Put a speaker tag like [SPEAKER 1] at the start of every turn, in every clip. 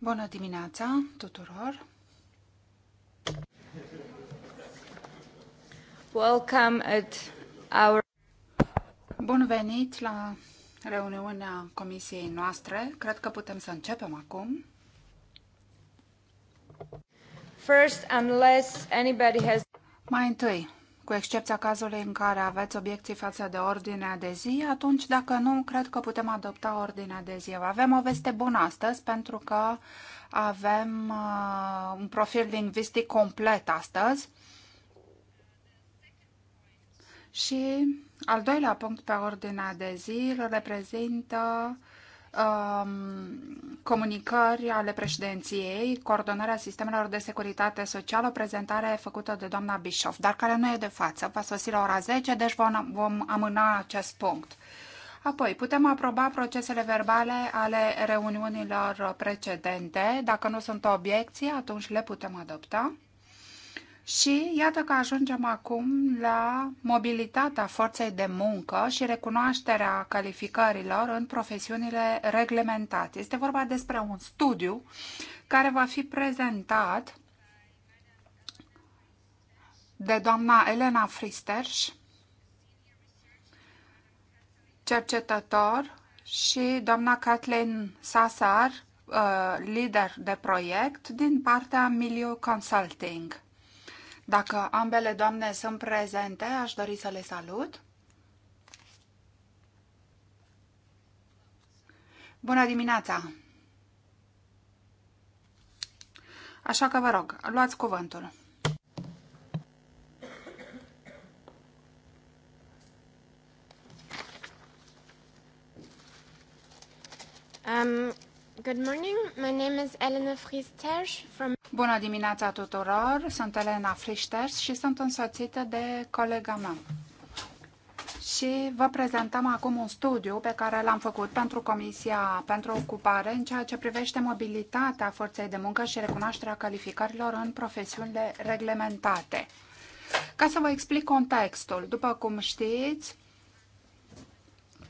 [SPEAKER 1] Bună dimineața tuturor! Welcome at our... Bun venit la reuniunea comisiei noastre. Cred că putem să începem acum. First, unless anybody has... Mai întâi, cu excepția cazului în care aveți obiecții față de ordinea de zi, atunci dacă nu, cred că putem adopta ordinea de zi. Avem o veste bună astăzi pentru că avem uh, un profil lingvistic complet astăzi. Și al doilea punct pe ordinea de zi îl reprezintă Um, comunicări ale președinției, coordonarea sistemelor de securitate socială, prezentare făcută de doamna Bischoff, dar care nu e de față. Va sosi la ora 10, deci vom, vom amâna acest punct. Apoi, putem aproba procesele verbale ale reuniunilor precedente. Dacă nu sunt obiecții, atunci le putem adopta. Și iată că ajungem acum la mobilitatea forței de muncă și recunoașterea calificărilor în profesiunile reglementate. Este vorba despre un studiu care va fi prezentat de doamna Elena Fristerș, cercetător, și doamna Kathleen Sasar, uh, lider de proiect din partea Milieu Consulting. Dacă ambele doamne sunt prezente, aș dori să le salut. Bună dimineața! Așa că vă rog, luați cuvântul.
[SPEAKER 2] Um, good morning, my name
[SPEAKER 1] is Elena Fristerge from Bună dimineața tuturor! Sunt Elena Frișters și sunt însoțită de colega mea. Și vă prezentăm acum un studiu pe care l-am făcut pentru Comisia pentru Ocupare în ceea ce privește mobilitatea forței de muncă și recunoașterea calificărilor în profesiunile reglementate. Ca să vă explic contextul, după cum știți,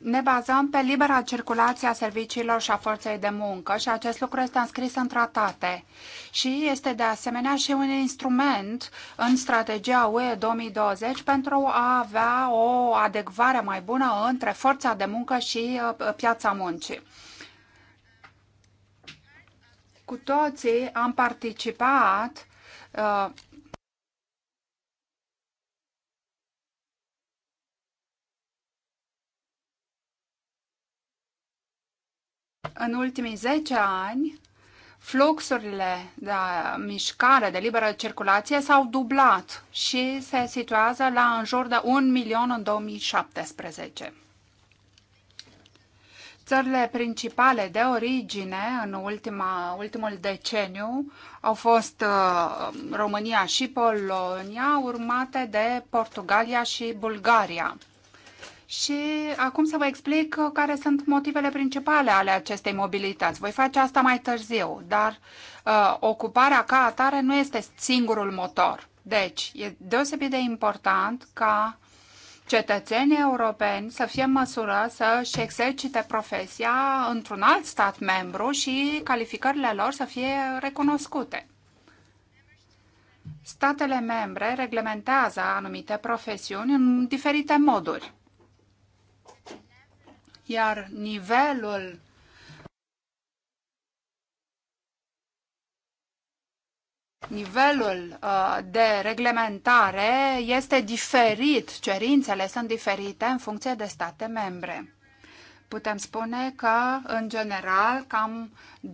[SPEAKER 1] ne bazăm pe libera circulație a serviciilor și a forței de muncă și acest lucru este înscris în tratate și este de asemenea și un instrument în strategia UE 2020 pentru a avea o adecvare mai bună între forța de muncă și uh, piața muncii. Cu toții am participat uh, în ultimii 10 ani, fluxurile de mișcare, de liberă circulație s-au dublat și se situează la în jur de 1 milion în 2017. Țările principale de origine în ultima, ultimul deceniu au fost uh, România și Polonia, urmate de Portugalia și Bulgaria și acum să vă explic care sunt motivele principale ale acestei mobilități. Voi face asta mai târziu, dar uh, ocuparea ca atare nu este singurul motor. Deci, e deosebit de important ca cetățenii europeni să fie în măsură să-și exercite profesia într-un alt stat membru și calificările lor să fie recunoscute. Statele membre reglementează anumite profesiuni în diferite moduri iar nivelul nivelul uh, de reglementare este diferit, cerințele sunt diferite în funcție de state membre putem spune că, în general, cam 20%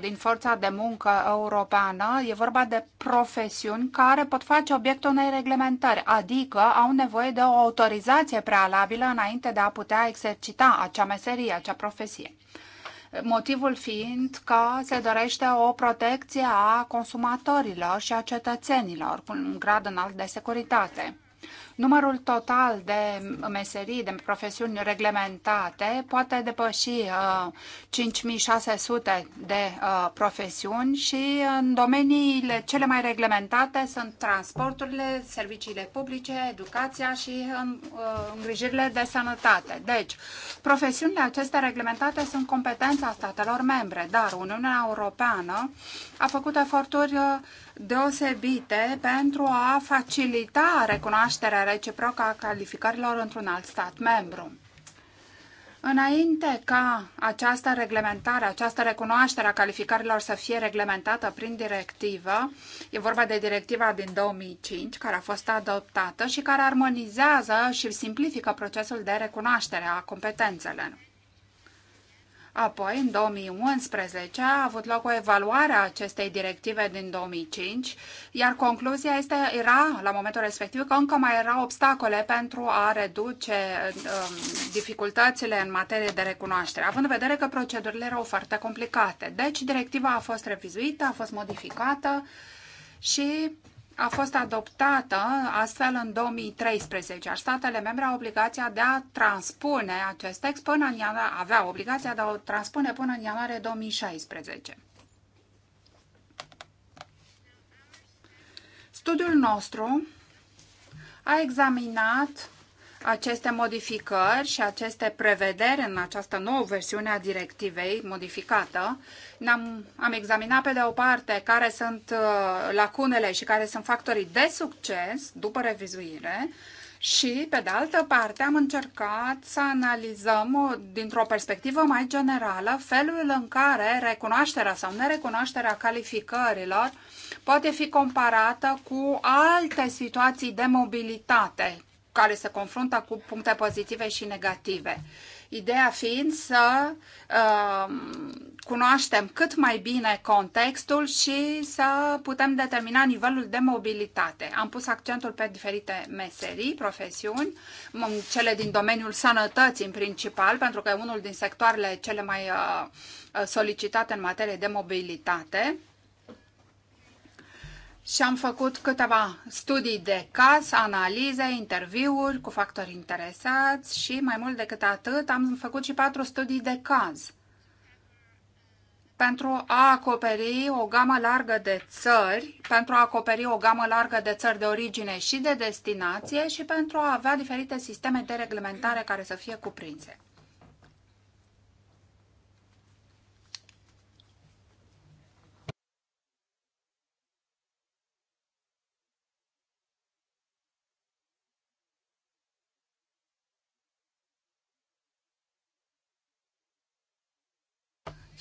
[SPEAKER 1] din forța de muncă europeană e vorba de profesiuni care pot face obiectul unei reglementări, adică au nevoie de o autorizație prealabilă înainte de a putea exercita acea meserie, acea profesie. Motivul fiind că se dorește o protecție a consumatorilor și a cetățenilor cu un grad înalt de securitate. Numărul total de meserii, de profesiuni reglementate poate depăși uh, 5600 de uh, profesiuni și în domeniile cele mai reglementate sunt transporturile, serviciile publice, educația și în, uh, îngrijirile de sănătate. Deci, profesiunile acestea reglementate sunt competența statelor membre, dar Uniunea Europeană a făcut eforturi uh, deosebite pentru a facilita recunoașterea reciprocă a calificărilor într-un alt stat membru. Înainte ca această reglementare, această recunoaștere a calificărilor să fie reglementată prin directivă, e vorba de directiva din 2005 care a fost adoptată și care armonizează și simplifică procesul de recunoaștere a competențelor. Apoi, în 2011, a avut loc o evaluare a acestei directive din 2005, iar concluzia este, era, la momentul respectiv, că încă mai erau obstacole pentru a reduce um, dificultățile în materie de recunoaștere, având în vedere că procedurile erau foarte complicate. Deci, directiva a fost revizuită, a fost modificată și a fost adoptată astfel în 2013, iar statele membre au obligația de a transpune acest text până în ianuarie, aveau obligația de a o transpune până în ianuarie 2016. Studiul nostru a examinat aceste modificări și aceste prevederi în această nouă versiune a directivei modificată. Am, am examinat pe de o parte care sunt uh, lacunele și care sunt factorii de succes după revizuire și, pe de altă parte, am încercat să analizăm uh, dintr-o perspectivă mai generală felul în care recunoașterea sau nerecunoașterea calificărilor poate fi comparată cu alte situații de mobilitate care se confruntă cu puncte pozitive și negative. Ideea fiind să uh, cunoaștem cât mai bine contextul și să putem determina nivelul de mobilitate. Am pus accentul pe diferite meserii, profesiuni, cele din domeniul sănătății în principal, pentru că e unul din sectoarele cele mai uh, solicitate în materie de mobilitate și am făcut câteva studii de caz, analize, interviuri cu factori interesați și mai mult decât atât am făcut și patru studii de caz pentru a acoperi o gamă largă de țări, pentru a acoperi o gamă largă de țări de origine și de destinație și pentru a avea diferite sisteme de reglementare care să fie cuprinse.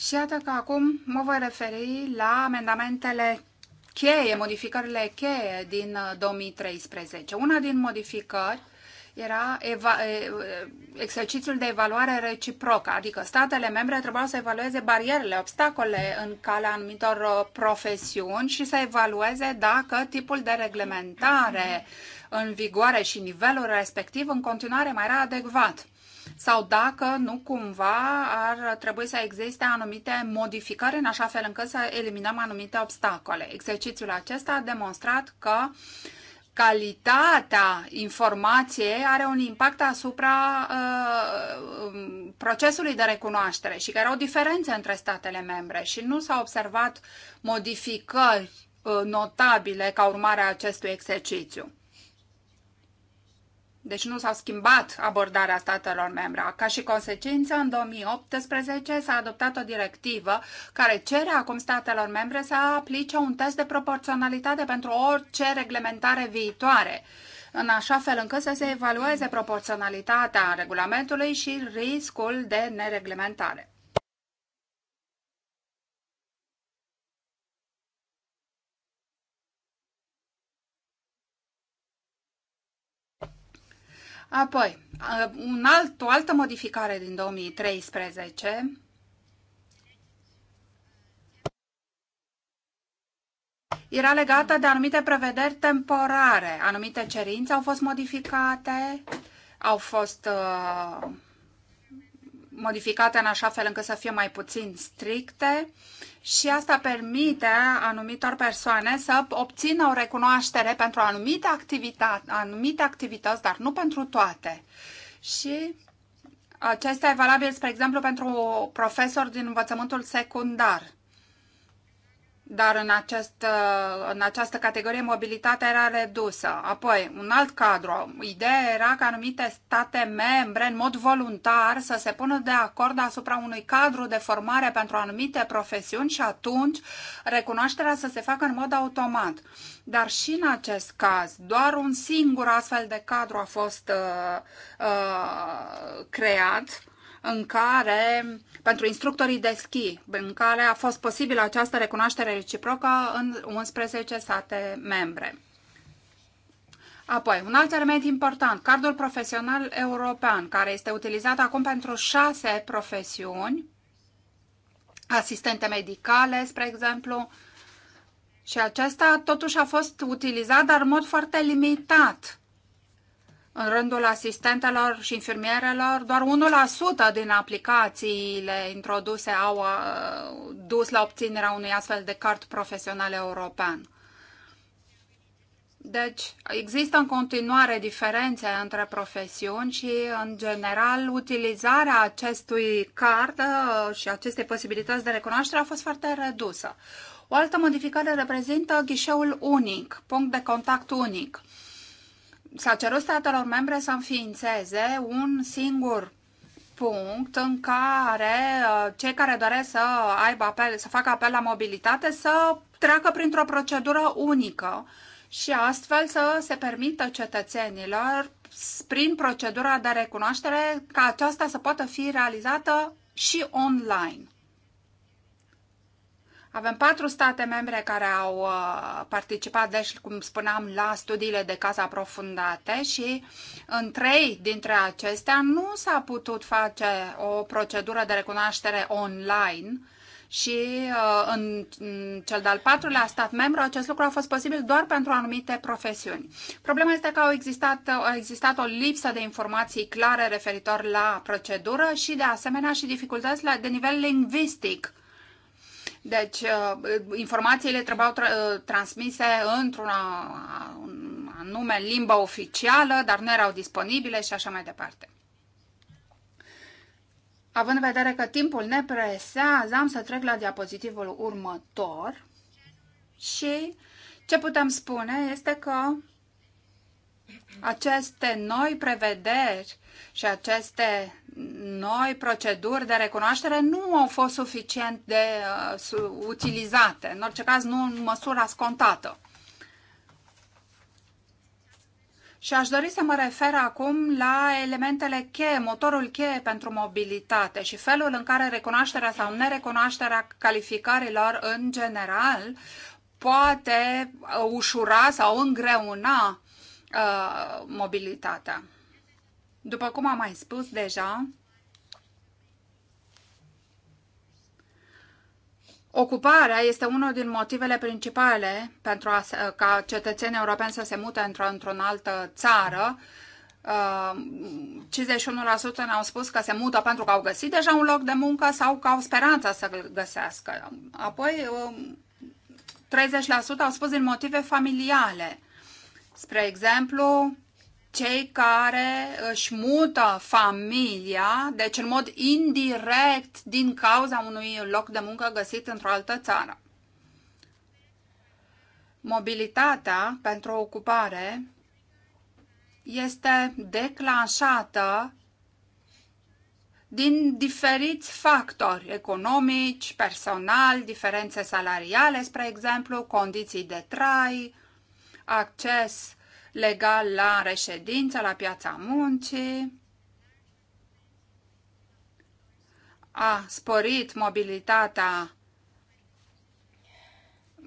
[SPEAKER 1] Și iată că acum mă voi referi la amendamentele cheie, modificările cheie din 2013. Uh, Una din modificări era eva- exercițiul de evaluare reciprocă, adică statele membre trebuiau să evalueze barierele, obstacole în calea anumitor uh, profesiuni și să evalueze dacă tipul de reglementare în vigoare și nivelul respectiv în continuare mai era adecvat sau dacă nu cumva ar trebui să existe anumite modificări în așa fel încât să eliminăm anumite obstacole. Exercițiul acesta a demonstrat că calitatea informației are un impact asupra uh, procesului de recunoaștere și că erau diferențe între statele membre și nu s-au observat modificări uh, notabile ca urmare a acestui exercițiu deci nu s-a schimbat abordarea statelor membre. Ca și consecință, în 2018 s-a adoptat o directivă care cere acum statelor membre să aplice un test de proporționalitate pentru orice reglementare viitoare în așa fel încât să se evalueze proporționalitatea regulamentului și riscul de nereglementare. Apoi, uh, un alt, o altă modificare din 2013 era legată de anumite prevederi temporare. Anumite cerințe au fost modificate, au fost uh, modificate în așa fel încât să fie mai puțin stricte și asta permite anumitor persoane să obțină o recunoaștere pentru anumite, activita- anumite activități, dar nu pentru toate. Și acesta e valabil, spre exemplu, pentru profesori din învățământul secundar dar în această, în această categorie mobilitatea era redusă. Apoi, un alt cadru. Ideea era ca anumite state membre, în mod voluntar, să se pună de acord asupra unui cadru de formare pentru anumite profesiuni și atunci recunoașterea să se facă în mod automat. Dar și în acest caz, doar un singur astfel de cadru a fost uh, uh, creat în care, pentru instructorii de schi, în care a fost posibilă această recunoaștere reciprocă în 11 state membre. Apoi, un alt element important, cardul profesional european, care este utilizat acum pentru șase profesiuni, asistente medicale, spre exemplu, și acesta totuși a fost utilizat, dar în mod foarte limitat. În rândul asistentelor și infirmierelor, doar 1% din aplicațiile introduse au uh, dus la obținerea unui astfel de card profesional european. Deci, există în continuare diferențe între profesiuni și, în general, utilizarea acestui card uh, și acestei posibilități de recunoaștere a fost foarte redusă. O altă modificare reprezintă ghișeul unic, punct de contact unic s-a cerut statelor membre să înființeze un singur punct în care uh, cei care doresc să aibă apel, să facă apel la mobilitate să treacă printr-o procedură unică și astfel să se permită cetățenilor prin procedura de recunoaștere ca aceasta să poată fi realizată și online. Avem patru state membre care au uh, participat, deci, cum spuneam, la studiile de caz aprofundate și în trei dintre acestea nu s-a putut face o procedură de recunoaștere online și uh, în cel de-al patrulea stat membru acest lucru a fost posibil doar pentru anumite profesiuni. Problema este că au existat, uh, a existat o lipsă de informații clare referitor la procedură și de asemenea și dificultăți de nivel lingvistic deci, uh, informațiile trebuiau tra- uh, transmise într o anume limbă oficială, dar nu erau disponibile și așa mai departe. Având în vedere că timpul ne presează, am să trec la diapozitivul următor și ce putem spune este că aceste noi prevederi și aceste noi proceduri de recunoaștere nu au fost suficient de uh, utilizate, în orice caz nu în măsura scontată. Și aș dori să mă refer acum la elementele cheie, motorul cheie pentru mobilitate și felul în care recunoașterea sau nerecunoașterea calificărilor în general poate uh, ușura sau îngreuna Uh, mobilitatea. După cum am mai spus deja, Ocuparea este unul din motivele principale pentru a, uh, ca cetățenii europeni să se mute într-o într altă țară. 51% uh, ne-au spus că se mută pentru că au găsit deja un loc de muncă sau că au speranța să găsească. Apoi, 30% um, au spus din motive familiale. Spre exemplu, cei care își mută familia, deci în mod indirect din cauza unui loc de muncă găsit într-o altă țară. Mobilitatea pentru ocupare este declanșată din diferiți factori economici, personal, diferențe salariale, spre exemplu, condiții de trai, acces legal la reședință, la piața muncii, a sporit mobilitatea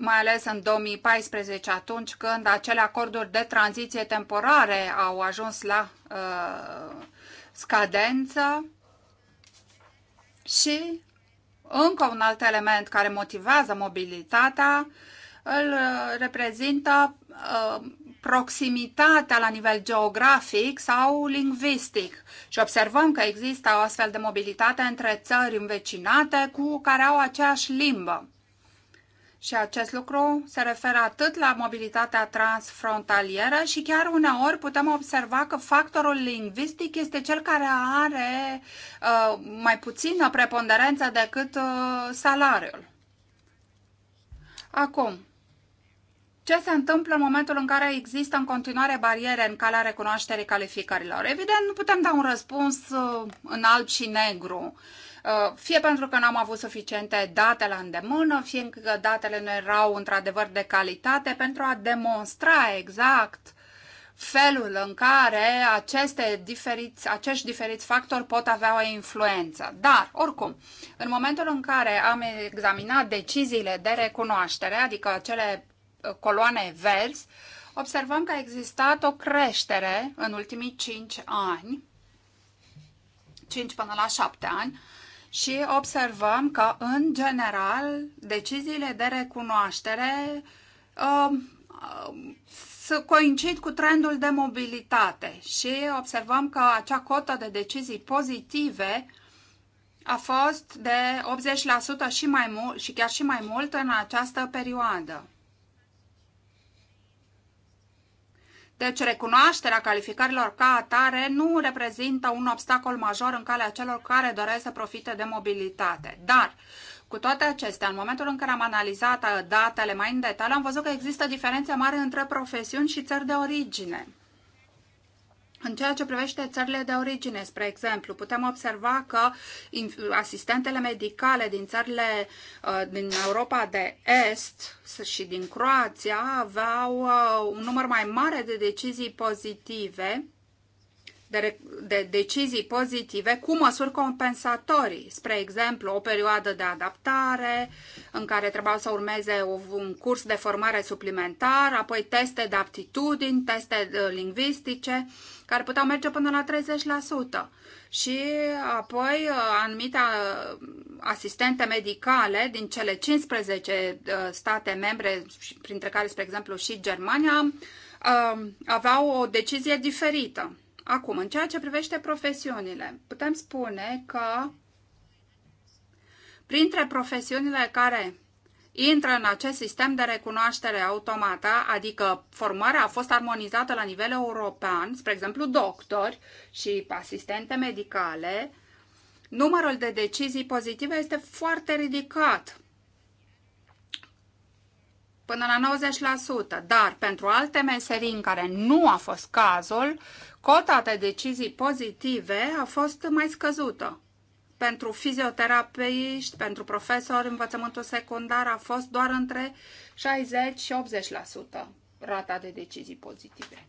[SPEAKER 1] mai ales în 2014, atunci când acele acorduri de tranziție temporare au ajuns la uh, scadență. Și încă un alt element care motivează mobilitatea îl uh, reprezintă Uh, proximitatea la nivel geografic sau lingvistic și observăm că există o astfel de mobilitate între țări învecinate cu care au aceeași limbă. Și acest lucru se referă atât la mobilitatea transfrontalieră și chiar uneori putem observa că factorul lingvistic este cel care are uh, mai puțină preponderență decât uh, salariul. Acum, ce se întâmplă în momentul în care există în continuare bariere în calea recunoașterii calificărilor. Evident, nu putem da un răspuns uh, în alb și negru, uh, fie pentru că n-am avut suficiente date la îndemână, fie că datele nu erau într-adevăr de calitate, pentru a demonstra exact felul în care aceste diferiți, acești diferiți factori pot avea o influență. Dar, oricum, în momentul în care am examinat deciziile de recunoaștere, adică acele coloanei verzi, observăm că a existat o creștere în ultimii 5 ani, 5 până la 7 ani, și observăm că, în general, deciziile de recunoaștere uh, uh, coincid cu trendul de mobilitate și observăm că acea cotă de decizii pozitive a fost de 80% și, mai mult, și chiar și mai mult în această perioadă. Deci recunoașterea calificărilor ca atare nu reprezintă un obstacol major în calea celor care doresc să profite de mobilitate. Dar, cu toate acestea, în momentul în care am analizat datele mai în detaliu, am văzut că există diferențe mari între profesiuni și țări de origine. În ceea ce privește țările de origine, spre exemplu, putem observa că asistentele medicale din țările uh, din Europa de Est și din Croația aveau uh, un număr mai mare de decizii pozitive de, de decizii pozitive cu măsuri compensatorii, spre exemplu o perioadă de adaptare în care trebuiau să urmeze un curs de formare suplimentar, apoi teste de aptitudini, teste uh, lingvistice care puteau merge până la 30%. Și apoi uh, anumite uh, asistente medicale din cele 15 uh, state membre, printre care, spre exemplu, și Germania, um, aveau o decizie diferită. Acum, în ceea ce privește profesiunile, putem spune că printre profesiunile care intră în acest sistem de recunoaștere automată, adică formarea a fost armonizată la nivel european, spre exemplu doctori și asistente medicale, numărul de decizii pozitive este foarte ridicat, până la 90%, dar pentru alte meserii în care nu a fost cazul, cota de decizii pozitive a fost mai scăzută pentru fizioterapeiști, pentru profesori, învățământul secundar a fost doar între 60 și 80% rata de decizii pozitive.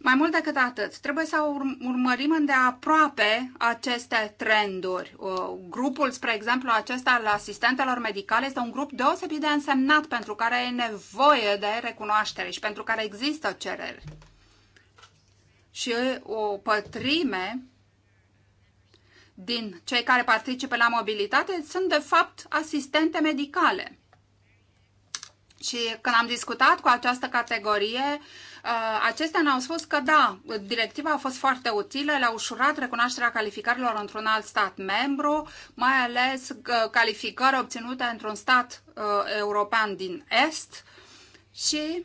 [SPEAKER 1] Mai mult decât atât, trebuie să urmărim îndeaproape aceste trenduri. Grupul, spre exemplu, acesta al asistentelor medicale este un grup deosebit de însemnat pentru care e nevoie de recunoaștere și pentru care există cereri. Și o pătrime din cei care participă la mobilitate sunt, de fapt, asistente medicale. Și când am discutat cu această categorie, Uh, acestea ne-au spus că da, directiva a fost foarte utilă, le-a ușurat recunoașterea calificărilor într-un alt stat membru, mai ales uh, calificări obținute într-un stat uh, european din Est și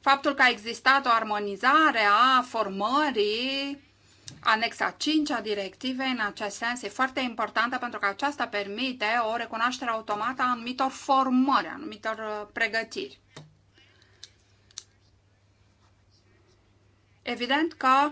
[SPEAKER 1] faptul că a existat o armonizare a formării Anexa 5 a directivei în acest sens e foarte importantă pentru că aceasta permite o recunoaștere automată a anumitor formări, a anumitor pregătiri. Evident că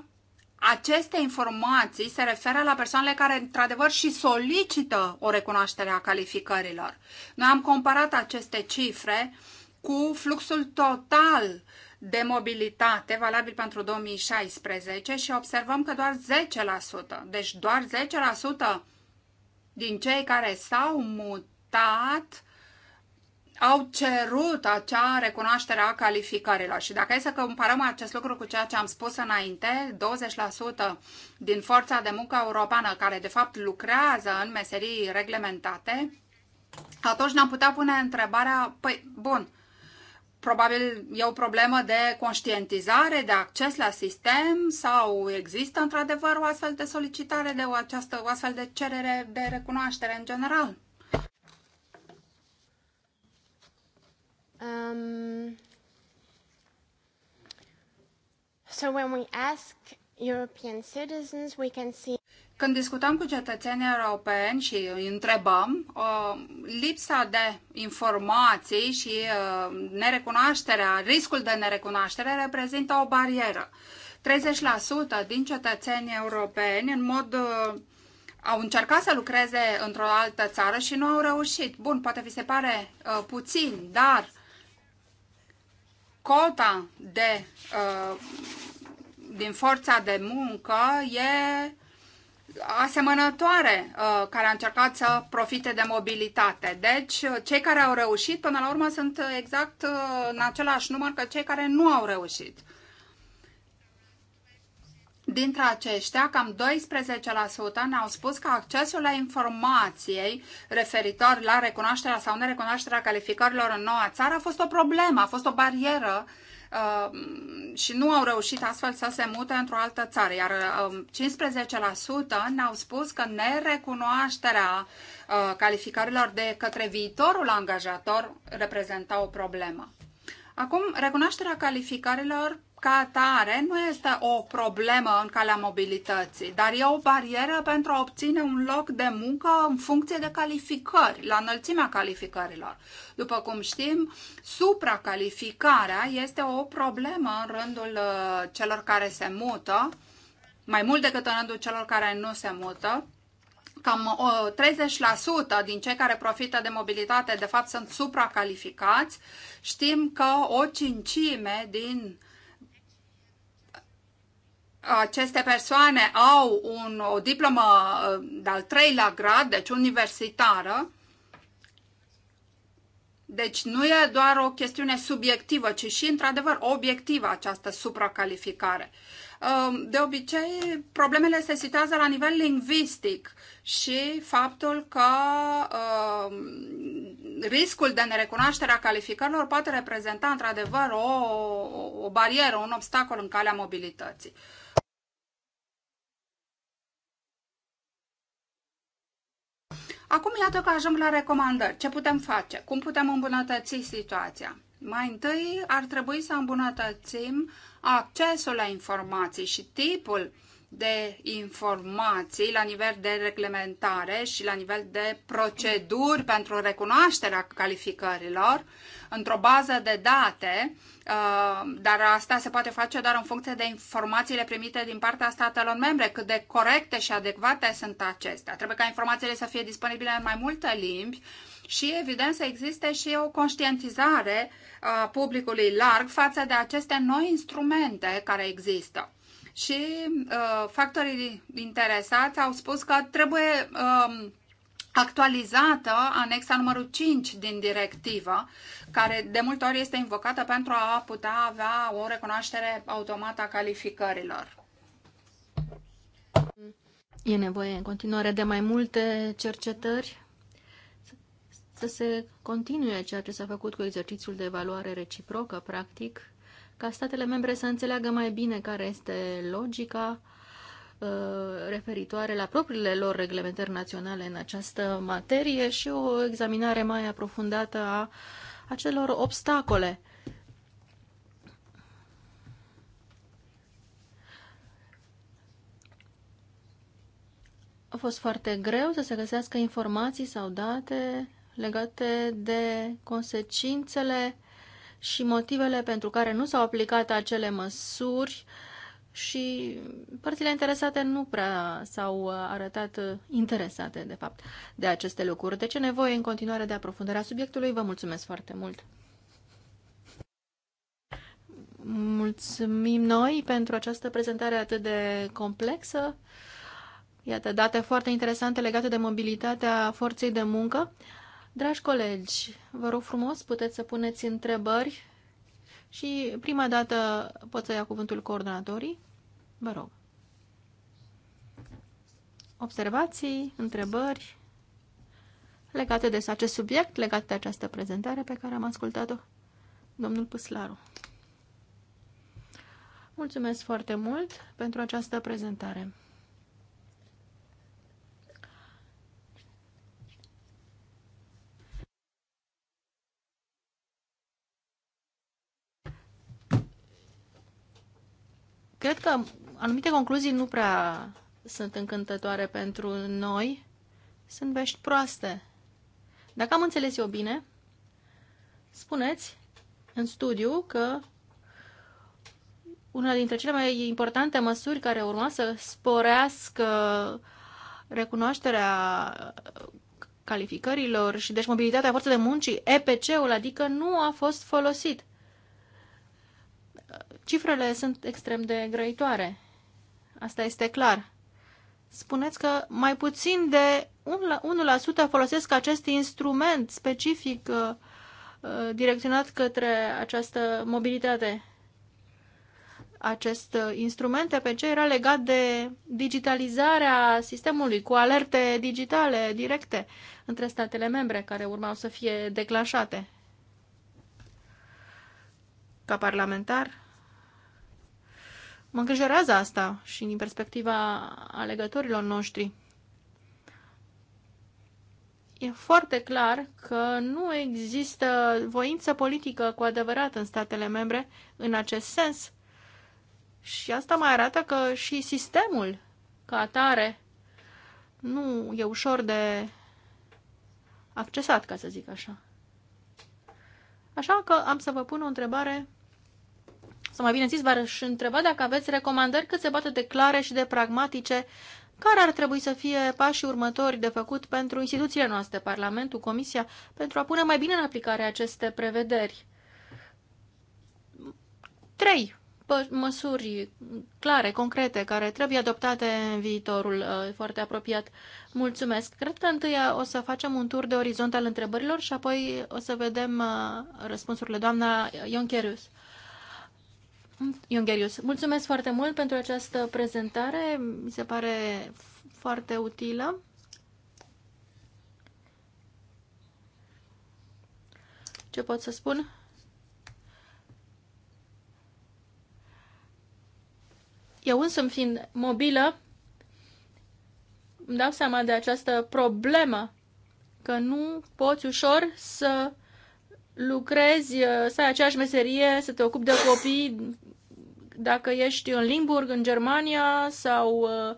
[SPEAKER 1] aceste informații se referă la persoanele care, într-adevăr, și solicită o recunoaștere a calificărilor. Noi am comparat aceste cifre cu fluxul total de mobilitate valabil pentru 2016 și observăm că doar 10%, deci doar 10% din cei care s-au mutat au cerut acea recunoaștere a calificărilor. Și dacă e să comparăm acest lucru cu ceea ce am spus înainte, 20% din forța de muncă europeană care de fapt lucrează în meserii reglementate, atunci ne-am putea pune întrebarea, păi bun, probabil e o problemă de conștientizare, de acces la sistem sau există într-adevăr o astfel de solicitare de o, această, o astfel de cerere de recunoaștere în general?
[SPEAKER 2] Um, so when we ask European citizens, we can see
[SPEAKER 1] când discutăm cu cetățenii europeni și îi întrebăm, uh, lipsa de informații și uh, nerecunoașterea, riscul de nerecunoaștere reprezintă o barieră. 30% din cetățenii europeni în mod uh, au încercat să lucreze într-o altă țară și nu au reușit. Bun, poate vi se pare uh, puțin, dar cota de, uh, din forța de muncă e asemănătoare uh, care a încercat să profite de mobilitate. Deci, uh, cei care au reușit, până la urmă, sunt exact în același număr ca cei care nu au reușit. Dintre aceștia, cam 12% ne-au spus că accesul la informației referitor la recunoașterea sau nerecunoașterea calificărilor în noua țară a fost o problemă, a fost o barieră uh, și nu au reușit astfel să se mute într-o altă țară, iar uh, 15% ne-au spus că nerecunoașterea uh, calificărilor de către viitorul angajator reprezenta o problemă. Acum, recunoașterea calificărilor ca atare nu este o problemă în calea mobilității, dar e o barieră pentru a obține un loc de muncă în funcție de calificări, la înălțimea calificărilor. După cum știm, supracalificarea este o problemă în rândul uh, celor care se mută, mai mult decât în rândul celor care nu se mută. Cam 30% uh, din cei care profită de mobilitate, de fapt, sunt supracalificați. Știm că o cincime din aceste persoane au un, o diplomă uh, de-al treilea grad, deci universitară, deci nu e doar o chestiune subiectivă, ci și, într-adevăr, obiectivă această supracalificare. Uh, de obicei, problemele se situează la nivel lingvistic și faptul că uh, riscul de nerecunoaștere a calificărilor poate reprezenta, într-adevăr, o, o barieră, un obstacol în calea mobilității. Uh, Acum iată că ajung la recomandări. Ce putem face? Cum putem îmbunătăți situația? Mai întâi ar trebui să îmbunătățim accesul la informații și tipul uh, de informații la nivel de reglementare și la nivel de proceduri pentru recunoașterea calificărilor într-o bază de date, uh, dar asta se poate face doar în funcție de informațiile primite din partea statelor membre, cât de corecte și adecvate sunt acestea. Trebuie ca informațiile să fie disponibile în mai multe limbi și, evident, să existe și o conștientizare a uh, publicului larg față de aceste noi instrumente care există și uh, factorii interesați au spus că trebuie uh, actualizată anexa numărul 5 din directivă, care de multe ori este invocată pentru a putea avea o recunoaștere automată a calificărilor.
[SPEAKER 2] E nevoie în continuare de mai multe cercetări să se continue ceea ce s-a făcut cu exercițiul de evaluare reciprocă, practic, ca statele membre să înțeleagă mai bine care este logica uh, referitoare la propriile lor reglementări naționale în această materie și o examinare mai aprofundată a acelor obstacole. A fost foarte greu să se găsească informații sau date legate de consecințele și motivele pentru care nu s-au aplicat acele măsuri și părțile interesate nu prea s-au uh, arătat uh, interesate, de fapt, de aceste lucruri. Deci ce nevoie în continuare de aprofundarea subiectului. Vă mulțumesc foarte mult! Mulțumim noi pentru această prezentare atât de complexă. Iată, date foarte interesante legate de mobilitatea forței de muncă. Dragi colegi, vă rog frumos, puteți să puneți întrebări și prima dată pot să ia cuvântul coordonatorii. Vă rog. Observații, întrebări legate de acest subiect, legate de această prezentare pe care am ascultat-o. Domnul Păslaru. Mulțumesc foarte mult pentru această prezentare. Cred că anumite concluzii nu prea sunt încântătoare pentru noi. Sunt vești proaste. Dacă am înțeles eu bine, spuneți în studiu că una dintre cele mai importante măsuri care urma să sporească recunoașterea calificărilor și deci mobilitatea forței de muncii, EPC-ul, adică nu a fost folosit. Cifrele sunt extrem de grăitoare. Asta este clar. Spuneți că mai puțin de 1% folosesc acest instrument specific uh, uh, direcționat către această mobilitate. Acest uh, instrument EPC era legat de digitalizarea sistemului cu alerte digitale directe între statele membre care urmau să fie declanșate. Ca parlamentar, Mă îngrijorează asta și din perspectiva alegătorilor noștri. E foarte clar că nu există voință politică cu adevărat în statele membre în acest sens. Și asta mai arată că și sistemul ca atare nu e ușor de accesat, ca să zic așa. Așa că am să vă pun o întrebare sau mai bine zis, v-aș întreba dacă aveți recomandări cât se poate de clare și de pragmatice care ar trebui să fie pașii următori de făcut pentru instituțiile noastre, Parlamentul, Comisia, pentru a pune mai bine în aplicare aceste prevederi? Trei măsuri clare, concrete, care trebuie adoptate în viitorul uh, foarte apropiat. Mulțumesc! Cred că întâi o să facem un tur de orizont al întrebărilor și apoi o să vedem uh, răspunsurile. Doamna Ioncherius. Iungherius, mulțumesc foarte mult pentru această prezentare. Mi se pare foarte utilă. Ce pot să spun? Eu însă, fiind mobilă, îmi dau seama de această problemă că nu poți ușor să lucrezi, să ai aceeași meserie, să te ocupi de copii dacă ești în Limburg, în Germania sau uh,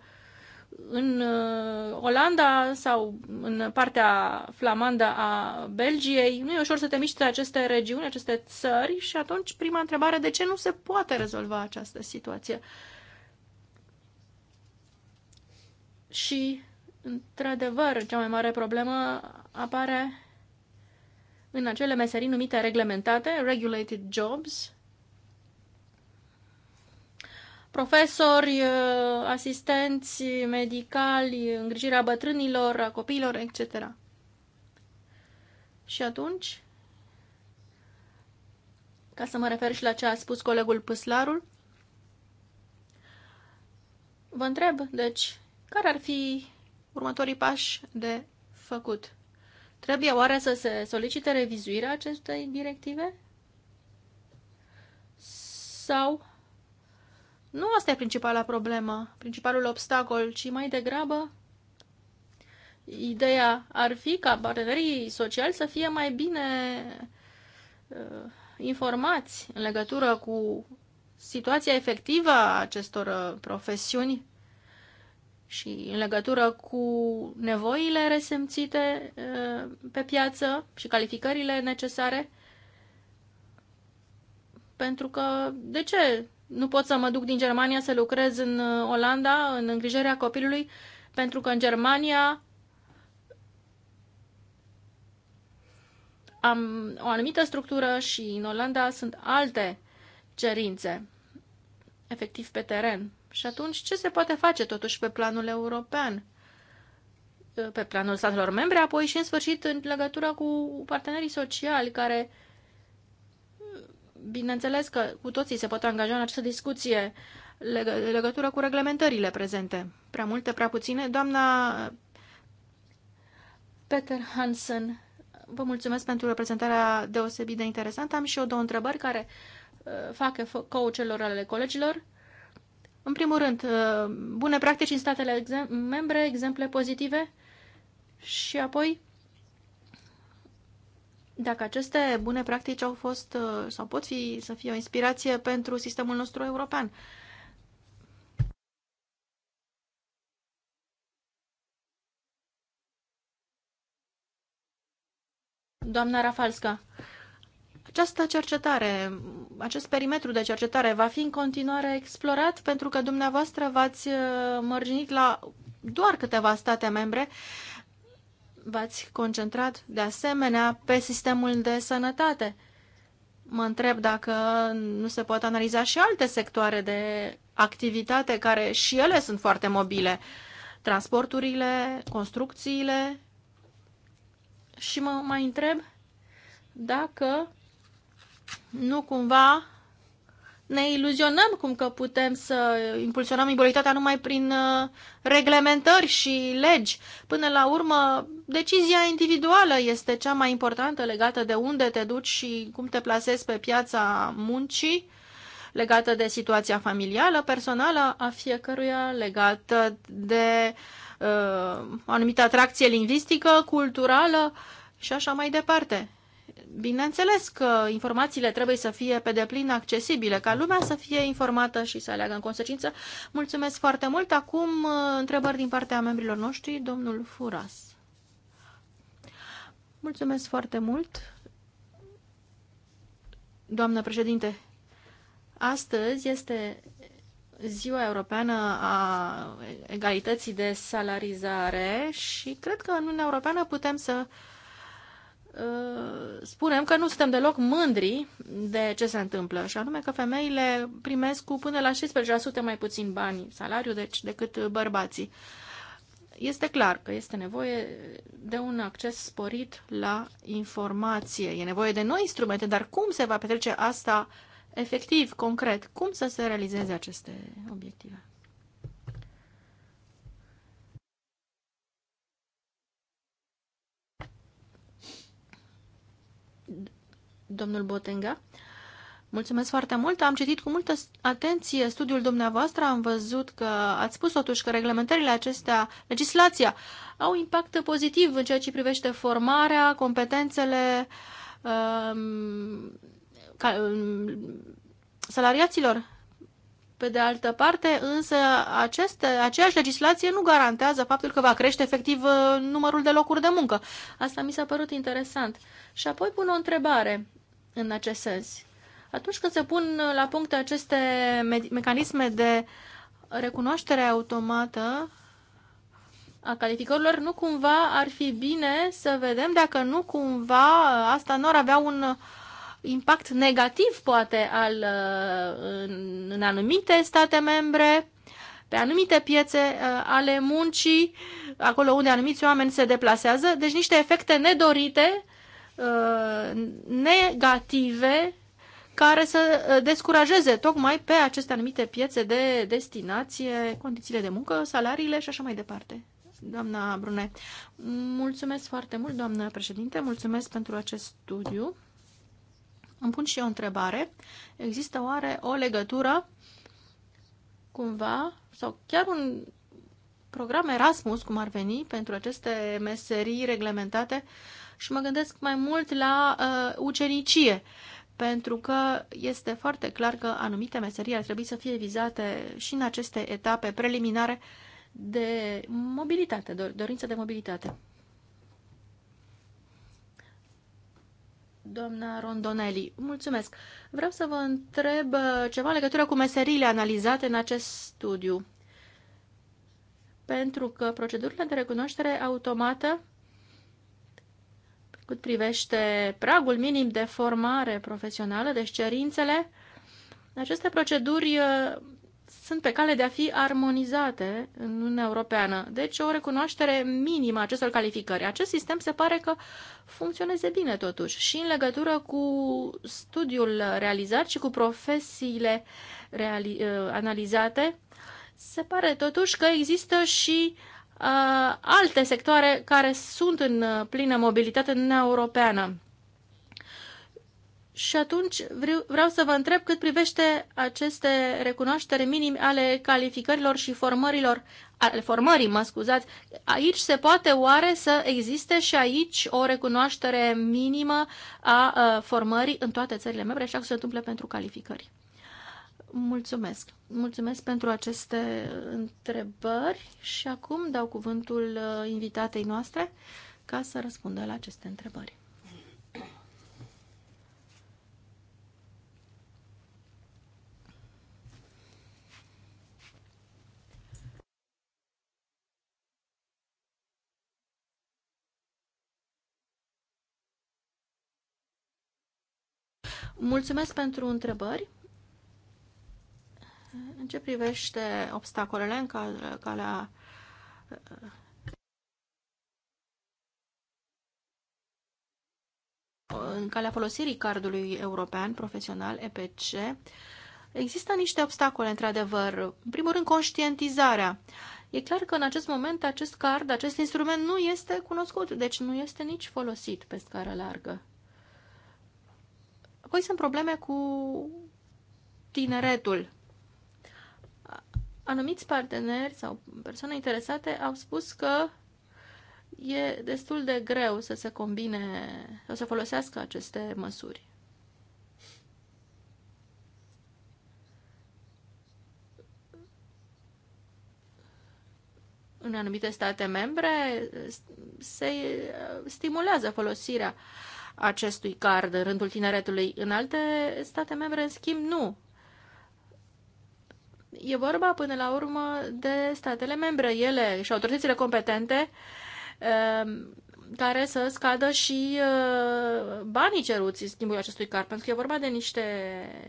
[SPEAKER 2] în uh, Olanda sau în partea flamandă a Belgiei, nu e ușor să te miști în aceste regiuni, aceste țări și atunci prima întrebare, de ce nu se poate rezolva această situație? Și, într-adevăr, cea mai mare problemă apare în acele meserii numite reglementate, regulated jobs, profesori, uh, asistenți medicali, îngrijirea bătrânilor, a copiilor, etc. Și atunci, ca să mă refer și la ce a spus colegul Păslarul, vă întreb, deci, care ar fi următorii pași de făcut? Trebuie oare să se solicite revizuirea acestei directive? Sau nu asta e principala problemă, principalul obstacol, ci mai degrabă ideea ar fi ca partenerii sociali să fie mai bine uh, informați în legătură cu situația efectivă a acestor uh, profesiuni și în legătură cu nevoile resemțite uh, pe piață și calificările necesare. Pentru că, de ce nu pot să mă duc din Germania să lucrez în uh, Olanda, în îngrijirea copilului, pentru că în Germania am o anumită structură și în Olanda sunt alte cerințe, efectiv pe teren. Și atunci ce se poate face totuși pe planul european? Uh, pe planul statelor membre, apoi și în sfârșit în legătură cu partenerii sociali care uh, Bineînțeles că cu toții se pot angaja în această discuție leg legătură cu reglementările prezente. Prea multe, prea puține. Doamna Peter Hansen, vă mulțumesc pentru reprezentarea deosebit de interesantă. Am și eu două întrebări care uh, fac coachelor ale colegilor. În primul rând, uh, bune practici în statele membre, exemple pozitive și apoi dacă aceste bune practici au fost uh, sau pot fi să fie o inspirație pentru sistemul nostru european. Doamna Rafalska, această cercetare, acest perimetru de cercetare va fi în continuare explorat pentru că dumneavoastră v-ați uh, mărginit la doar câteva state membre v-ați concentrat de asemenea pe sistemul de sănătate. Mă întreb dacă nu se pot analiza și alte sectoare de activitate care și ele sunt foarte mobile. Transporturile, construcțiile. Și mă mai întreb dacă nu cumva ne iluzionăm cum că putem să impulsionăm imunitatea numai prin uh, reglementări și legi. Până la urmă, decizia individuală este cea mai importantă legată de unde te duci și cum te plasezi pe piața muncii, legată de situația familială, personală a fiecăruia, legată de uh, anumită atracție lingvistică, culturală și așa mai departe. Bineînțeles că informațiile trebuie să fie pe deplin accesibile, ca lumea să fie informată și să aleagă în consecință. Mulțumesc foarte mult. Acum uh, întrebări din partea membrilor noștri, domnul Furas. Mulțumesc foarte mult, doamnă președinte. Astăzi este Ziua Europeană a Egalității de Salarizare și cred că în Uniunea Europeană putem să uh, spunem că nu suntem deloc mândri de ce se întâmplă, și anume că femeile primesc cu până la 16% mai puțin bani salariu deci, decât bărbații. Este clar că este nevoie de un acces sporit la informație. E nevoie de noi instrumente, dar cum se va petrece asta efectiv, concret? Cum să se realizeze aceste obiective? domnul Botenga. Mulțumesc foarte mult. Am citit cu multă atenție studiul dumneavoastră. Am văzut că ați spus totuși că reglementările acestea, legislația, au impact pozitiv în ceea ce privește formarea, competențele um, ca, um, salariaților. Pe de altă parte, însă, aceste, aceeași legislație nu garantează faptul că va crește efectiv uh, numărul de locuri de muncă. Asta mi s-a părut interesant. Și apoi pun o întrebare în acest sens. Atunci când se pun la punct aceste me mecanisme de recunoaștere automată a calificărilor, nu cumva ar fi bine să vedem dacă nu cumva asta nu ar avea un impact negativ, poate, al, în, în anumite state membre, pe anumite piețe uh, ale muncii, acolo unde anumiți oameni se deplasează, deci niște efecte nedorite Uh, negative care să uh, descurajeze tocmai pe aceste anumite piețe de destinație, condițiile de muncă, salariile și așa mai departe. Doamna Brune, mulțumesc foarte mult, doamnă președinte, mulțumesc pentru acest studiu. Îmi pun și eu o întrebare. Există oare o legătură cumva sau chiar un program Erasmus, cum ar veni, pentru aceste meserii reglementate uh, și mă gândesc mai mult la uh, ucenicie, pentru că este foarte clar că anumite meserii ar trebui să fie vizate și în aceste etape preliminare de mobilitate, dorință de mobilitate. Doamna Rondonelli, mulțumesc. Vreau să vă întreb uh, ceva în legătură cu meseriile analizate în acest studiu. Pentru că procedurile de recunoaștere automată cât privește pragul minim de formare profesională, deci cerințele, aceste proceduri uh, sunt pe cale de a fi armonizate în Uniunea Europeană. Deci o recunoaștere minimă a acestor calificări. Acest sistem se pare că funcționeze bine totuși și în legătură cu studiul realizat și cu profesiile reali- uh, analizate, se pare totuși că există și uh, Uh, alte sectoare care sunt în uh, plină mobilitate în Uniunea Europeană. Și atunci vreau, vreau să vă întreb cât privește aceste recunoaștere minime ale calificărilor și formărilor, ale formării, mă scuzați, aici se poate oare să existe și aici o recunoaștere minimă a, a uh, formării în toate țările membre, așa cum se întâmplă pentru calificări? Mulțumesc. Mulțumesc pentru aceste întrebări și acum dau cuvântul uh, invitatei noastre ca să răspundă la aceste întrebări. Mulțumesc pentru întrebări. În ce privește obstacolele în calea în calea folosirii cardului european profesional EPC, există niște obstacole, într-adevăr. În primul rând, conștientizarea. E clar că în acest moment acest card, acest instrument nu este cunoscut, deci nu este nici folosit pe scară largă. Apoi sunt probleme cu tineretul anumiți parteneri sau persoane interesate au spus că e destul de greu să se combine sau să folosească aceste măsuri. În anumite state membre se stimulează folosirea acestui card în rândul tineretului. În alte state membre, în schimb, nu. E vorba până la urmă de statele membre, ele și autoritățile competente ehm, care să scadă și ehm, banii ceruți în schimbul acestui car, pentru că e vorba de niște,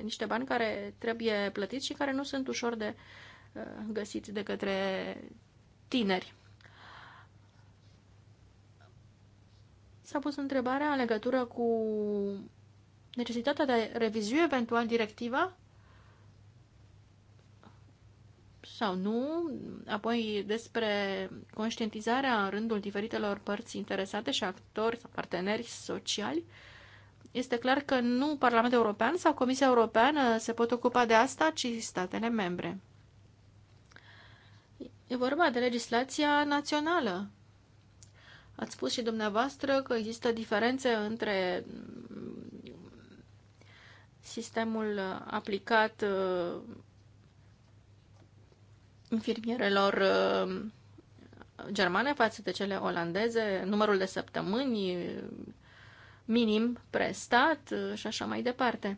[SPEAKER 2] niște bani care trebuie plătiți și care nu sunt ușor de ehm, găsiți de către tineri. S-a pus întrebarea în legătură cu necesitatea de a revizui eventual directiva sau nu, apoi despre conștientizarea în rândul diferitelor părți interesate și actori sau parteneri sociali. Este clar că nu Parlamentul European sau Comisia Europeană se pot ocupa de asta, ci statele membre. E vorba de legislația națională. Ați spus și dumneavoastră că există diferențe între sistemul aplicat uh, infirmierelor uh, germane față de cele olandeze, numărul de săptămâni minim prestat uh, și așa mai departe.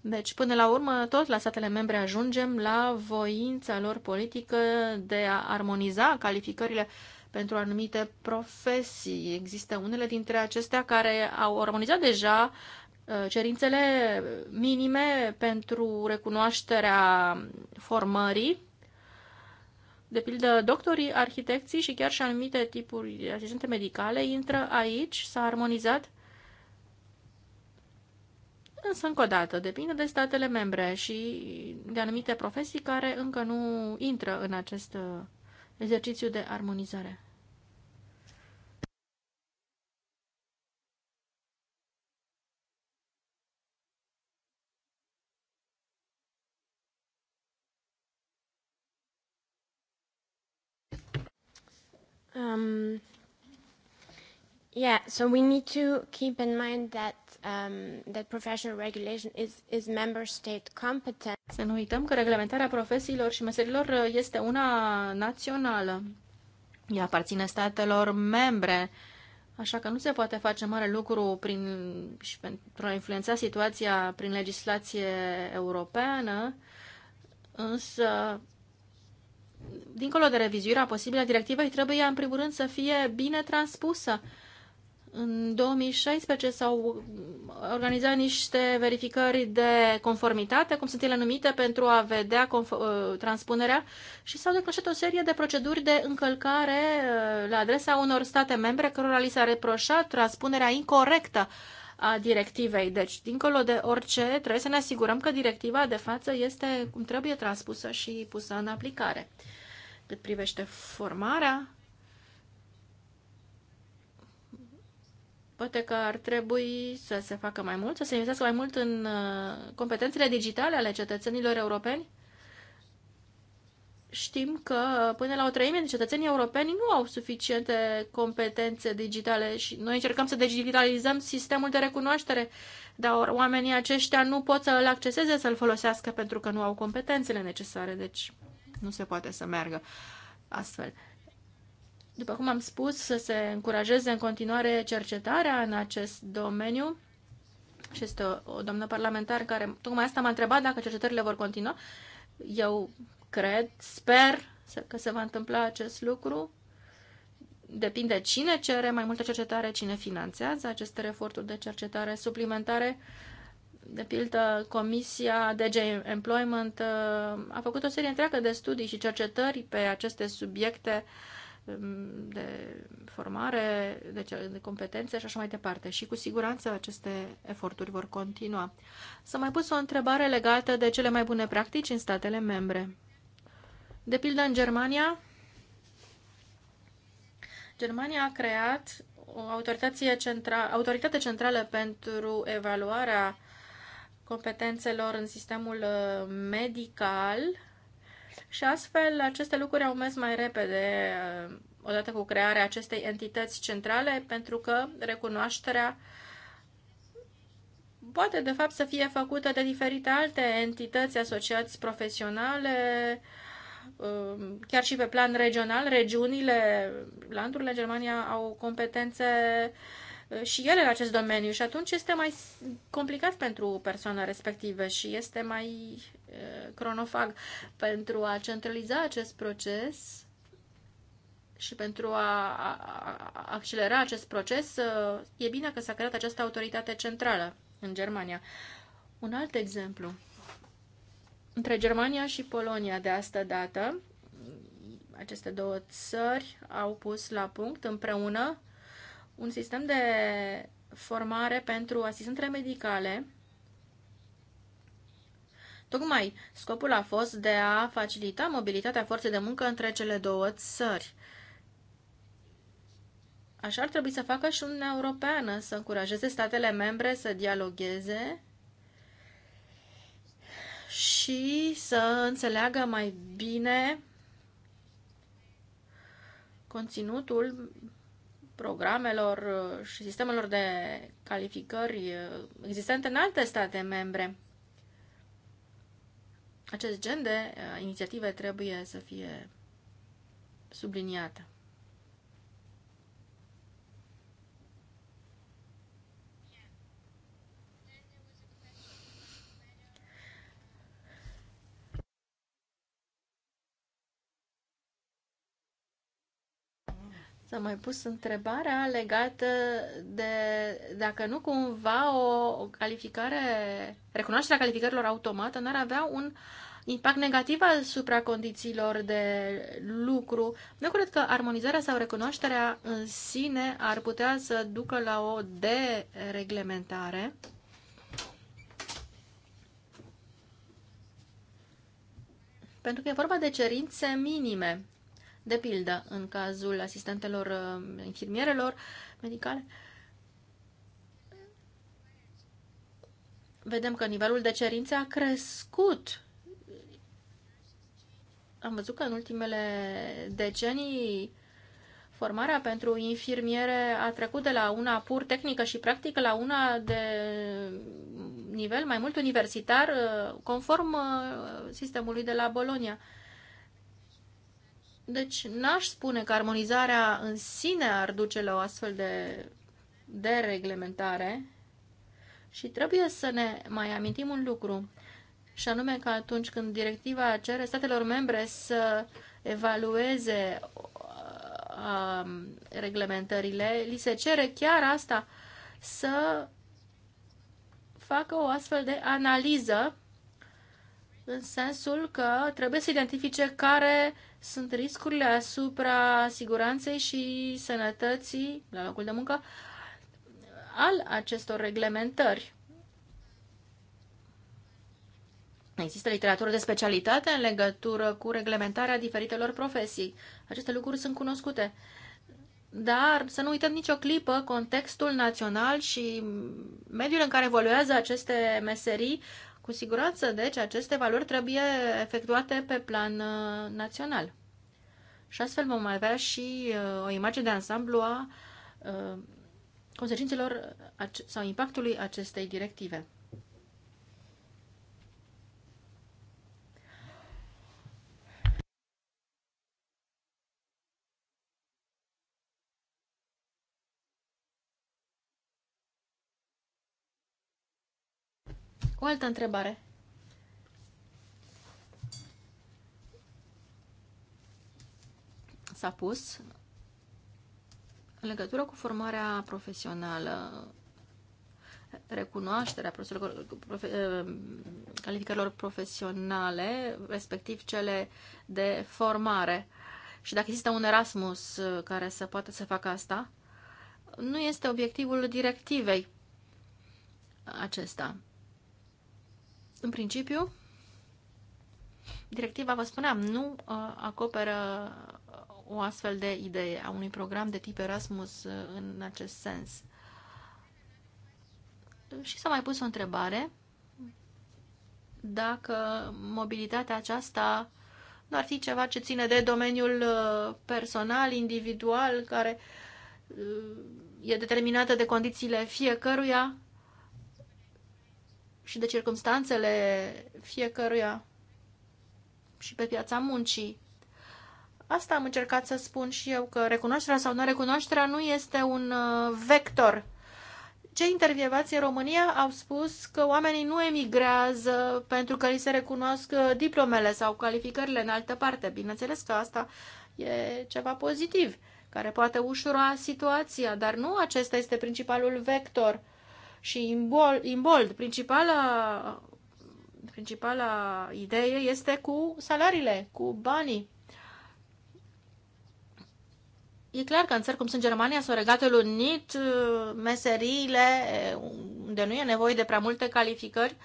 [SPEAKER 2] Deci, până la urmă, tot la statele membre ajungem la voința lor politică de a armoniza calificările pentru anumite profesii. Există unele dintre acestea care au armonizat deja uh, cerințele minime pentru recunoașterea formării de pildă, doctorii, arhitecții și chiar și anumite tipuri de asistente medicale intră aici, s-a armonizat. Însă, încă o dată, depinde de statele membre și de anumite profesii care încă nu intră în acest uh, exercițiu de armonizare. Um, yeah, so we need to keep in mind that um, that professional regulation is is member state competent. Să nu uităm că reglementarea profesiilor și meserilor uh, este una națională. Ea aparține statelor membre. Așa că nu se poate face mare lucru prin, și pentru a influența situația prin legislație europeană, însă dincolo de revizuirea posibilă a directivei, trebuie în primul rând să fie bine transpusă. În 2016 s-au organizat niște verificări de conformitate, cum sunt ele numite, pentru a vedea ă, transpunerea și s-au declanșat o serie de proceduri de încălcare ă, la adresa unor state membre cărora li s-a reproșat transpunerea incorrectă a directivei. Deci, dincolo de orice, trebuie să ne asigurăm că directiva de față este cum trebuie transpusă și pusă în aplicare. Cât privește formarea, poate că ar trebui să se facă mai mult, să se investească mai mult în uh, competențele digitale ale cetățenilor europeni știm că până la o treime de cetățenii europeni nu au suficiente competențe digitale și noi încercăm să digitalizăm sistemul de recunoaștere, dar oamenii aceștia nu pot să-l acceseze, să-l folosească pentru că nu au competențele necesare, deci nu se poate să meargă astfel. După cum am spus, să se încurajeze în continuare cercetarea în acest domeniu și este o, o doamnă parlamentar care tocmai asta m-a întrebat dacă cercetările vor continua. Eu cred, sper că se va întâmpla acest lucru. Depinde cine cere mai multă cercetare, cine finanțează aceste eforturi de cercetare suplimentare. De pildă, Comisia DG Employment uh, a făcut o serie întreagă de studii și cercetări pe aceste subiecte um, de formare, de, de competențe și așa mai departe. Și cu siguranță aceste eforturi vor continua. S-a mai pus o întrebare legată de cele mai bune practici în statele membre. De pildă, în Germania, Germania a creat o autoritate, centra, autoritate centrală pentru evaluarea competențelor în sistemul uh, medical și astfel aceste lucruri au mers mai repede uh, odată cu crearea acestei entități centrale pentru că recunoașterea poate de fapt să fie făcută de diferite alte entități, asociați profesionale, uh, Um, chiar și pe plan regional, regiunile, landurile în Germania au competențe uh, și ele în acest domeniu și atunci este mai complicat pentru persoana respectivă și este mai uh, cronofag pentru a centraliza acest proces și pentru a accelera acest proces, uh, e bine că s-a creat această autoritate centrală în Germania. Un alt exemplu între Germania și Polonia de asta dată. Aceste două țări au pus la punct împreună un sistem de formare pentru asistentele medicale. Tocmai scopul a fost de a facilita mobilitatea forței de muncă între cele două țări. Așa ar trebui să facă și Uniunea Europeană, să încurajeze statele membre să dialogueze și să înțeleagă mai bine conținutul programelor uh, și sistemelor de calificări uh, existente în alte state membre. Acest gen de uh, inițiative trebuie să fie subliniate. S-a mai pus întrebarea legată de dacă nu cumva o, calificare, recunoașterea calificărilor automată n-ar avea un impact negativ asupra condițiilor de lucru. Nu cred că armonizarea sau recunoașterea în sine ar putea să ducă la o dereglementare. Pentru că e vorba de cerințe minime de pildă în cazul asistentelor uh, infirmierelor medicale. Vedem că nivelul de cerințe a crescut. Am văzut că în ultimele decenii formarea pentru infirmiere a trecut de la una pur tehnică și practică la una de nivel mai mult universitar, uh, conform uh, sistemului de la Bolonia. Deci n-aș spune că armonizarea în sine ar duce la o astfel de dereglementare și trebuie să ne mai amintim un lucru, și anume că atunci când directiva cere statelor membre să evalueze uh, um, reglementările, li se cere chiar asta, să facă o astfel de analiză în sensul că trebuie să identifice care uh, sunt riscurile asupra siguranței și sănătății la locul de muncă al acestor reglementări. Există literatură de specialitate în legătură cu reglementarea diferitelor profesii. Aceste lucruri sunt cunoscute. Dar să nu uităm nicio clipă contextul național și mediul în care evoluează aceste meserii cu siguranță, deci, aceste valori trebuie efectuate pe plan uh, național. Și astfel vom avea și uh, o imagine de ansamblu a uh, consecințelor sau impactului acestei directive. O altă întrebare. S-a pus în legătură cu formarea profesională, recunoașterea eh, calificărilor profesionale, respectiv cele de formare. Și dacă există un Erasmus eh, care să poată să facă asta, nu este obiectivul directivei acesta. În principiu, directiva, vă spuneam, nu uh, acoperă uh, o astfel de idee a unui program de tip Erasmus uh, în acest sens. Și s-a mai pus o întrebare dacă mobilitatea aceasta nu ar fi ceva ce ține de domeniul personal, individual, care e determinată de condițiile fiecăruia și de circumstanțele fiecăruia și pe piața muncii. Asta am încercat să spun și eu, că recunoașterea sau nerecunoașterea nu este un uh, vector. Cei intervievați în România au spus că oamenii nu emigrează pentru că li se recunosc uh, diplomele sau calificările în altă parte. Bineînțeles că asta e ceva pozitiv, care poate ușura situația, dar nu acesta este principalul vector și în bold, principala, principala idee este cu salariile, cu banii. E clar că în țări cum sunt Germania sau Regatul Unit, uh, meseriile uh, unde nu e nevoie de prea multe calificări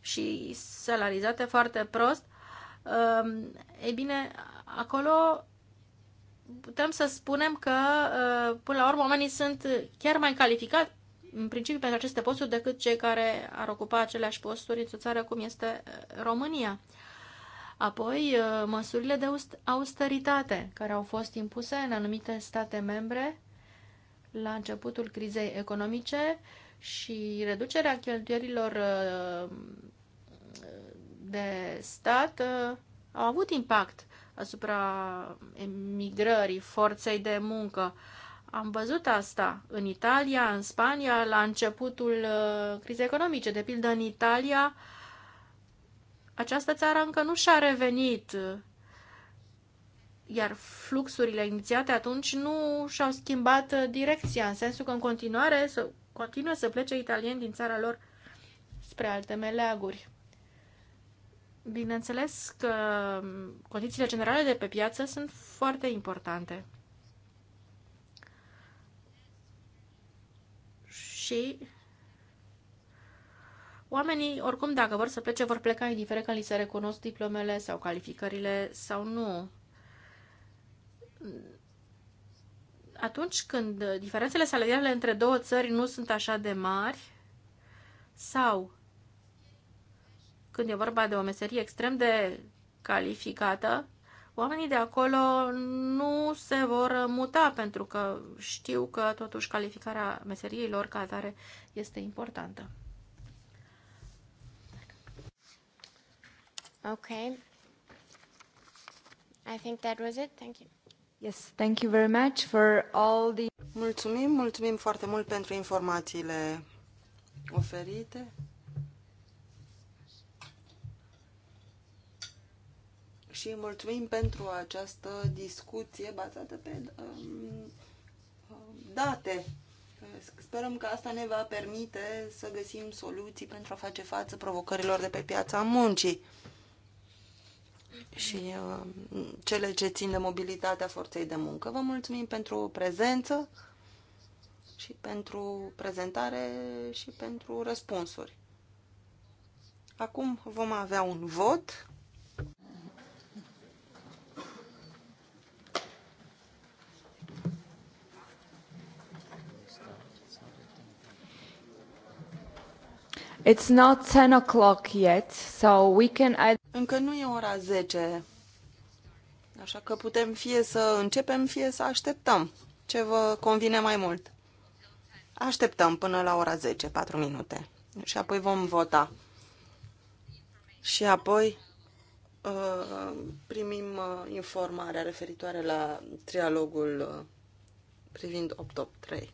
[SPEAKER 2] și salarizate foarte prost, um, e bine, acolo putem să spunem că, uh, până la urmă, oamenii sunt chiar mai calificați în principiu pentru aceste posturi decât cei care ar ocupa aceleași posturi într-o țară cum este uh, România. Apoi, uh, măsurile de austeritate care au fost impuse în anumite state membre la începutul crizei economice și reducerea cheltuielilor uh, de stat au avut impact asupra emigrării forței de muncă. Am văzut asta în Italia, în Spania, la începutul uh, crizei economice. De pildă, în Italia, această țară încă nu și-a revenit, iar fluxurile inițiate atunci nu și-au schimbat uh, direcția, în sensul că în continuare să, continuă să plece italieni din țara lor spre alte meleaguri. Bineînțeles că um, condițiile generale de pe piață sunt foarte importante. și oamenii, oricum, dacă vor să plece, vor pleca indiferent că li se recunosc diplomele sau calificările sau nu. Atunci când diferențele salariale între două țări nu sunt așa de mari sau când e vorba de o meserie extrem de calificată, oamenii de acolo nu se vor muta pentru că știu că totuși calificarea meseriei lor ca atare este importantă. Okay. I think that was it. Thank you. Yes, thank you very much for all the
[SPEAKER 3] Mulțumim, mulțumim foarte mult pentru informațiile oferite. și mulțumim pentru această discuție bazată pe um, um, date. Sperăm că asta ne va permite să găsim soluții pentru a face față provocărilor de pe piața muncii și uh, cele ce țin de mobilitatea forței de muncă. Vă mulțumim pentru prezență și pentru prezentare și pentru răspunsuri. Acum vom avea un vot.
[SPEAKER 2] It's not 10 o'clock yet, so we can... Încă
[SPEAKER 3] nu e ora 10, așa că putem fie să începem, fie să așteptăm. Ce vă convine mai mult? Așteptăm până la ora 10, 4 minute. Și apoi vom vota. Și apoi uh, primim uh, informarea referitoare la trialogul uh, privind 883.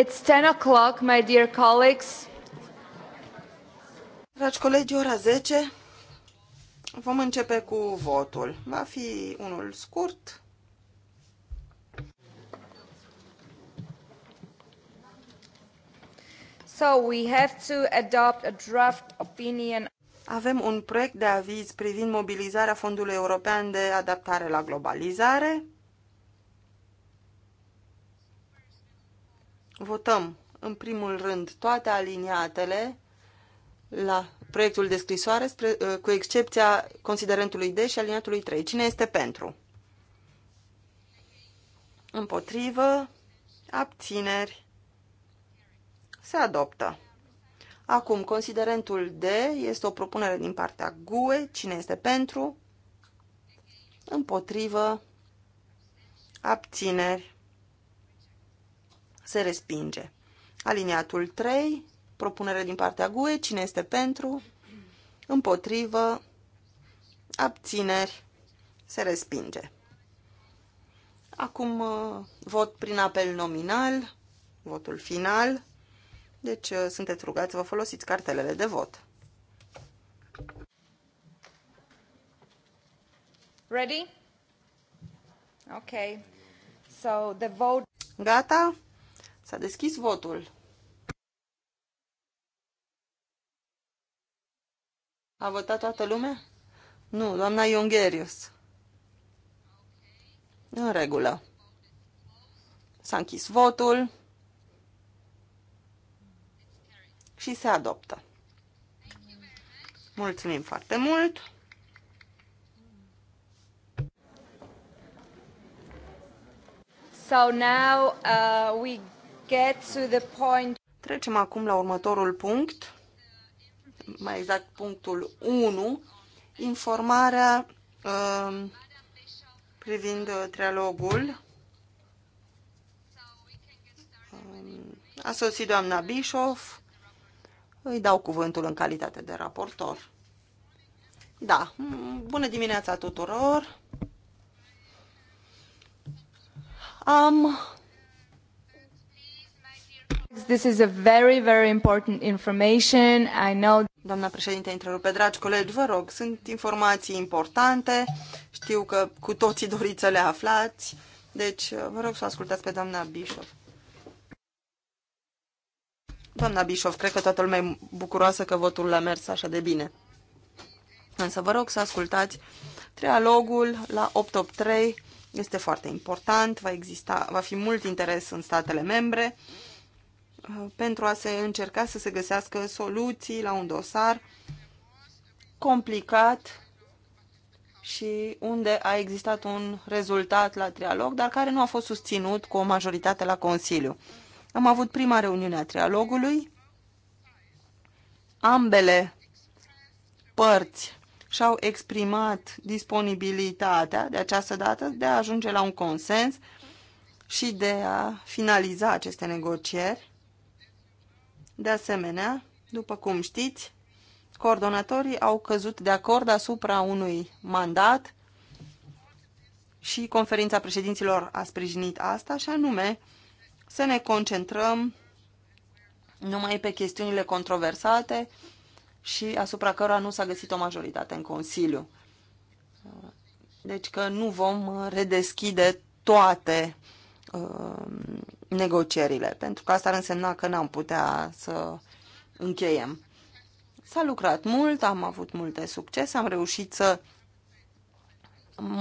[SPEAKER 3] It's 10 o'clock, my dear colleagues. Dragi colegi, ora 10. Vom începe cu votul. Va fi unul scurt. So we have to adopt a draft opinion. Avem un proiect de aviz privind mobilizarea Fondului European de Adaptare la Globalizare. Votăm, în primul rând, toate aliniatele la proiectul de scrisoare, spre, uh, cu excepția considerentului D și aliniatului 3. Cine este pentru? Împotrivă, abțineri, se adoptă. Acum, considerentul D este o propunere din partea GUE. Cine este pentru? Împotrivă, abțineri, se respinge. Aliniatul 3, propunere din partea GUE, cine este pentru, împotrivă, abțineri, se respinge. Acum uh, vot prin apel nominal, votul final, deci uh, sunteți rugați să vă folosiți cartelele de vot.
[SPEAKER 1] Ready? Okay. So the vote...
[SPEAKER 3] Gata? S-a deschis votul. A votat toată lumea? Nu, doamna Iungherius. În regulă. S-a închis votul și se adoptă. Mulțumim foarte mult! So now uh, we get to the point. Trecem acum la următorul punct, mai exact punctul 1, informarea um, privind uh, trialogul. Um, a sosit doamna Bischoff, îi dau cuvântul în calitate de raportor. Da, bună dimineața tuturor! Am
[SPEAKER 2] This is a very, very important information. I know...
[SPEAKER 3] Doamna președinte, întrerupe, dragi colegi, vă rog, sunt informații importante, știu că cu toții doriți să le aflați, deci vă rog să ascultați pe doamna Bishop. Doamna Bishop, cred că toată lumea e bucuroasă că votul a mers așa de bine. Însă vă rog să ascultați trialogul la 883, este foarte important, va, exista, va fi mult interes în statele membre pentru a se încerca să se găsească soluții la un dosar complicat și unde a existat un rezultat la trialog, dar care nu a fost susținut cu o majoritate la Consiliu. Am avut prima reuniune a trialogului. Ambele părți și-au exprimat disponibilitatea de această dată de a ajunge la un consens și de a finaliza aceste negocieri de asemenea, după cum știți, coordonatorii au căzut de acord asupra unui mandat și conferința președinților a sprijinit asta, și anume să ne concentrăm numai pe chestiunile controversate și asupra cărora nu s-a găsit o majoritate în Consiliu. Deci că nu vom redeschide toate Uh, negocierile, pentru că asta ar însemna că n-am putea să încheiem. S-a lucrat mult, am avut multe succes, am reușit să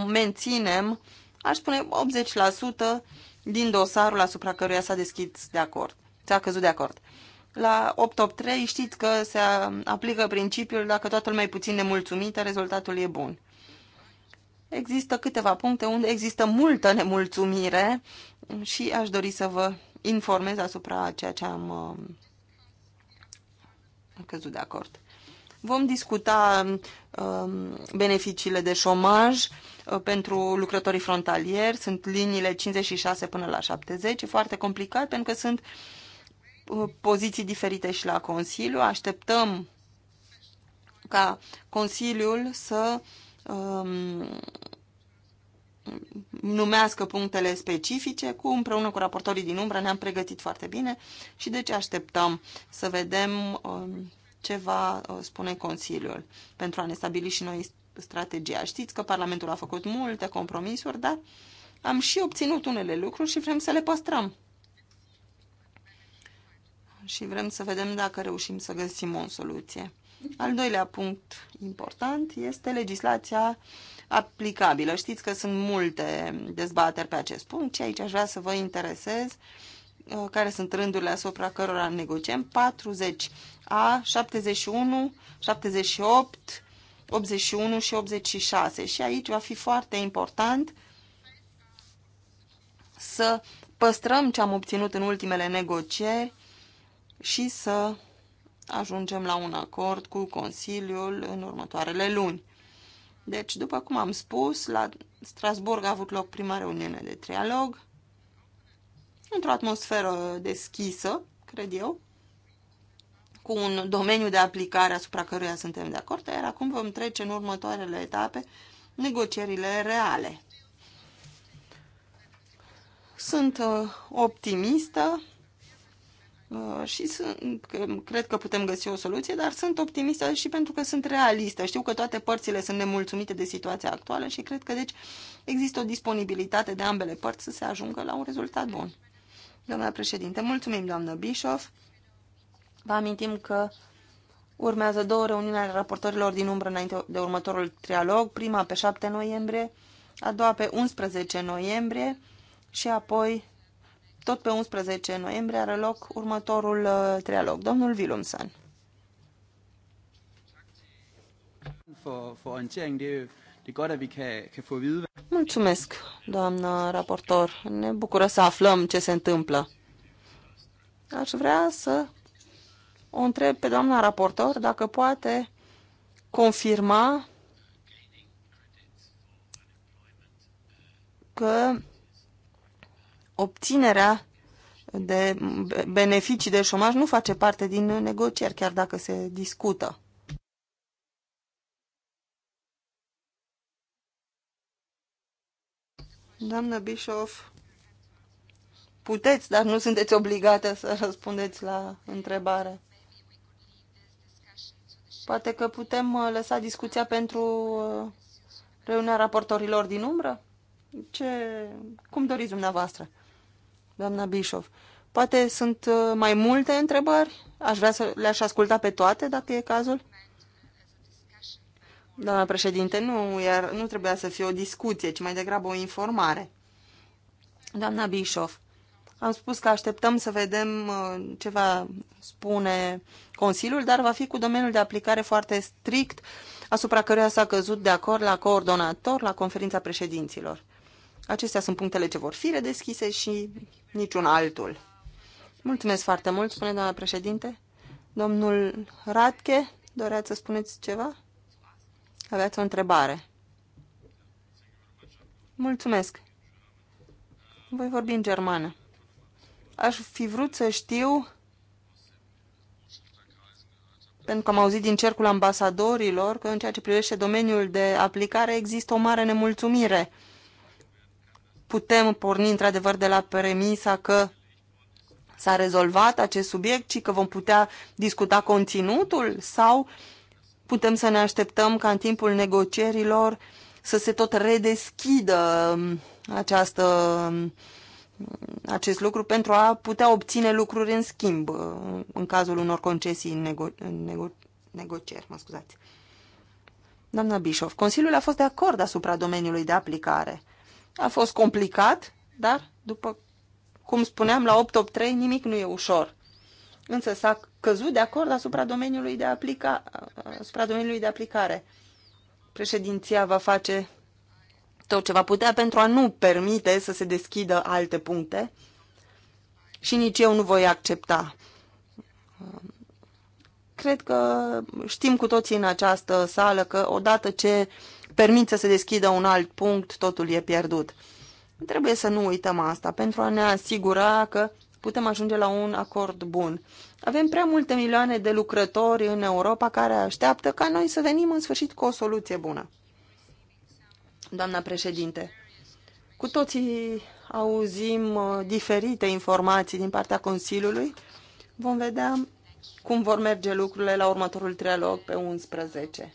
[SPEAKER 3] menținem, aș spune, 80% din dosarul asupra căruia s-a deschis de acord, s-a căzut de acord. La 883 știți că se aplică principiul dacă toată lumea e puțin nemulțumită, rezultatul e bun. Există câteva puncte unde există multă nemulțumire și aș dori să vă informez asupra ceea ce am, uh, căzut de acord. Vom discuta um, beneficiile de șomaj uh, pentru lucrătorii frontalieri. Sunt liniile 56 până la 70. E foarte complicat pentru că sunt uh, poziții diferite și la Consiliu. Așteptăm ca Consiliul să uh, um, numească punctele specifice, cu împreună cu raportorii din umbră ne-am pregătit foarte bine și deci așteptăm să vedem um, ce va uh, spune Consiliul pentru a ne stabili și noi strategia. Știți că Parlamentul a făcut multe compromisuri, dar am și obținut unele lucruri și vrem să le păstrăm. Și vrem să vedem dacă reușim să găsim o soluție. Al doilea punct important este legislația aplicabilă. Știți că sunt multe dezbateri pe acest punct și aici aș vrea să vă interesez uh, care sunt rândurile asupra cărora negociem. 40 A, 71, 78, 81 și 86. Și aici va fi foarte important să păstrăm ce am obținut în ultimele negocieri și să ajungem la un acord cu Consiliul în următoarele luni. Deci, după cum am spus, la Strasburg a avut loc prima reuniune de trialog, într-o atmosferă deschisă, cred eu, cu un domeniu de aplicare asupra căruia suntem de acord, iar acum vom trece în următoarele etape negocierile reale. Sunt uh, optimistă Uh, și sunt, cred că putem găsi o soluție, dar sunt optimistă și pentru că sunt realistă. Știu că toate părțile sunt nemulțumite de situația actuală și cred că deci există o disponibilitate de ambele părți să se ajungă la un rezultat bun. Doamna președinte, mulțumim, doamnă Bischoff. Vă amintim că urmează două reuniuni ale raportorilor din umbră înainte de următorul trialog, prima pe 7 noiembrie, a doua pe 11 noiembrie și apoi tot pe 11 noiembrie are loc următorul uh, trialog. Domnul Willumsen. Mulțumesc, doamnă raportor. Ne bucură să aflăm ce se întâmplă. Aș vrea să o întreb pe doamna raportor dacă poate confirma că obținerea de beneficii de șomaj nu face parte din negocieri, chiar dacă se discută. Doamnă Bischoff, puteți, dar nu sunteți obligată să răspundeți la întrebare. Poate că putem uh, lăsa discuția pentru uh, reuniunea raportorilor din umbră? Ce... Cum doriți dumneavoastră? doamna Bischoff. Poate sunt uh, mai multe întrebări? Aș vrea să le-aș asculta pe toate, dacă e cazul. Doamna președinte, nu, iar nu trebuia să fie o discuție, ci mai degrabă o informare. Doamna Bischoff, am spus că așteptăm să vedem uh, ce va spune Consiliul, dar va fi cu domeniul de aplicare foarte strict, asupra căruia s-a căzut de acord la coordonator la conferința președinților. Acestea sunt punctele ce vor fi redeschise și niciun altul. Mulțumesc foarte mult, spune doamna președinte. Domnul Radke, doreați să spuneți ceva? Aveați o întrebare. Mulțumesc. Voi vorbi în germană. Aș fi vrut să știu, pentru că am auzit din cercul ambasadorilor, că în ceea ce privește domeniul de aplicare există o mare nemulțumire putem porni într-adevăr de la premisa că s-a rezolvat acest subiect, și că vom putea discuta conținutul sau putem să ne așteptăm ca în timpul negocierilor să se tot redeschidă um, această, um, acest lucru pentru a putea obține lucruri în schimb uh, în cazul unor concesii în nego, nego, negocieri. Mă scuzați. Doamna Bischoff, Consiliul a fost de acord asupra domeniului de aplicare. A fost complicat, dar, după cum spuneam, la 883 nimic nu e ușor. Însă s-a căzut de acord asupra domeniului de, aplica, asupra domeniului de aplicare. Președinția va face tot ce va putea pentru a nu permite să se deschidă alte puncte și nici eu nu voi accepta. Cred că știm cu toții în această sală că odată ce uh, permit să se deschidă un alt punct, totul e pierdut. Trebuie să nu uităm asta pentru a ne asigura că putem ajunge la un acord bun. Avem prea multe milioane de lucrători în Europa care așteaptă ca noi să venim în sfârșit cu o soluție bună. Doamna președinte, cu toții auzim uh, diferite informații din partea Consiliului. Vom vedea cum vor merge lucrurile la următorul trialog pe 11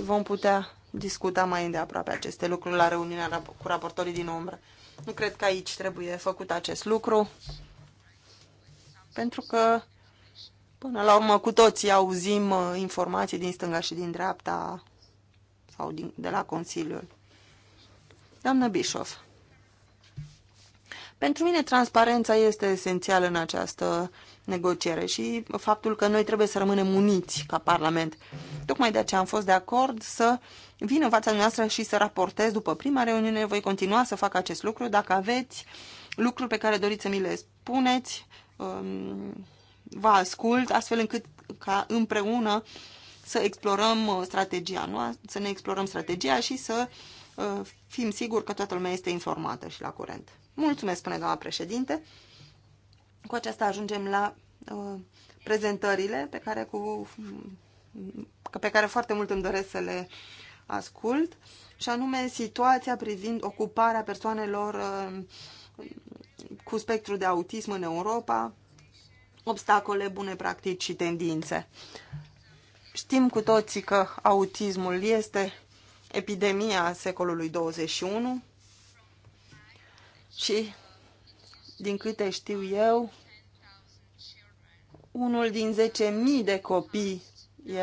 [SPEAKER 3] vom putea discuta mai îndeaproape aceste lucruri la reuniunea cu raportorii din umbră. Nu cred că aici trebuie făcut acest lucru, pentru că până la urmă cu toții auzim uh, informații din stânga și din dreapta sau din, de la Consiliul. Doamnă Bischoff, pentru mine transparența este esențială în această uh, negociere și faptul că noi trebuie să rămânem uniți ca Parlament. Tocmai de aceea am fost de acord să vin în fața noastră și să raportez după prima reuniune. Voi continua să fac acest lucru. Dacă aveți lucruri pe care doriți să mi le spuneți, um, vă ascult, astfel încât ca împreună să explorăm uh, strategia noastră, să ne explorăm strategia și să uh, fim siguri că toată lumea este informată și la curent. Mulțumesc, spune doamna președinte. Cu aceasta ajungem la uh, prezentările pe care, cu, mm, pe care foarte mult îmi doresc să le ascult, și anume situația privind ocuparea persoanelor uh, cu spectru de autism în Europa, obstacole, bune practici și tendințe. Știm cu toții că autismul este epidemia secolului 21 și din câte știu eu, unul din 10.000 de copii e,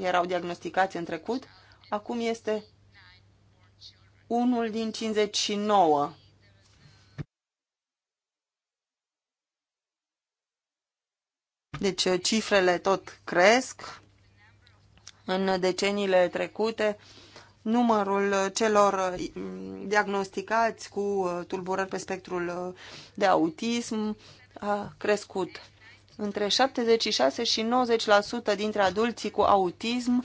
[SPEAKER 3] erau diagnosticați în trecut, acum este unul din 59. Deci cifrele tot cresc. În deceniile trecute, numărul celor mm, diagnosticați cu uh, tulburări pe spectrul uh, de autism a crescut. Între 76 și 90% dintre adulții cu autism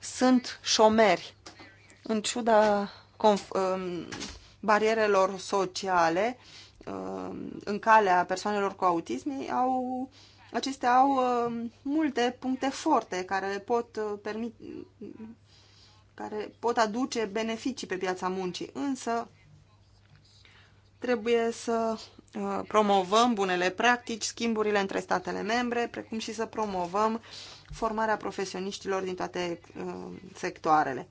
[SPEAKER 3] sunt șomeri. În ciuda um, barierelor sociale um, în calea persoanelor cu autism, au, acestea au um, multe puncte forte care pot uh, permite care pot aduce beneficii pe piața muncii, însă trebuie să uh, promovăm bunele practici, schimburile între statele membre, precum și să promovăm formarea profesioniștilor din toate uh, sectoarele.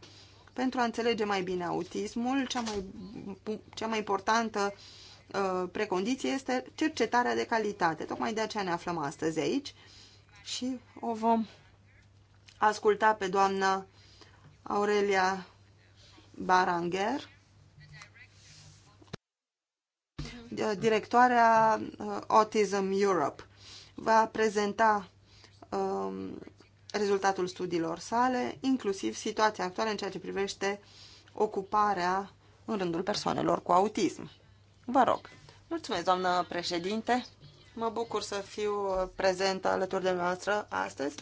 [SPEAKER 3] Pentru a înțelege mai bine autismul, cea mai, cea mai importantă uh, precondiție este cercetarea de calitate. Tocmai de aceea ne aflăm astăzi aici și o vom asculta pe doamna Aurelia Baranger, directoarea uh, Autism Europe. Va prezenta um, rezultatul studiilor sale, inclusiv situația actuală în ceea ce privește ocuparea în rândul persoanelor cu autism. Vă rog. Mulțumesc, doamnă președinte. Mă bucur să fiu prezentă alături de noastră astăzi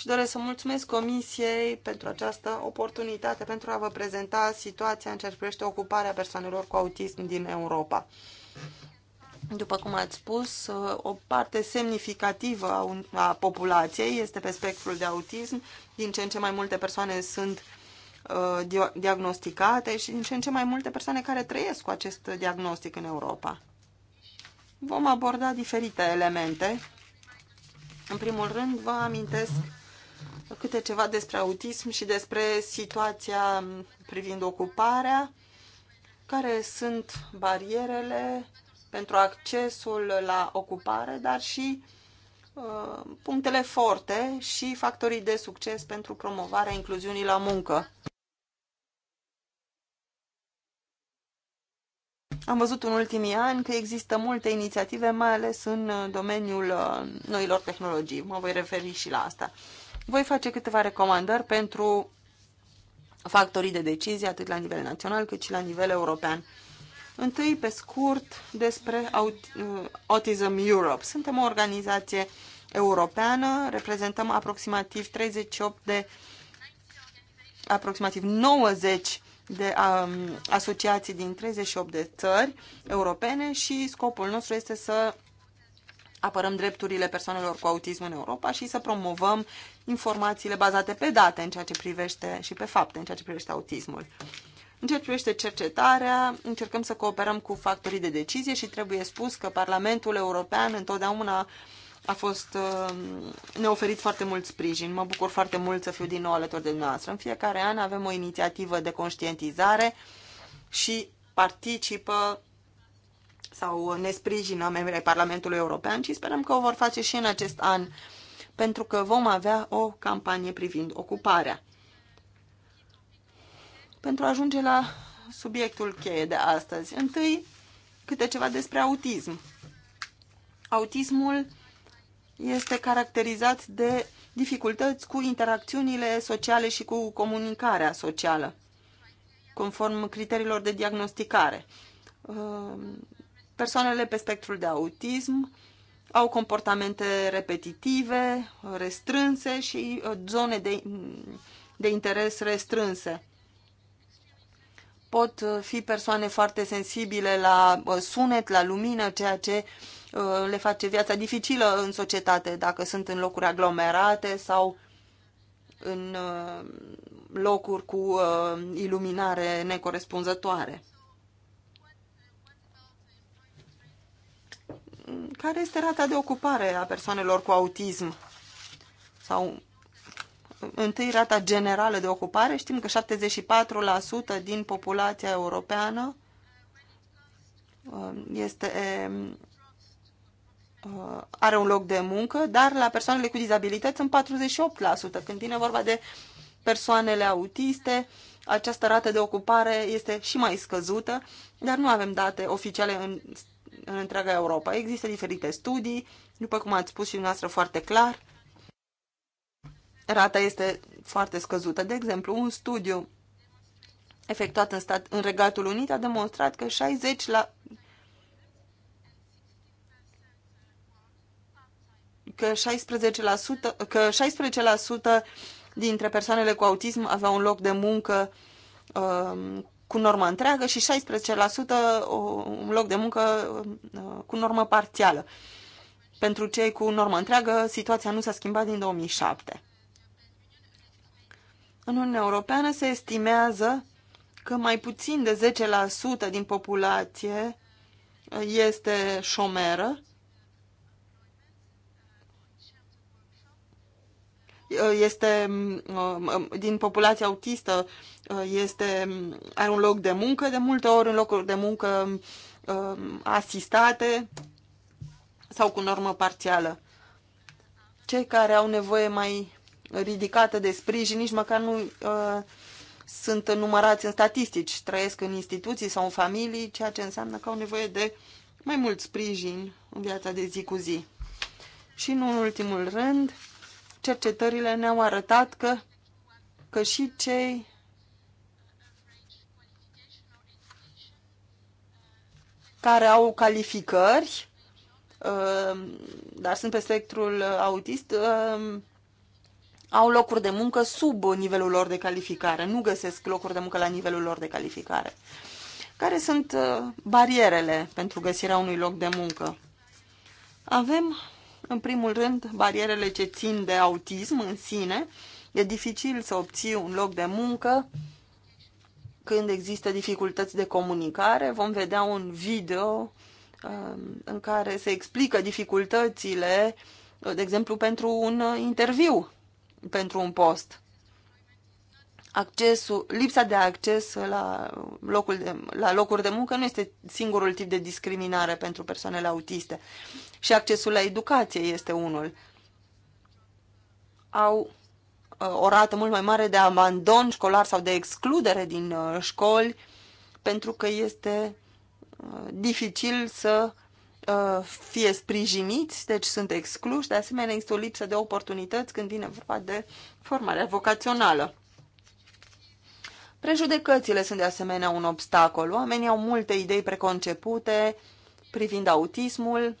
[SPEAKER 3] și doresc să mulțumesc Comisiei pentru această oportunitate pentru a vă prezenta situația în ce privește ocuparea persoanelor cu autism din Europa. După cum ați spus, o parte semnificativă a populației este pe spectrul de autism. Din ce în ce mai multe persoane sunt uh, diagnosticate și din ce în ce mai multe persoane care trăiesc cu acest diagnostic în Europa. Vom aborda diferite elemente. În primul rând, vă amintesc câte ceva despre autism și despre situația privind ocuparea, care sunt barierele pentru accesul la ocupare, dar și uh, punctele forte și factorii de succes pentru promovarea incluziunii la muncă. Am văzut în ultimii ani că există multe inițiative, mai ales în uh, domeniul uh, noilor tehnologii. Mă voi referi și la asta. Voi face câteva recomandări pentru factorii de decizie, atât la nivel național cât și la nivel european. Întâi, pe scurt, despre uh, Autism Europe. Suntem o organizație europeană, reprezentăm aproximativ 38 de aproximativ 90 de um, asociații din 38 de țări europene și scopul nostru este să apărăm drepturile persoanelor cu autism în Europa și să promovăm informațiile bazate pe date în ceea ce privește și pe fapte în ceea ce privește autismul. În ceea ce privește cercetarea, încercăm să cooperăm cu factorii de decizie și trebuie spus că Parlamentul European întotdeauna a fost, uh, ne-a oferit foarte mult sprijin. Mă bucur foarte mult să fiu din nou alături de dumneavoastră. În fiecare an avem o inițiativă de conștientizare și participă sau ne sprijină membrii Parlamentului European, ci sperăm că o vor face și în acest an, pentru că vom avea o campanie privind ocuparea. Pentru a ajunge la subiectul cheie de astăzi, întâi câte ceva despre autism. Autismul este caracterizat de dificultăți cu interacțiunile sociale și cu comunicarea socială, conform criteriilor de diagnosticare. Ă, Persoanele pe spectrul de autism au comportamente repetitive, restrânse și uh, zone de, de interes restrânse. Pot uh, fi persoane foarte sensibile la uh, sunet, la lumină, ceea ce le face viața dificilă în societate, dacă sunt în locuri aglomerate sau în locuri cu iluminare necorespunzătoare. care este rata de ocupare a persoanelor cu autism? Sau întâi rata generală de ocupare, știm că 74% din populația europeană uh, este, um, uh, are un loc de muncă, dar la persoanele cu dizabilități sunt 48%. Când vine vorba de persoanele autiste, această rată de ocupare este și mai scăzută, dar nu avem date oficiale în în întreaga Europa. Există diferite studii, după cum ați spus și dumneavoastră foarte clar, rata este foarte scăzută. De exemplu, un studiu efectuat în, stat, în Regatul Unit a demonstrat că 60 la că 16%, că 16% dintre persoanele cu autism aveau un loc de muncă uh, cu normă întreagă și 16% un loc de muncă uh, cu normă parțială. Pentru cei cu normă întreagă, situația nu s-a schimbat din 2007. În Uniunea Europeană se estimează că mai puțin de 10% din populație este șomeră Uh, este um, um, din populația autistă uh, este, are un loc de muncă, de multe ori un loc de muncă um, asistate sau cu normă parțială. Cei care au nevoie mai ridicată de sprijin, nici măcar nu uh, sunt numărați în statistici, trăiesc în instituții sau în familii, ceea ce înseamnă că au nevoie de mai mult sprijin în viața de zi cu zi. Și nu în ultimul rând, cercetările ne-au arătat că, că și cei care au calificări, uh, dar sunt pe spectrul uh, autist, uh, au locuri de muncă sub nivelul lor de calificare, nu găsesc locuri de muncă la nivelul lor de calificare. Care sunt barierele pentru găsirea unui loc de muncă? Avem în primul rând, barierele ce țin de autism în sine. E dificil să obții un loc de muncă când există dificultăți de comunicare. Vom vedea un video um, în care se explică dificultățile, de exemplu, pentru un uh, interviu, pentru un post accesul, lipsa de acces la, locul de, la locuri de muncă nu este singurul tip de discriminare pentru persoanele autiste. Și accesul la educație este unul. Au uh, o rată mult mai mare de abandon școlar sau de excludere din uh, școli pentru că este uh, dificil să fie sprijiniți, deci sunt excluși. De asemenea, există o lipsă de oportunități când vine vorba de formarea vocațională. Prejudecățile sunt de asemenea un obstacol. Oamenii au multe idei preconcepute privind autismul.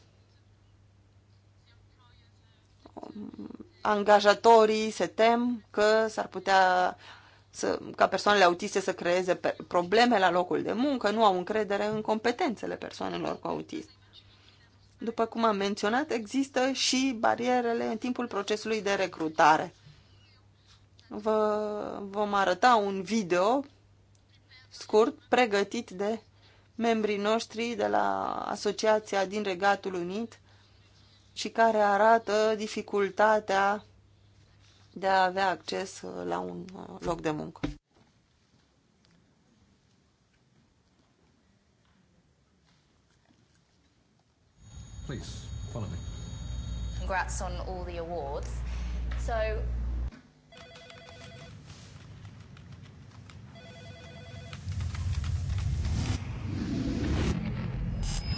[SPEAKER 3] Angajatorii se tem că s-ar putea să, ca persoanele autiste să creeze probleme la locul de muncă, nu au încredere în competențele persoanelor cu autism. După cum am menționat, există și barierele în timpul procesului de recrutare vă vom arăta un video scurt pregătit de membrii noștri de la Asociația din Regatul Unit și care arată dificultatea de a avea acces la un uh, loc de muncă.
[SPEAKER 2] Please, follow me.
[SPEAKER 1] Congrats on all the awards. So,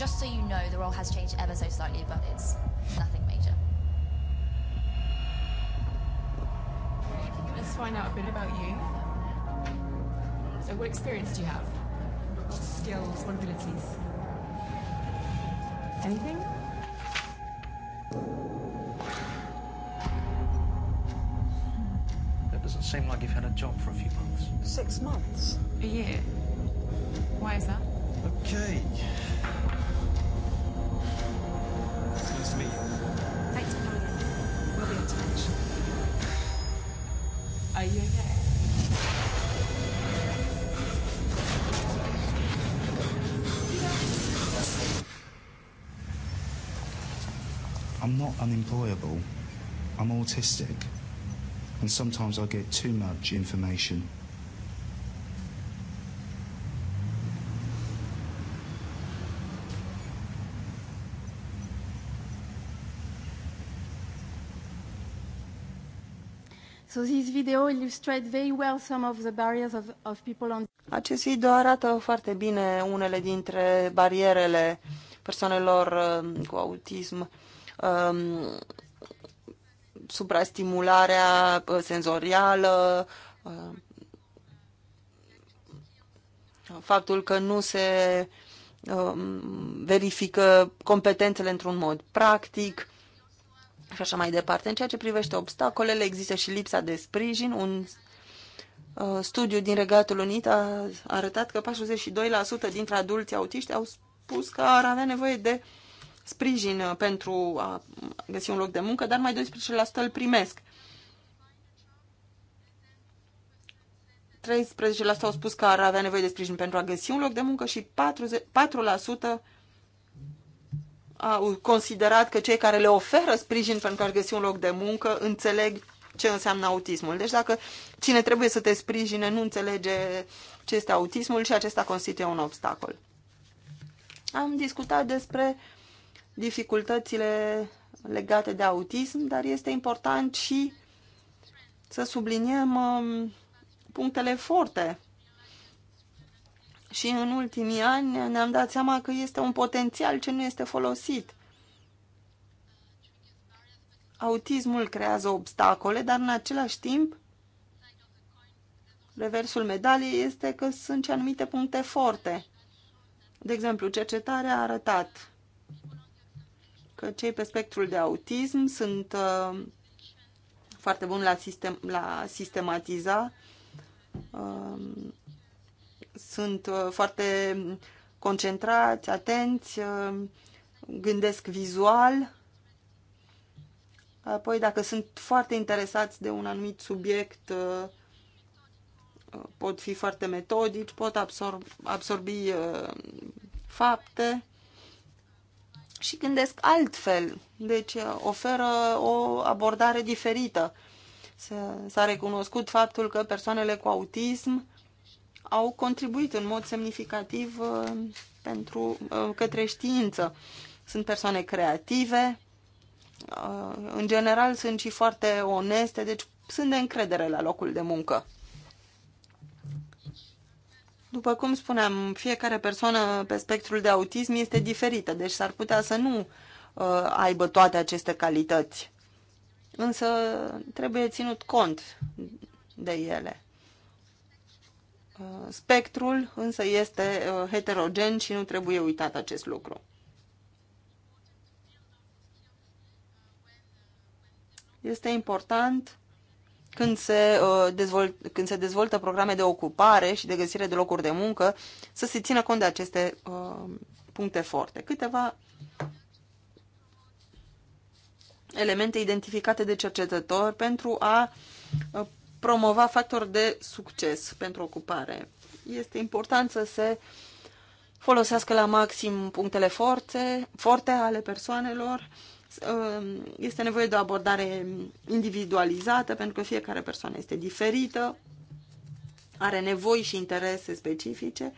[SPEAKER 1] Just so you know, the role has changed ever so slightly, but it's nothing major.
[SPEAKER 2] Let's find out a bit about you. So what experience do you have? What skills, what abilities?
[SPEAKER 4] Anything?
[SPEAKER 3] That doesn't seem like you've had a
[SPEAKER 2] job for a few months.
[SPEAKER 1] Six months? A year. Why is that?
[SPEAKER 2] Okay me.
[SPEAKER 4] Thanks for coming in. We'll be in touch. Are you okay?
[SPEAKER 2] I'm not unemployable. I'm autistic. And sometimes I get too much information. So this video illustrates very well some of the barriers of, of people on
[SPEAKER 3] Acest video arată foarte bine unele dintre barierele persoanelor um, cu autism, um, suprastimularea uh, senzorială, um, faptul că nu se um, verifică competențele într-un mod practic, și așa mai departe. În ceea ce privește obstacolele, există și lipsa de sprijin. Un uh, studiu din Regatul Unit a arătat că 42% dintre adulții autiști au spus că ar avea nevoie de sprijin uh, pentru a găsi un loc de muncă, dar mai 12% îl primesc. 13% au spus că ar avea nevoie de sprijin pentru a găsi un loc de muncă și 40, 4% au considerat că cei care le oferă sprijin pentru a găsi un loc de muncă înțeleg ce înseamnă autismul. Deci dacă cine trebuie să te sprijine nu înțelege ce este autismul și acesta constituie un obstacol. Am discutat despre dificultățile legate de autism, dar este important și să subliniem um, punctele forte și în ultimii ani ne-am dat seama că este un potențial ce nu este folosit. Autismul creează obstacole, dar în același timp reversul medaliei este că sunt și anumite puncte forte. De exemplu, cercetarea a arătat că cei pe spectrul de autism sunt uh, foarte buni la, sistem, la sistematiza uh, sunt uh, foarte concentrați, atenți, uh, gândesc vizual. Apoi, dacă sunt foarte interesați de un anumit subiect, uh, pot fi foarte metodici, pot absorb, absorbi fapte și gândesc altfel. Deci oferă o abordare diferită. S-a recunoscut faptul că persoanele cu autism au contribuit în mod semnificativ uh, pentru, uh, către știință. Sunt persoane creative, uh, în general sunt și foarte oneste, deci sunt de încredere la locul de muncă. După cum spuneam, fiecare persoană pe spectrul de autism este diferită, deci s-ar putea să nu aibă toate aceste calități. Însă trebuie ținut cont de ele. Uh, spectrul însă este uh, heterogen și nu trebuie uitat acest lucru. Este important când se, uh, dezvolt, când se dezvoltă programe de ocupare și de găsire de locuri de muncă să se țină cont de aceste puncte forte. Câteva elemente identificate de cercetători pentru a promova factori de succes pentru ocupare. Este important să se folosească la maxim punctele forte, forte ale persoanelor. Ehm, este nevoie de o abordare individualizată, pentru că fiecare persoană este diferită, are nevoi și interese specifice.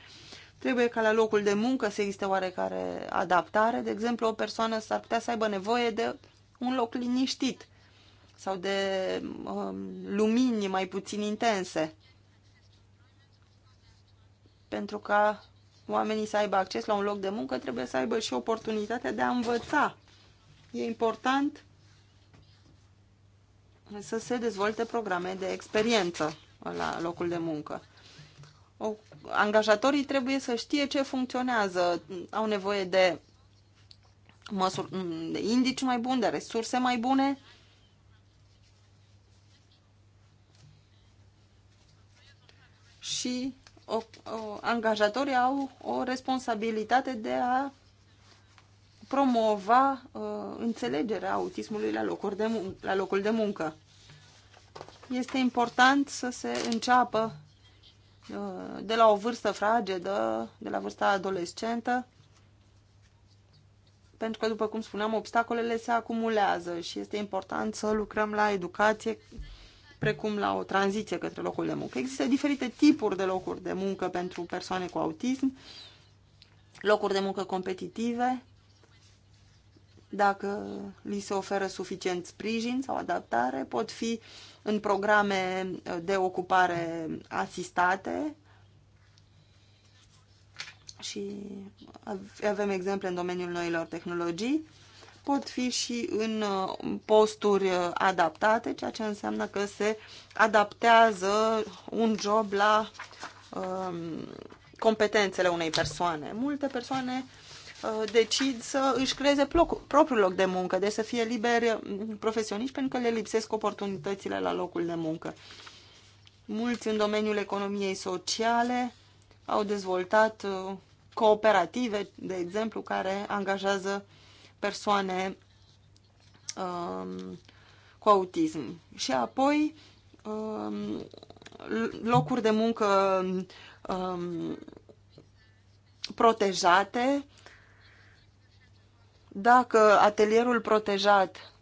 [SPEAKER 3] Trebuie ca la locul de muncă să existe oarecare adaptare. De exemplu, o persoană s-ar putea să aibă nevoie de un loc liniștit sau de um, lumini mai puțin intense. Pentru ca oamenii să aibă acces la un loc de muncă, trebuie să aibă și oportunitatea de a învăța. E important să se dezvolte programe de experiență la locul de muncă. O, angajatorii trebuie să știe ce funcționează, au nevoie de măsuri, de indici mai buni, de resurse mai bune și o, o, angajatorii au o responsabilitate de a promova uh, înțelegerea autismului la, locuri de la locul de muncă. Este important să se înceapă uh, de la o vârstă fragedă, de la vârsta adolescentă, pentru că, după cum spuneam, obstacolele se acumulează și este important să lucrăm la educație precum la o tranziție către locul de muncă. Există diferite tipuri de locuri de muncă pentru persoane cu autism, locuri de muncă competitive, dacă li se oferă suficient sprijin sau adaptare, pot fi în programe de ocupare asistate și avem exemple în domeniul noilor tehnologii pot fi și în uh, posturi uh, adaptate, ceea ce înseamnă că se adaptează un job la um, competențele unei persoane. Multe persoane uh, decid să își creeze propriul loc de muncă, de să fie liberi profesioniști pentru că le lipsesc oportunitățile la locul de muncă. Mulți în domeniul economiei sociale au dezvoltat cooperative, de exemplu, care angajează uh, persoane um, cu autism. Și apoi um, locuri de muncă um, protejate. Dacă atelierul protejat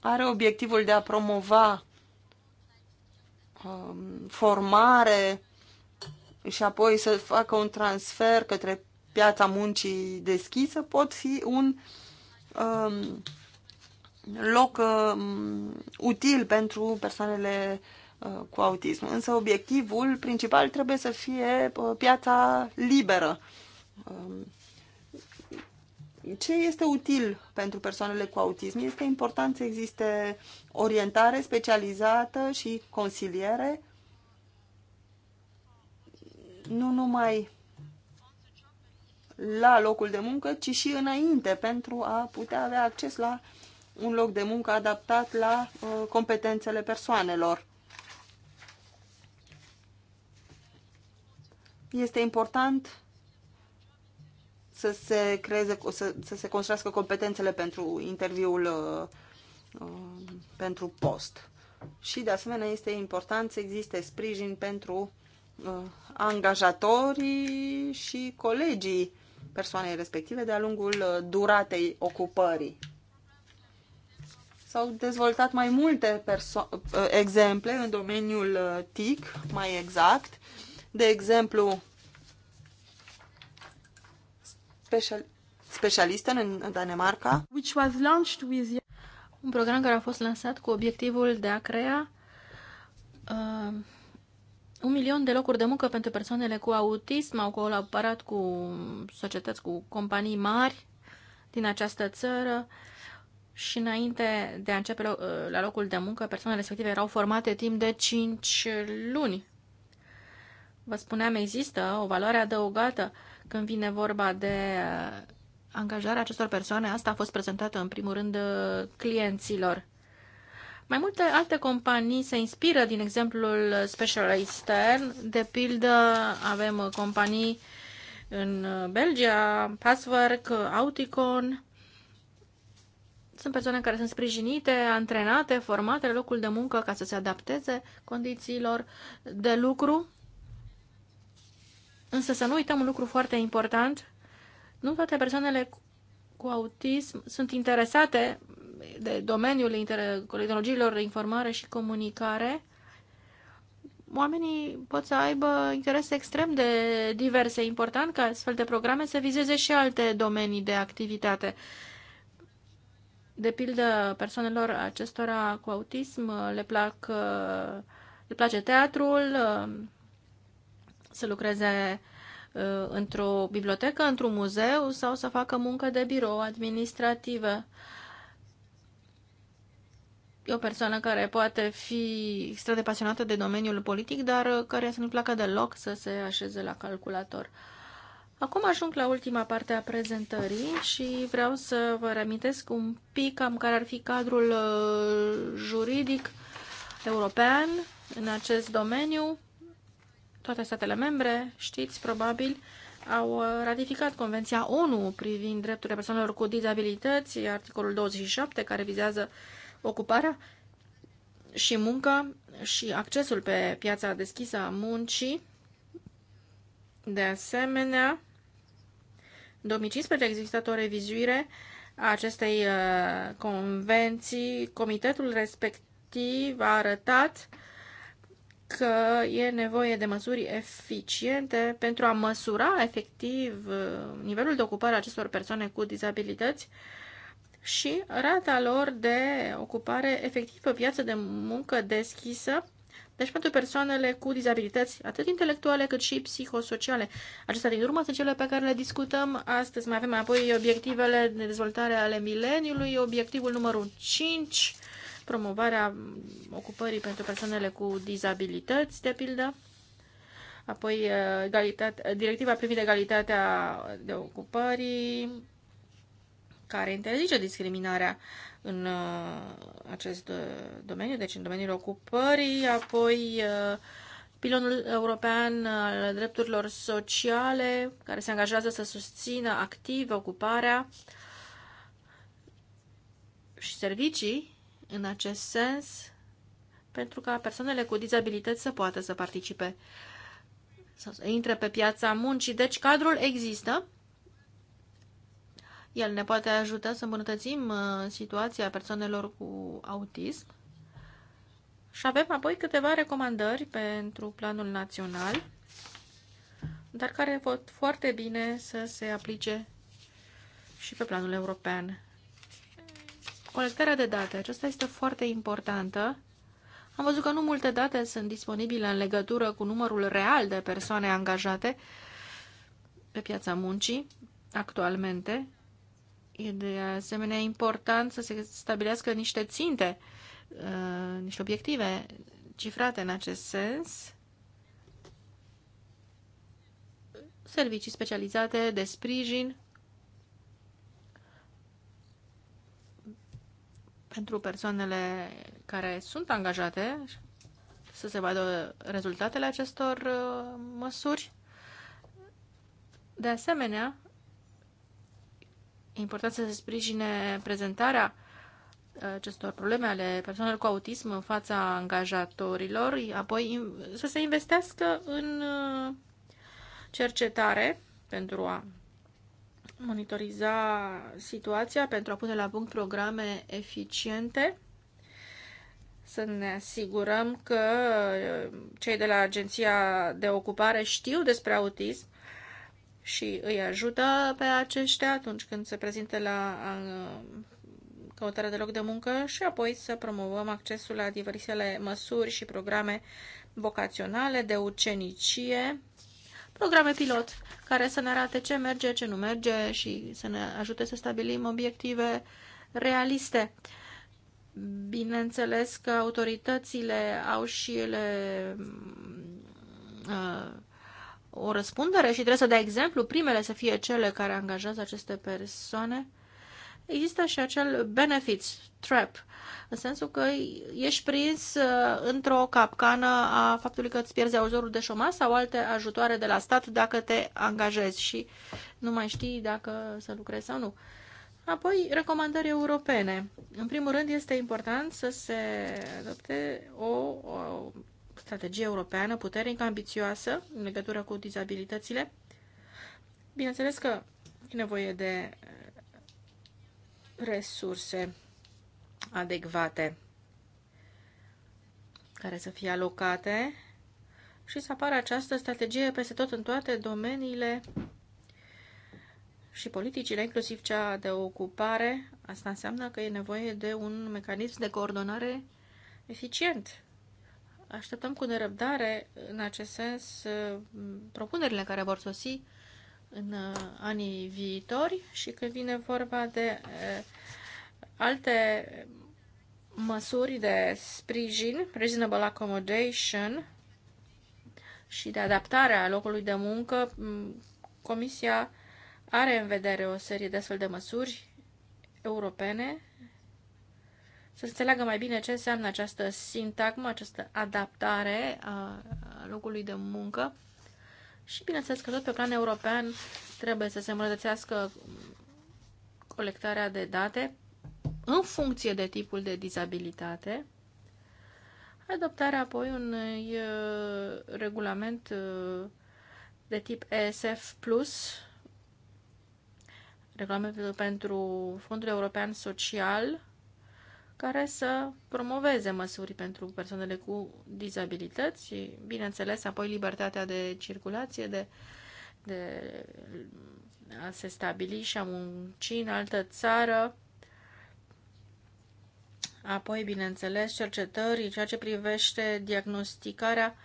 [SPEAKER 3] are obiectivul de a promova um, formare și apoi să facă un transfer către piața muncii deschisă pot fi un um, loc um, util pentru persoanele uh, cu autism. Însă obiectivul principal trebuie să fie uh, piața liberă. Um, ce este util pentru persoanele cu autism? Este important să existe orientare specializată și consiliere, nu numai la locul de muncă, ci și înainte, pentru a putea avea acces la un loc de muncă adaptat la uh, competențele persoanelor. Este important să se, creeze, să, să se construiască competențele pentru interviul uh, uh pentru post. Și, de asemenea, este important să existe sprijin pentru uh, angajatorii și colegii persoanei respective de-a lungul uh, duratei ocupării. S-au dezvoltat mai multe uh, exemple în domeniul uh, TIC, mai exact. De exemplu,
[SPEAKER 2] special, specialistă în Danemarca. Which was launched with... Un program care a fost lansat cu obiectivul de a crea uh, un milion de locuri de muncă pentru persoanele cu autism au colaborat cu societăți, cu companii mari din această țară și înainte de a începe uh, la locul de muncă, persoanele respective erau formate timp de 5 luni. Vă spuneam, există o valoare adăugată când vine vorba de uh, angajarea acestor persoane. Asta a fost prezentată în primul rând uh, clienților. Mai multe alte companii se inspiră din exemplul Special Eastern. De pildă, avem companii în Belgia, Passwork, Auticon. Sunt persoane care sunt sprijinite, antrenate, formate la locul de muncă ca să se adapteze condițiilor de lucru. Însă să nu uităm un lucru foarte important. Nu toate persoanele cu autism sunt interesate de domeniul inter- tehnologiilor informare și comunicare, oamenii pot să aibă interese extrem de diverse. Important ca astfel de programe să vizeze și alte domenii de activitate. De pildă, persoanelor acestora cu autism le, plac, le place teatrul, să lucreze într-o bibliotecă, într-un muzeu sau să facă muncă de birou administrativă e o persoană care poate fi extrem de pasionată de domeniul politic, dar uh, care să nu placă deloc să se așeze la calculator. Acum ajung la ultima parte a prezentării și vreau să vă reamintesc un pic cam care ar fi cadrul uh, juridic european în acest domeniu. Toate statele membre, știți probabil, au uh, ratificat Convenția ONU privind drepturile persoanelor cu dizabilități, articolul 27, care vizează uh, ocuparea și munca și accesul pe piața deschisă a muncii. De asemenea, în 2015 a existat o revizuire a acestei uh, convenții. Comitetul respectiv a arătat că e nevoie de măsuri eficiente pentru a măsura efectiv uh, nivelul de ocupare a acestor persoane cu dizabilități și rata lor de ocupare efectivă, piață de muncă deschisă, deci pentru persoanele cu dizabilități, atât intelectuale cât și psihosociale. Acestea din urmă sunt cele pe care le discutăm astăzi. Mai avem apoi obiectivele de dezvoltare ale mileniului, obiectivul numărul 5, promovarea ocupării pentru persoanele cu dizabilități, de pildă. Apoi egalitate, directiva privind egalitatea de ocupării, care interzice discriminarea în uh, acest uh, domeniu, deci în domeniul ocupării, apoi uh, pilonul european al drepturilor sociale, care se angajează să susțină activ ocuparea și servicii în acest sens, pentru ca persoanele cu dizabilități să poată să participe să intre pe piața muncii. Deci cadrul există el ne poate ajuta să îmbunătățim uh, situația persoanelor cu autism. Și avem apoi câteva recomandări pentru planul național, dar care pot foarte bine să se aplice și pe planul european. Colectarea de date. Aceasta este foarte importantă. Am văzut că nu multe date sunt disponibile în legătură cu numărul real de persoane angajate pe piața muncii actualmente E de asemenea important să se stabilească niște ținte, uh, niște obiective cifrate în acest sens. Servicii specializate de sprijin pentru persoanele care sunt angajate să se vadă rezultatele acestor uh, măsuri. De asemenea, important să se sprijine prezentarea uh, acestor probleme ale persoanelor cu autism în fața angajatorilor, apoi să se investească în uh, cercetare pentru a monitoriza situația, pentru a pune la punct programe eficiente, să ne asigurăm că uh, cei de la Agenția de Ocupare știu despre autism și îi ajută pe aceștia atunci când se prezintă la căutarea de loc de muncă și apoi să promovăm accesul la diversele măsuri și programe vocaționale de ucenicie, programe pilot care să ne arate ce merge, ce nu merge și să ne ajute să stabilim obiective realiste. Bineînțeles că autoritățile au și ele uh, o răspundere și trebuie să dea exemplu, primele să fie cele care angajează aceste persoane, există și acel benefits trap, în sensul că ești prins uh, într-o capcană a faptului că îți pierzi auzorul de șoma sau alte ajutoare de la stat dacă te angajezi și nu mai știi dacă să lucrezi sau nu. Apoi, recomandări europene. În primul rând, este important să se adopte o, o strategie europeană puternică, ambițioasă, în legătură cu dizabilitățile. Bineînțeles că e nevoie de uh, resurse adecvate care să fie alocate și să apară această strategie peste tot în toate domeniile și politicile, inclusiv cea de ocupare. Asta înseamnă că e nevoie de un mecanism de coordonare eficient Așteptăm cu nerăbdare, în acest sens, propunerile care vor sosi în uh, anii viitori și când vine vorba de uh, alte măsuri de sprijin, reasonable accommodation și de adaptare a locului de muncă, Comisia are în vedere o serie de astfel de măsuri europene să înțeleagă mai bine ce înseamnă această sintagmă, această adaptare a locului de muncă și, bineînțeles, că tot pe plan european trebuie să se îmbunătățească colectarea de date în funcție de tipul de dizabilitate, adoptarea apoi unui uh, regulament uh, de tip ESF+, regulamentul pentru Fondul European Social, care să promoveze măsuri pentru persoanele cu dizabilități și, bineînțeles, apoi libertatea de circulație, de, de a se stabili și a munci în altă țară. Apoi, bineînțeles, cercetării, ceea ce privește diagnosticarea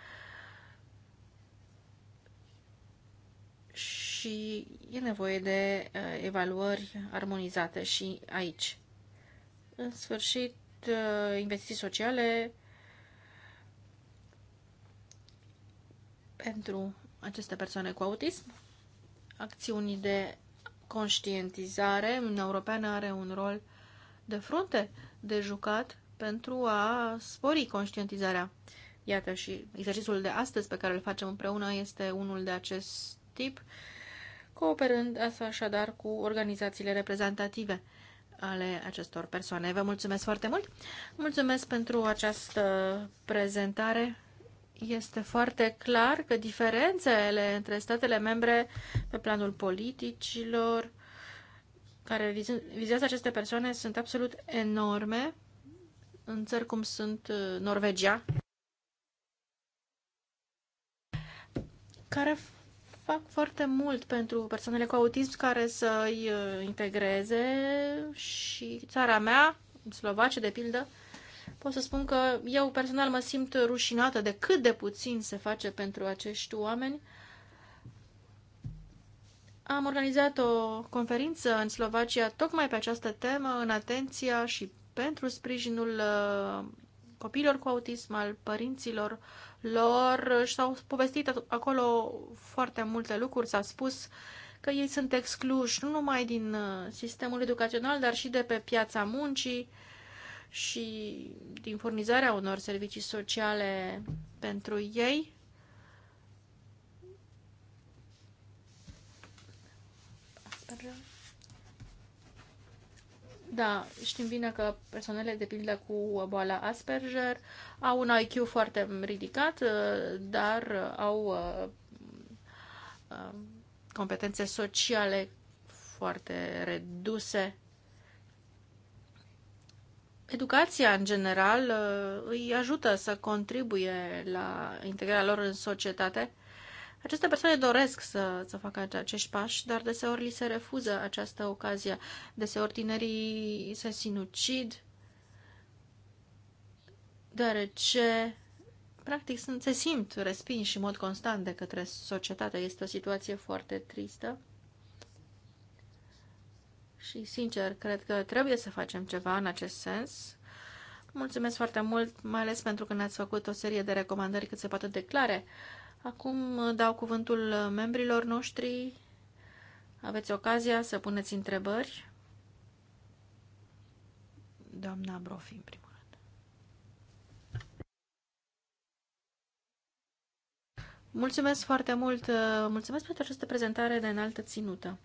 [SPEAKER 2] și e nevoie de uh, evaluări armonizate și aici. În sfârșit, uh, investiții sociale pentru aceste persoane cu autism, acțiuni de conștientizare. Uniunea Europeană are un rol de frunte de jucat pentru a spori conștientizarea. Iată și exercițiul de astăzi pe care îl facem împreună este unul de acest tip, cooperând asta așadar cu organizațiile reprezentative ale acestor persoane. Vă mulțumesc foarte mult! Mulțumesc pentru această prezentare. Este foarte clar că diferențele între statele membre pe planul politicilor care vizează aceste persoane sunt absolut enorme în țări cum sunt uh, Norvegia, care fac foarte mult pentru persoanele cu autism care să-i uh, integreze și țara mea, Slovacia de pildă, pot să spun că eu personal mă simt rușinată de cât de puțin se face pentru acești oameni. Am organizat o conferință în Slovacia tocmai pe această temă, în atenția și pentru sprijinul uh, copiilor cu autism, al părinților lor și s-au povestit acolo foarte multe lucruri, s-a spus că ei sunt excluși nu numai din uh, sistemul educațional, dar și de pe piața muncii și din furnizarea unor servicii sociale pentru ei. Da, știm bine că persoanele de pildă cu boala Asperger au un IQ foarte ridicat, uh, dar au uh, uh, competențe sociale foarte reduse. Educația, în general, îi ajută să contribuie la integrarea lor în societate aceste persoane doresc să, să facă acești pași, dar deseori li se refuză această ocazie. Deseori tinerii se sinucid, deoarece practic sunt, se simt respinși în mod constant de către societate. Este o situație foarte tristă. Și, sincer, cred că trebuie să facem ceva în acest sens. Mulțumesc foarte mult, mai ales pentru că ne-ați făcut o serie de recomandări cât se poate declare. clare Acum uh, dau cuvântul uh, membrilor noștri. Aveți ocazia să puneți întrebări. Doamna Brofi, în primul rând. Mulțumesc foarte mult. Uh, mulțumesc pentru această prezentare de înaltă ținută.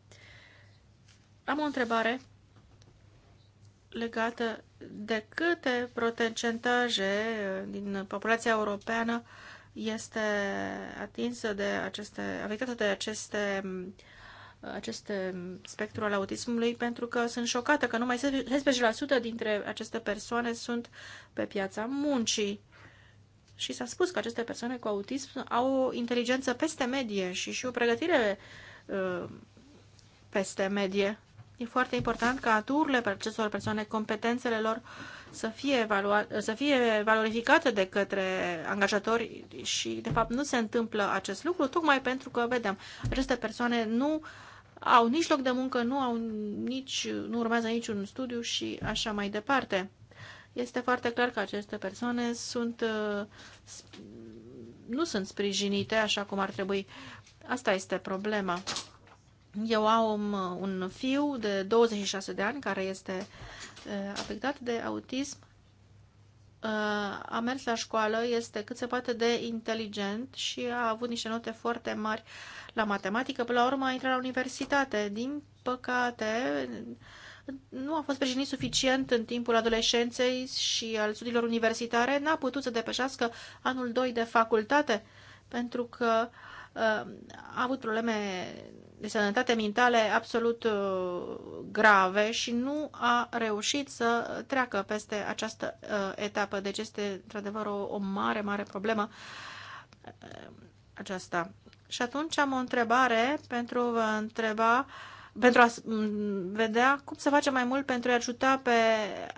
[SPEAKER 2] Am o întrebare legată de câte procentaje din populația europeană uh, este atinsă de aceste, afectată de aceste aceste spectru al autismului pentru că sunt șocată că numai 16% dintre aceste persoane sunt pe piața muncii. Și s-a spus că aceste persoane cu autism au o inteligență peste medie și și o pregătire uh, peste medie. E foarte important ca aturile acestor persoane, competențele lor să fie, evaluat, să fie valorificată de către angajatori și, de fapt, nu se întâmplă acest lucru, tocmai pentru că, vedem, aceste persoane nu au nici loc de muncă, nu, au nici, nu urmează niciun studiu și așa mai departe. Este foarte clar că aceste persoane sunt, uh, nu sunt sprijinite așa cum ar trebui. Asta este problema. Eu am um, un fiu de 26 de ani care este uh, afectat de autism. Uh, a mers la școală, este cât se poate de inteligent și a avut niște note foarte mari la matematică. Până la urmă a intrat la universitate. Din păcate, nu a fost sprijinit suficient în timpul adolescenței și al studiilor universitare. N-a putut să depășească anul 2 de facultate pentru că uh, a avut probleme de sănătate mentale absolut uh, grave și nu a reușit să treacă peste această uh, etapă. Deci este într-adevăr o, o mare, mare problemă uh, aceasta. Și atunci am o întrebare pentru a întreba pentru a vedea cum să facem mai mult pentru a ajuta pe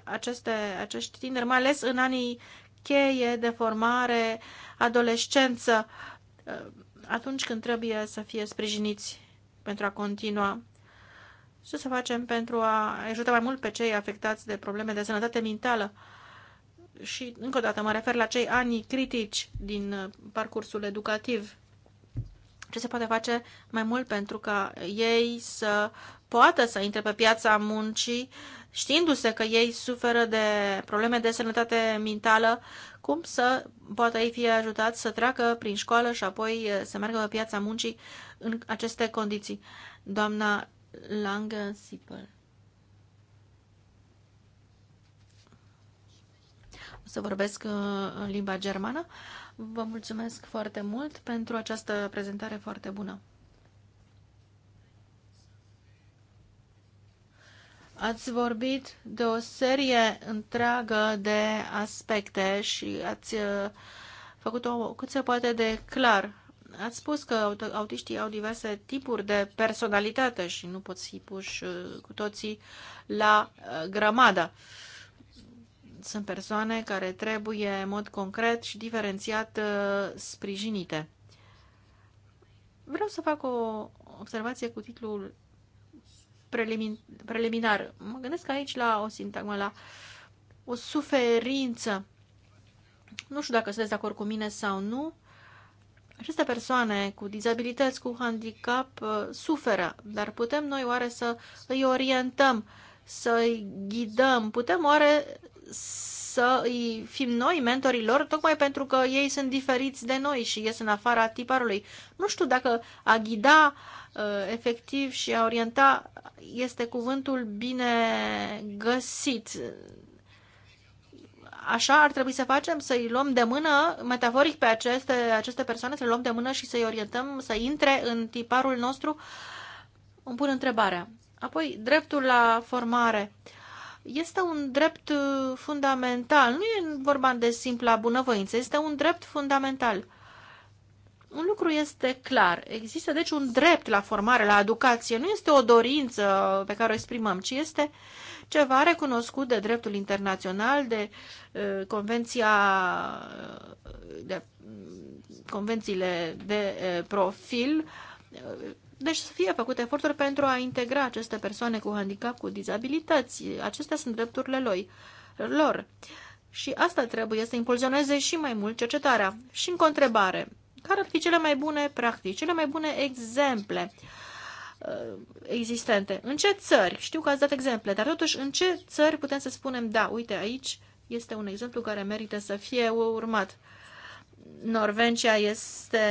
[SPEAKER 2] aceste, acești tineri, mai ales în anii cheie de formare, adolescență, atunci când trebuie să fie sprijiniți pentru a continua? Ce să facem pentru a ajuta mai mult pe cei afectați de probleme de sănătate mentală? Și, încă o dată, mă refer la cei ani critici din uh, parcursul educativ. Ce se poate face mai mult pentru ca ei să poată să intre pe piața muncii știindu-se că ei suferă de probleme de sănătate mentală, cum să poată ei fi ajutați să treacă prin școală și apoi eh, să meargă pe piața muncii în aceste condiții. Doamna Langă Sipăl. să vorbesc eh, în limba germană. Vă mulțumesc foarte mult pentru această prezentare foarte bună. Ați vorbit de o serie întreagă de aspecte și ați uh, făcut-o cât se poate de clar. Ați spus că autiștii au diverse tipuri de personalitate și nu pot fi puși uh, cu toții la uh, grămadă. Sunt persoane care trebuie în mod concret și diferențiat sprijinite. Vreau să fac o observație cu titlul prelimin, preliminar. Mă gândesc aici la o sintagmă, la o suferință. Nu știu dacă sunteți de acord cu mine sau nu. Aceste persoane cu dizabilități, cu handicap, uh, suferă, dar putem noi oare să îi orientăm, să îi ghidăm? Putem oare să îi fim noi mentorii lor, tocmai pentru că ei sunt diferiți de noi și ies în afara tiparului. Nu știu dacă a ghida uh, efectiv și a orienta este cuvântul bine găsit. Așa ar trebui să facem, să-i luăm de mână, metaforic pe aceste, aceste persoane, să i luăm de mână și să-i orientăm, să intre în tiparul nostru. Îmi pun întrebarea. Apoi, dreptul la formare. Uh, este un drept uh, fundamental. Nu e vorba de simpla bunăvoință, este un drept fundamental. Un lucru este clar. Există deci un drept la formare, la educație. Nu este o dorință pe care o exprimăm, ci este ceva recunoscut de dreptul internațional, de uh, convenția uh, de mm, convențiile de profil deci să fie făcute eforturi pentru a integra aceste persoane cu handicap, cu dizabilități. Acestea sunt drepturile lor. lor. Și asta trebuie să impulsioneze și mai mult cercetarea. Și în întrebare, care ar fi cele mai bune practici, cele mai bune exemple uh, existente? În ce țări? Știu că ați dat exemple, dar totuși în ce țări putem să spunem, da, uite, aici este un exemplu care merită să fie urmat. Norvegia este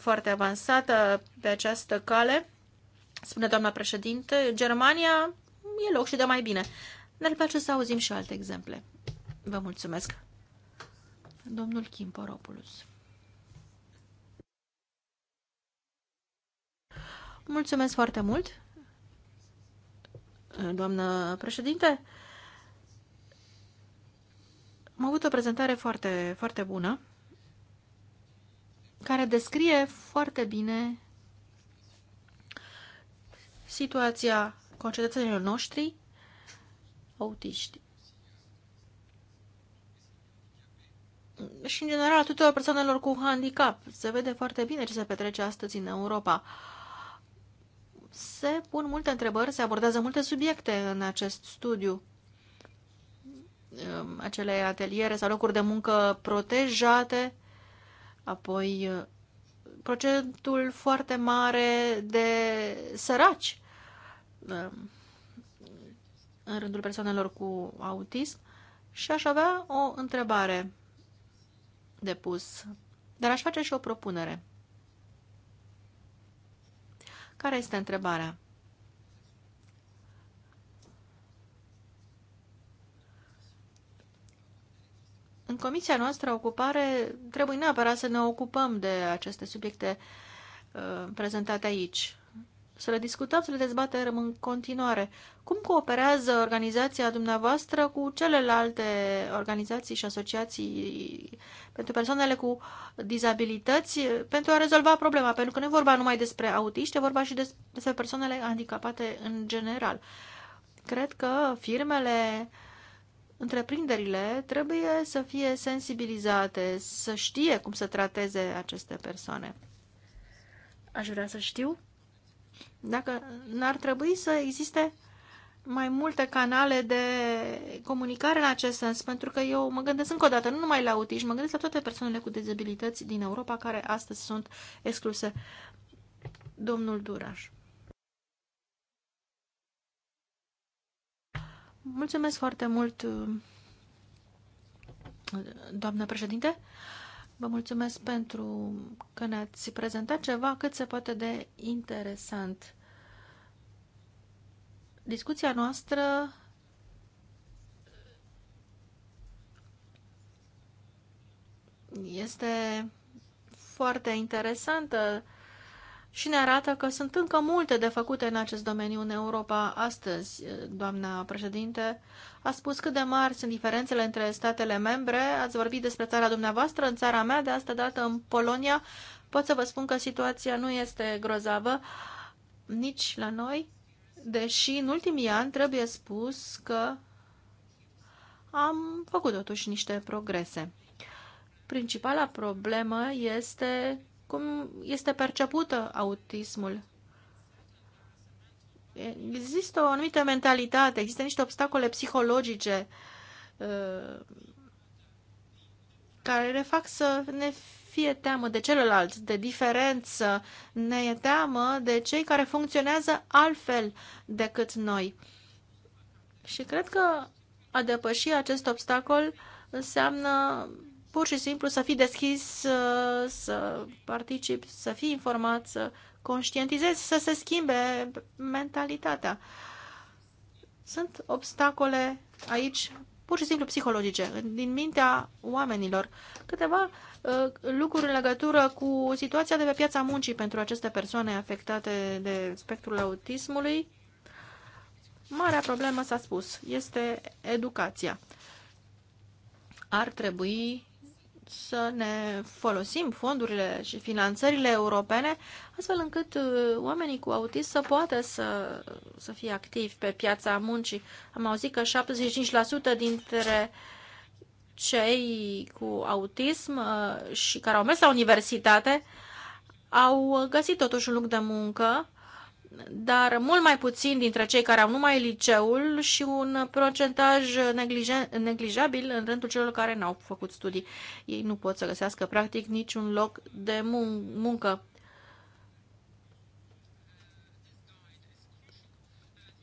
[SPEAKER 2] foarte avansată pe această cale, spune doamna președinte. Germania e loc și de mai bine. Ne-ar place să auzim și alte exemple. Vă mulțumesc. Domnul Kim Poropoulos. Mulțumesc foarte mult, doamnă președinte. Am avut o prezentare foarte, foarte bună care descrie foarte bine situația concetățenilor noștri autiști. Și, în general, tuturor persoanelor cu handicap. Se vede foarte bine ce se petrece astăzi în Europa. Se pun multe întrebări, se abordează multe subiecte în acest studiu acele ateliere sau locuri de muncă protejate Apoi, uh, procentul foarte mare de săraci uh, în rândul persoanelor cu autism și aș avea o întrebare de pus, dar aș face și o propunere. Care este întrebarea? În comisia noastră ocupare trebuie neapărat să ne ocupăm de aceste subiecte uh, prezentate aici. Să le discutăm, să le dezbatem în continuare. Cum cooperează organizația dumneavoastră cu celelalte organizații și asociații pentru persoanele cu dizabilități pentru a rezolva problema? Pentru că nu e vorba numai despre autiști, e vorba și despre persoanele handicapate în general. Cred că firmele uh, întreprinderile trebuie să fie sensibilizate, să știe cum să trateze aceste persoane. Aș vrea să știu dacă n-ar trebui să existe mai multe canale de comunicare în acest sens, pentru că eu mă gândesc încă o dată, nu numai la autiști, mă gândesc la toate persoanele cu dezabilități din Europa care astăzi sunt excluse. Domnul Duraș. Mulțumesc foarte mult, doamnă președinte. Vă mulțumesc pentru că ne-ați prezentat ceva cât se poate de interesant. Discuția noastră este foarte interesantă și ne arată că sunt încă multe de făcute în acest domeniu în Europa. Astăzi, eh, doamna președinte, a spus cât de mari sunt diferențele între statele membre. Ați vorbit despre țara dumneavoastră, în țara mea, de asta dată în Polonia. Pot să vă spun că situația nu este grozavă nici la noi, deși în ultimii ani trebuie spus că am făcut totuși niște progrese. Principala problemă este cum este percepută autismul. Există o anumită mentalitate, există niște obstacole psihologice uh, care ne fac să ne fie teamă de celălalt, de diferență, ne e teamă de cei care funcționează altfel decât noi. Și cred că a depăși acest obstacol înseamnă pur și simplu să fii deschis, să, să participi, să fii informat, să conștientizezi, să se schimbe mentalitatea. Sunt obstacole aici pur și simplu psihologice, din mintea oamenilor. Câteva uh, lucruri în legătură cu situația de pe piața muncii pentru aceste persoane afectate de spectrul autismului. Marea problemă, s-a spus, este educația. Ar trebui să ne folosim fondurile și finanțările europene astfel încât uh, oamenii cu autism să poată să, să fie activi pe piața muncii. Am auzit că 75% dintre cei cu autism uh, și care au mers la universitate au găsit totuși un loc de muncă dar mult mai puțin dintre cei care au numai liceul și un procentaj neglijabil în rândul celor care n-au făcut studii. Ei nu pot să găsească practic niciun loc de mun- muncă.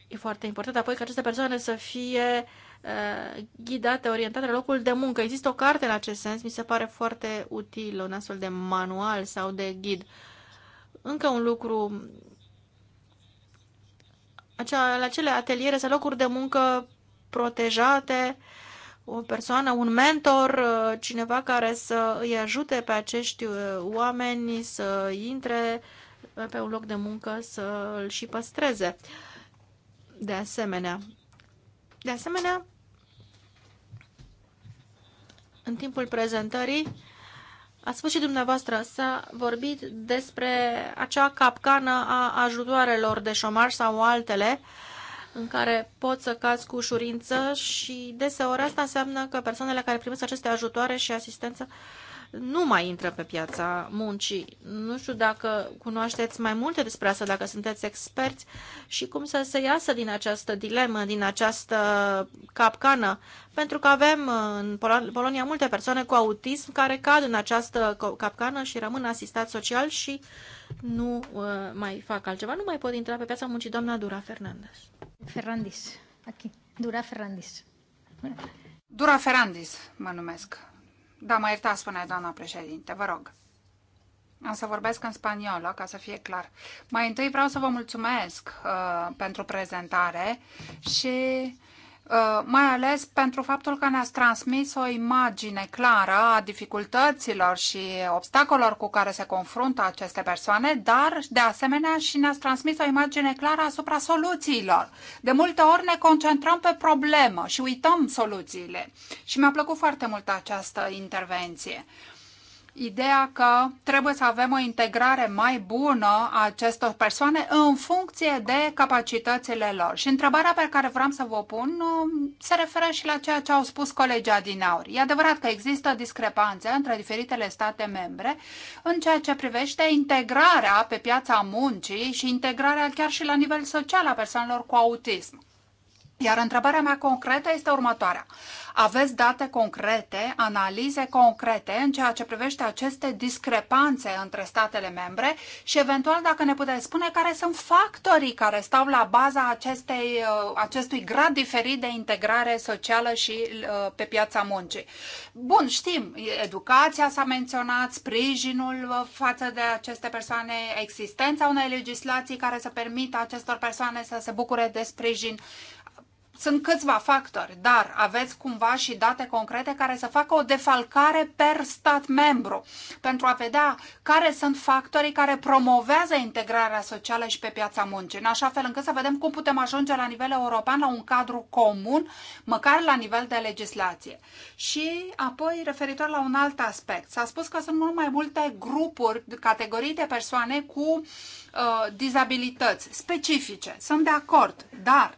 [SPEAKER 2] E foarte important apoi că aceste persoane să fie uh, ghidate, orientate la locul de muncă. Există o carte în acest sens, mi se pare foarte util, un astfel de manual sau de ghid. Încă un lucru acea, la acele ateliere să locuri de muncă protejate, o persoană, un mentor, uh, cineva care să îi ajute pe acești uh, oameni să intre pe un loc de muncă, să îl și păstreze. De asemenea, de asemenea, în timpul prezentării, a spus și dumneavoastră, s-a vorbit despre acea capcană a ajutoarelor de șomar sau altele în care pot să cazi cu ușurință și deseori asta înseamnă că persoanele care primesc aceste ajutoare și asistență uh, nu mai intră pe piața muncii. Nu știu dacă cunoașteți mai multe despre asta, dacă sunteți experți și cum să se iasă din această dilemă, din această capcană, pentru că avem uh, în Polonia multe persoane cu autism care cad în această capcană și rămân asistat social și nu uh, mai fac altceva, nu mai pot intra pe piața muncii. Doamna Dura Fernandez. Ferrandis. aici, Dura Ferrandis.
[SPEAKER 1] Dura Ferrandis mă numesc. Da, mă iertați, spune doamna președinte, vă rog. Am să vorbesc în spaniolă, ca să fie clar. Mai întâi vreau să vă mulțumesc uh, pentru prezentare și Uh, mai ales pentru faptul că ne-ați transmis o imagine clară a dificultăților și obstacolelor cu care se confruntă aceste persoane, dar de asemenea și ne-ați transmis o imagine clară asupra soluțiilor. De multe ori ne concentrăm pe problemă și uităm soluțiile. Și mi-a plăcut foarte mult această intervenție ideea că trebuie să avem o integrare mai bună a acestor persoane în funcție de capacitățile lor. Și întrebarea pe care vreau să vă pun um, se referă și la ceea ce au spus colegii aur. E adevărat că există discrepanțe între diferitele state membre în ceea ce privește integrarea pe piața muncii și integrarea chiar și la nivel social a persoanelor cu autism. Iar întrebarea mea concretă este următoarea aveți date concrete, analize concrete în ceea ce privește aceste discrepanțe între statele membre și eventual dacă ne puteți spune care sunt factorii care stau la baza acestei, uh, acestui grad diferit de integrare socială și uh, pe piața muncii. Bun, știm, educația s-a menționat, sprijinul uh, față de aceste persoane, existența unei legislații care să permită acestor persoane să se bucure de sprijin sunt câțiva factori, dar aveți cumva și date concrete care să facă o defalcare per stat membru pentru a vedea care sunt factorii care promovează integrarea socială și pe piața muncii, în așa fel încât să vedem cum putem ajunge la nivel european la un cadru comun, măcar la nivel de legislație. Și apoi, referitor la un alt aspect, s-a spus că sunt mult mai multe grupuri, categorii de persoane cu uh, dizabilități specifice. Sunt de acord, dar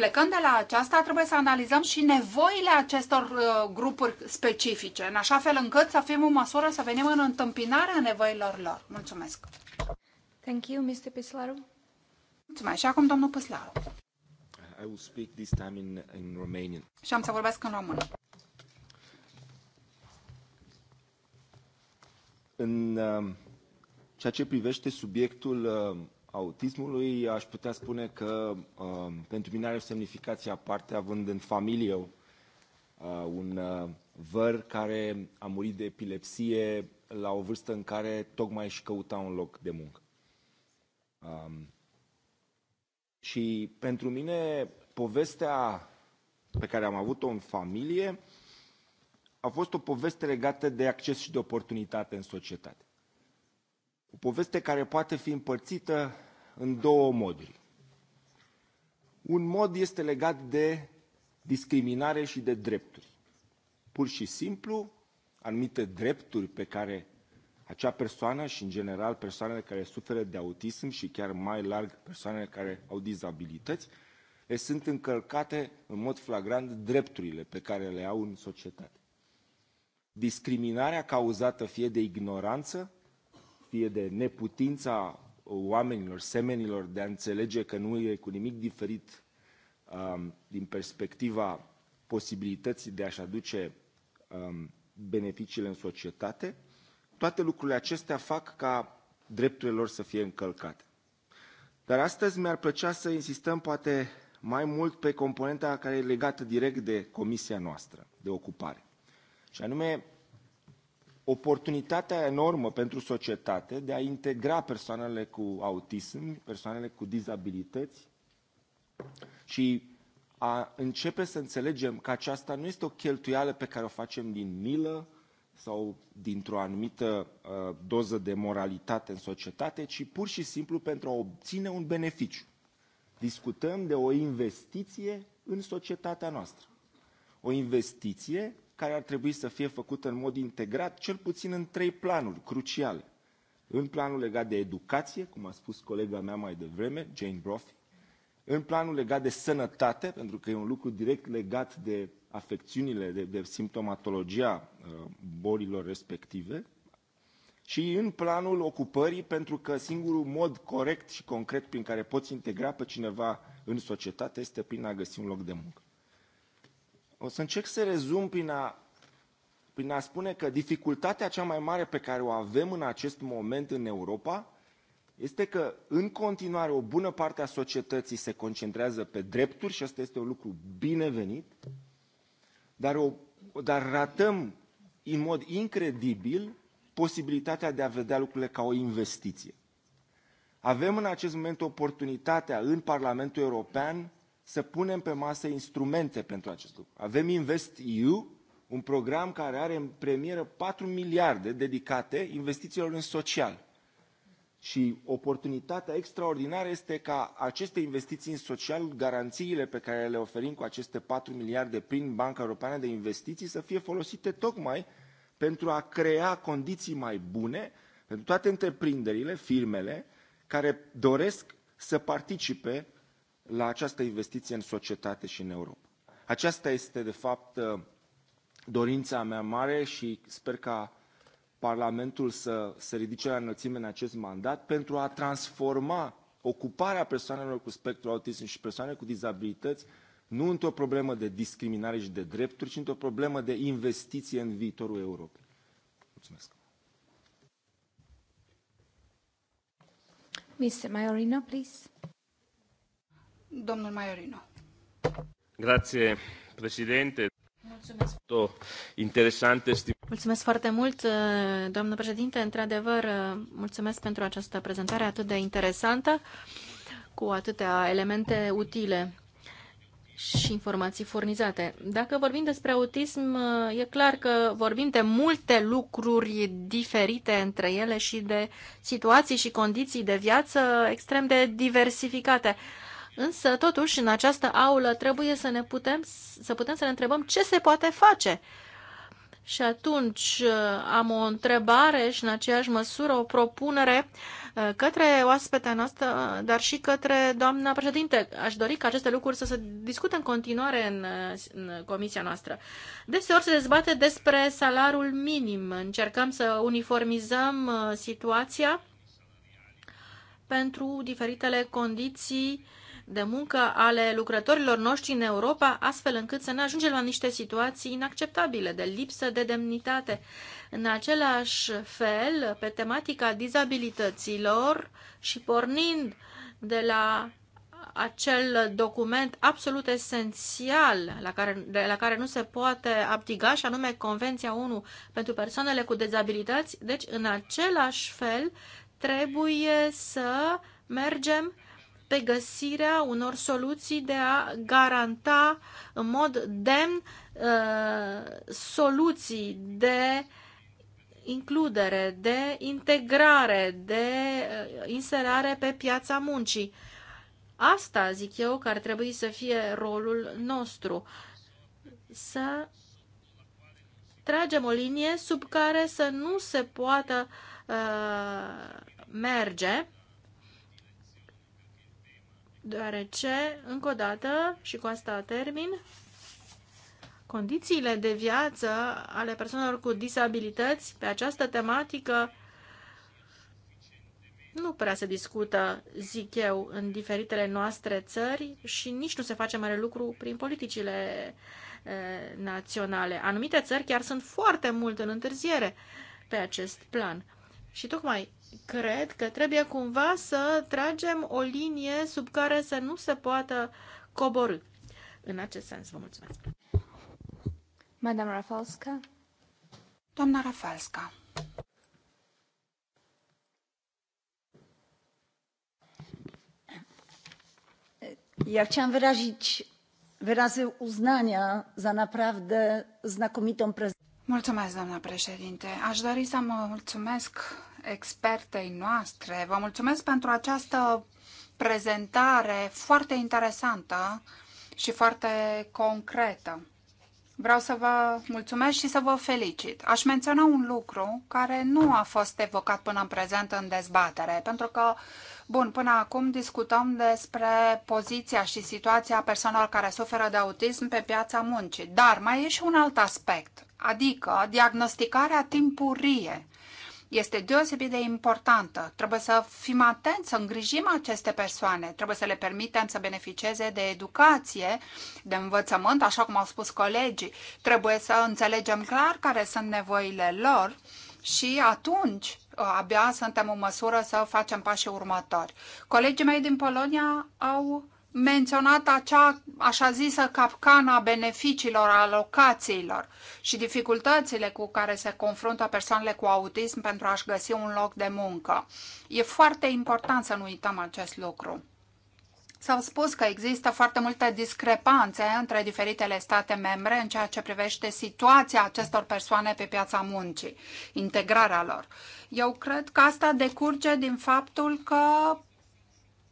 [SPEAKER 1] plecând de la aceasta, trebuie să analizăm și nevoile acestor uh, grupuri specifice, în așa fel încât să fim în măsură să venim în întâmpinarea nevoilor lor. Mulțumesc! Thank you, Mr. Pislaru. Mulțumesc. Și acum, domnul Pislaru.
[SPEAKER 4] I will speak this time in, in Romanian.
[SPEAKER 1] Și am să vorbesc în română.
[SPEAKER 4] În uh, ceea ce privește subiectul uh, autismului, aș putea spune că uh, pentru mine are o semnificație aparte, având în familie uh, un uh, văr care a murit de epilepsie la o vârstă în care tocmai își căuta un loc de muncă. Uh, și pentru mine, povestea pe care am avut-o în familie a fost o poveste legată de acces și de oportunitate în societate. O poveste care poate fi împărțită în două moduri. Un mod este legat de discriminare și de drepturi. Pur și simplu, anumite drepturi pe care acea persoană și, în general, persoanele care suferă de autism și chiar mai larg persoanele care au dizabilități, le sunt încălcate în mod flagrant drepturile pe care le au în societate. Discriminarea cauzată fie de ignoranță, fie de neputința oamenilor, semenilor, de a înțelege că nu e cu nimic diferit um, din perspectiva posibilității de a-și aduce um, beneficiile în societate, toate lucrurile acestea fac ca drepturile lor să fie încălcate. Dar astăzi mi-ar plăcea să insistăm poate mai mult pe componenta care e legată direct de comisia noastră de ocupare. Și anume, oportunitatea enormă pentru societate de a integra persoanele cu autism, persoanele cu dizabilități și a începe să înțelegem că aceasta nu este o cheltuială pe care o facem din milă sau dintr-o anumită uh, doză de moralitate în societate, ci pur și simplu pentru a obține un beneficiu. Discutăm de o investiție în societatea noastră. O investiție care ar trebui să fie făcută în mod integrat, cel puțin în trei planuri cruciale. În planul legat de educație, cum a spus colega mea mai devreme, Jane Brophy, în planul legat de sănătate, pentru că e un lucru direct legat de afecțiunile, de, de simptomatologia uh, bolilor respective, și în planul ocupării, pentru că singurul mod corect și concret prin care poți integra pe cineva în societate este prin a găsi un loc de muncă. O să încerc să rezum prin a, prin a spune că dificultatea cea mai mare pe care o avem în acest moment în Europa este că în continuare o bună parte a societății se concentrează pe drepturi și asta este un lucru binevenit, dar, o, dar ratăm în mod incredibil posibilitatea de a vedea lucrurile ca o investiție. Avem în acest moment oportunitatea în Parlamentul European să punem pe masă instrumente pentru acest lucru. Avem Invest EU, un program care are în premieră 4 miliarde dedicate investițiilor în social. Și oportunitatea extraordinară este ca aceste investiții în social, garanțiile pe care le oferim cu aceste 4 miliarde prin Banca Europeană de Investiții să fie folosite tocmai pentru a crea condiții mai bune pentru toate întreprinderile, firmele, care doresc să participe la această investiție în societate și în Europa. Aceasta este, de fapt, uh, dorința mea mare și sper ca Parlamentul să se ridice la înălțime în acest mandat pentru a transforma ocuparea persoanelor cu spectru autism și persoane cu dizabilități nu într-o problemă de discriminare și de drepturi, ci într-o problemă de investiție în viitorul Europei. Mulțumesc.
[SPEAKER 1] Mr. Maiorino, please
[SPEAKER 2] domnul Maiorino.
[SPEAKER 4] Grazie, președinte. Mulțumesc. Interesante.
[SPEAKER 2] Mulțumesc foarte mult, uh, domnul președinte. Într-adevăr, uh, mulțumesc pentru această prezentare atât de interesantă, cu atâtea elemente utile și informații furnizate. Dacă vorbim despre autism, uh, e clar că vorbim de multe lucruri diferite între ele și de situații și condiții de viață extrem de diversificate. Însă, totuși, în această aulă trebuie să ne putem să, putem să ne întrebăm ce se poate face. Și atunci uh, am o întrebare și în aceeași măsură o propunere uh, către oaspetea noastră, uh, dar și către doamna președinte. Aș dori ca aceste lucruri să se discute în continuare în, în comisia noastră. Deseori se dezbate despre salarul minim. Încercăm să uniformizăm situația pentru diferitele condiții uh, de muncă ale lucrătorilor noștri în Europa, astfel încât să ne ajungem la niște situații inacceptabile de lipsă de demnitate. În același fel, pe tematica dizabilităților și pornind de la acel document absolut esențial la care, de la care nu se poate abdiga și anume Convenția 1 pentru persoanele cu dezabilități. Deci, în același fel, trebuie să mergem uh, pe găsirea unor soluții de a garanta în mod demn uh, soluții de includere, de integrare, de uh, inserare pe piața muncii. Asta, zic eu, că ar trebui să fie rolul nostru. Să tragem o linie sub care să nu se poată uh, merge deoarece, încă o dată, și cu asta termin, condițiile de viață ale persoanelor cu disabilități pe această tematică nu prea se discută, zic eu, în diferitele noastre țări și nici nu se face mare lucru prin politicile e, naționale. Anumite țări chiar sunt foarte mult în întârziere pe acest plan. Și tocmai cred că trebuie cumva să tragem o linie sub care să nu se poată coborâ. În acest sens, vă mulțumesc.
[SPEAKER 1] Madame Rafalska? Doamna Rafalska.
[SPEAKER 3] Ja chciałam wyrazić wyrazy uznania za naprawdę
[SPEAKER 1] znakomitą prezentację. Mulțumesc, doamna președinte. Aș dori să mă mulțumesc expertei noastre. Vă mulțumesc pentru această prezentare foarte interesantă și foarte concretă. Vreau să vă mulțumesc și să vă felicit. Aș menționa un lucru care nu a fost evocat până în prezent în dezbatere, pentru că, bun, până acum discutăm despre poziția și situația persoanelor care suferă de autism pe piața muncii, dar mai e și un alt aspect, adică diagnosticarea timpurie este deosebit de importantă. Trebuie să fim atenți, să îngrijim aceste persoane, trebuie să le permitem să beneficieze de educație, de învățământ, așa cum au spus colegii. Trebuie să înțelegem clar care sunt nevoile lor și atunci uh, abia suntem în măsură să facem pașii următori. Colegii mei din Polonia au menționat acea așa zisă capcana beneficiilor, alocațiilor și dificultățile cu care se confruntă persoanele cu autism pentru a-și găsi un loc de muncă. E foarte important să nu uităm acest lucru. S-au spus că există foarte multe discrepanțe între diferitele state membre în ceea ce privește situația acestor persoane pe piața muncii, integrarea lor. Eu cred că asta decurge din faptul că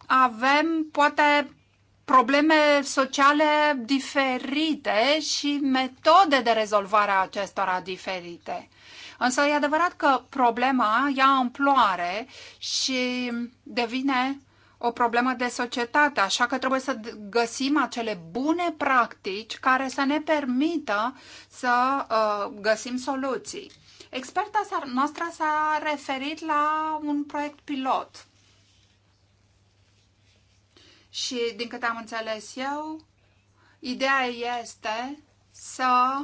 [SPEAKER 1] avem poate probleme sociale diferite și metode de rezolvare a acestora diferite. Însă e adevărat că problema ia amploare și devine o problemă de societate, așa că trebuie să găsim acele bune practici care să ne permită să uh, găsim soluții. Experta noastră s-a referit la un proiect pilot și din câte am înțeles eu, ideea este să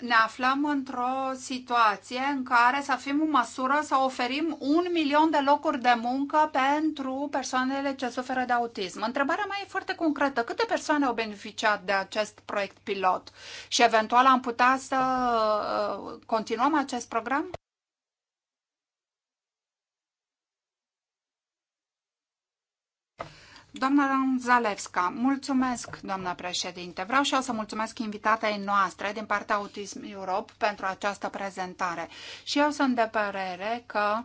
[SPEAKER 1] ne aflăm într-o situație în care să fim în măsură să oferim un milion de locuri de muncă pentru persoanele ce suferă de autism. Întrebarea mea e foarte concretă. Câte persoane au beneficiat de acest proiect pilot? Și eventual am putea să uh, continuăm acest program? Doamna Zalewska, mulțumesc, doamna președinte. Vreau și eu să mulțumesc invitatei noastre din partea Autism Europe pentru această prezentare. Și eu sunt de părere că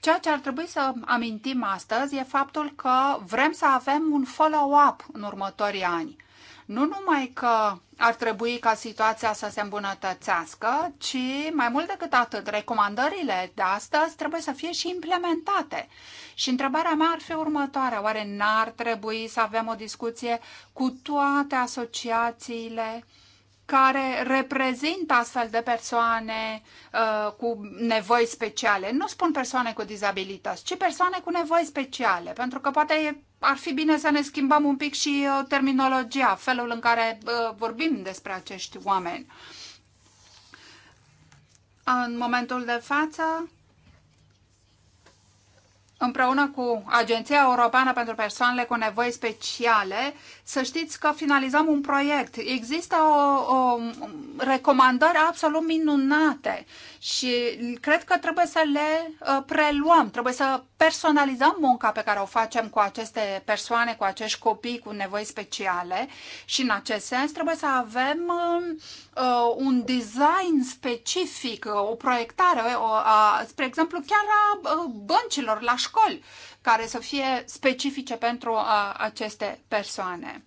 [SPEAKER 1] ceea ce ar trebui să amintim astăzi e faptul că vrem să avem un follow-up în următorii ani. Nu numai că ar trebui ca situația să se îmbunătățească, ci mai mult decât atât, recomandările de astăzi trebuie să fie și implementate. Și întrebarea mea ar fi următoarea. Oare n-ar trebui să avem o discuție cu toate asociațiile care reprezintă astfel de persoane uh, cu nevoi speciale. Nu spun persoane cu dizabilități, ci persoane cu nevoi speciale, pentru că poate ar fi bine să ne schimbăm un pic și uh, terminologia, felul în care uh, vorbim despre acești oameni. În momentul de față, împreună cu Agenția Europeană pentru Persoanele cu Nevoi Speciale, să știți că finalizăm un proiect. Există o, o recomandări absolut minunate și cred că trebuie să le uh, preluăm, trebuie să personalizăm munca pe care o facem cu aceste persoane, cu acești copii cu nevoi speciale și în acest sens trebuie să avem uh, uh, un design specific, o proiectare, o, a, spre exemplu, chiar a băncilor la școală școli care să fie specifice pentru a, uh, aceste persoane.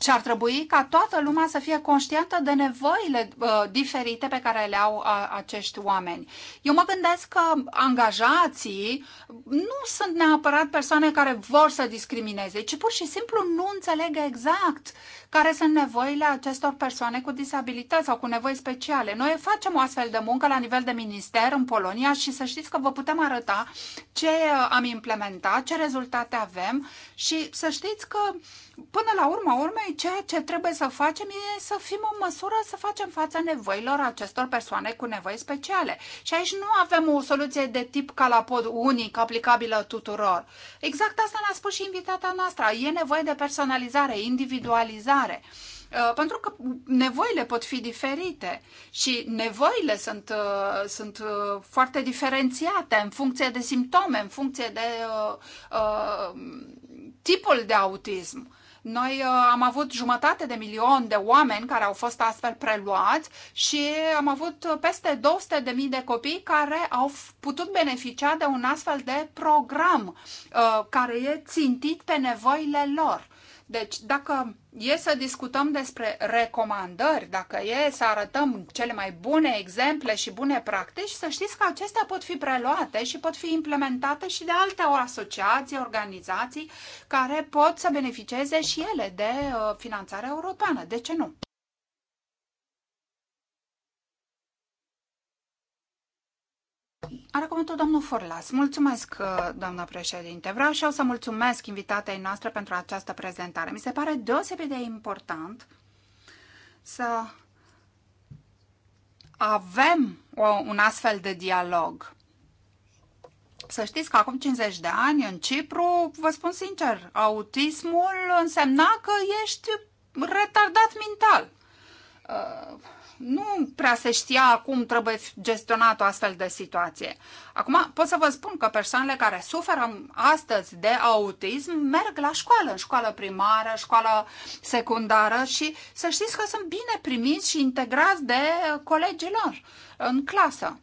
[SPEAKER 1] Și ar trebui ca toată lumea să fie conștientă de nevoile uh, diferite pe care le au uh, acești oameni. Eu mă gândesc că angajații nu sunt neapărat persoane care vor să discrimineze, ci pur și simplu nu înțeleg exact care sunt nevoile acestor persoane cu disabilități sau cu nevoi speciale. Noi facem o astfel de muncă la nivel de minister în Polonia și să știți că vă putem arăta ce uh, am implementat, ce rezultate avem și să știți că până la urma urmei ceea ce trebuie să facem e să fim în măsură să facem față nevoilor acestor persoane cu nevoi speciale. Și aici nu avem o soluție de tip calapod unic aplicabilă tuturor. Exact asta ne-a spus și invitata noastră. E nevoie de personalizare, individualizare dezvoltare. Uh, pentru că nevoile pot fi diferite și nevoile sunt, uh, sunt uh, foarte diferențiate în funcție de simptome, în funcție de uh, uh, tipul de autism. Noi uh, am avut jumătate de milion de oameni care au fost astfel preluați și am avut peste 200 de mii de copii care au putut beneficia de un astfel de program uh, care e țintit pe nevoile lor. Deci, dacă e să discutăm despre recomandări, dacă e să arătăm cele mai bune exemple și bune practici, să știți că acestea pot fi preluate și pot fi implementate și de alte asociații, organizații care pot să beneficieze și ele de uh, finanțare europeană. De ce nu? Are cuvântul domnul Forlas. Mulțumesc, uh, doamnă președinte. Vreau și eu să mulțumesc invitatei noastre pentru această prezentare. Mi se pare deosebit de important să avem o, un astfel de dialog. Să știți că acum 50 de ani în Cipru, vă spun sincer, autismul însemna că ești retardat mental. Uh, nu prea se știa cum trebuie gestionat o astfel de situație. Acum pot să vă spun că persoanele care suferă astăzi de autism merg la școală, în școală primară, școală secundară și să știți că sunt bine primiți și integrați de colegilor în clasă.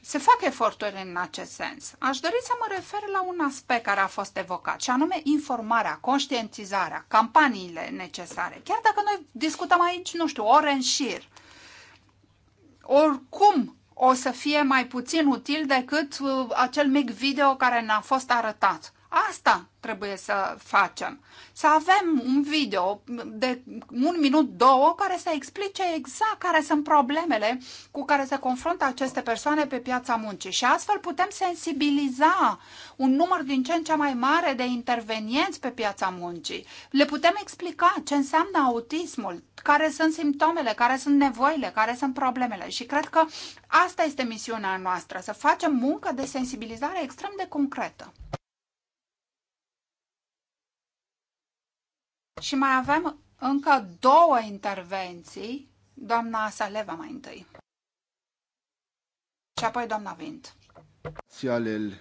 [SPEAKER 1] Se fac eforturi în acest sens. Aș dori să mă refer la un aspect care a fost evocat, și anume informarea, conștientizarea, campaniile necesare. Chiar dacă noi discutăm aici, nu știu, ore în șir, oricum o să fie mai puțin util decât uh, acel mic video care ne-a fost arătat. Asta trebuie să facem. Să avem un video de un minut, două, care să explice exact care sunt problemele cu care se confruntă aceste persoane pe piața muncii. Și astfel putem sensibiliza un număr din ce în ce mai mare de intervenienți pe piața muncii. Le putem explica ce înseamnă autismul, care sunt simptomele, care sunt nevoile, care sunt problemele. Și cred că asta este misiunea noastră, să facem muncă de sensibilizare extrem de concretă. Și mai avem încă două intervenții, doamna Saleva mai întâi. Și apoi doamna Vint.
[SPEAKER 4] Għal il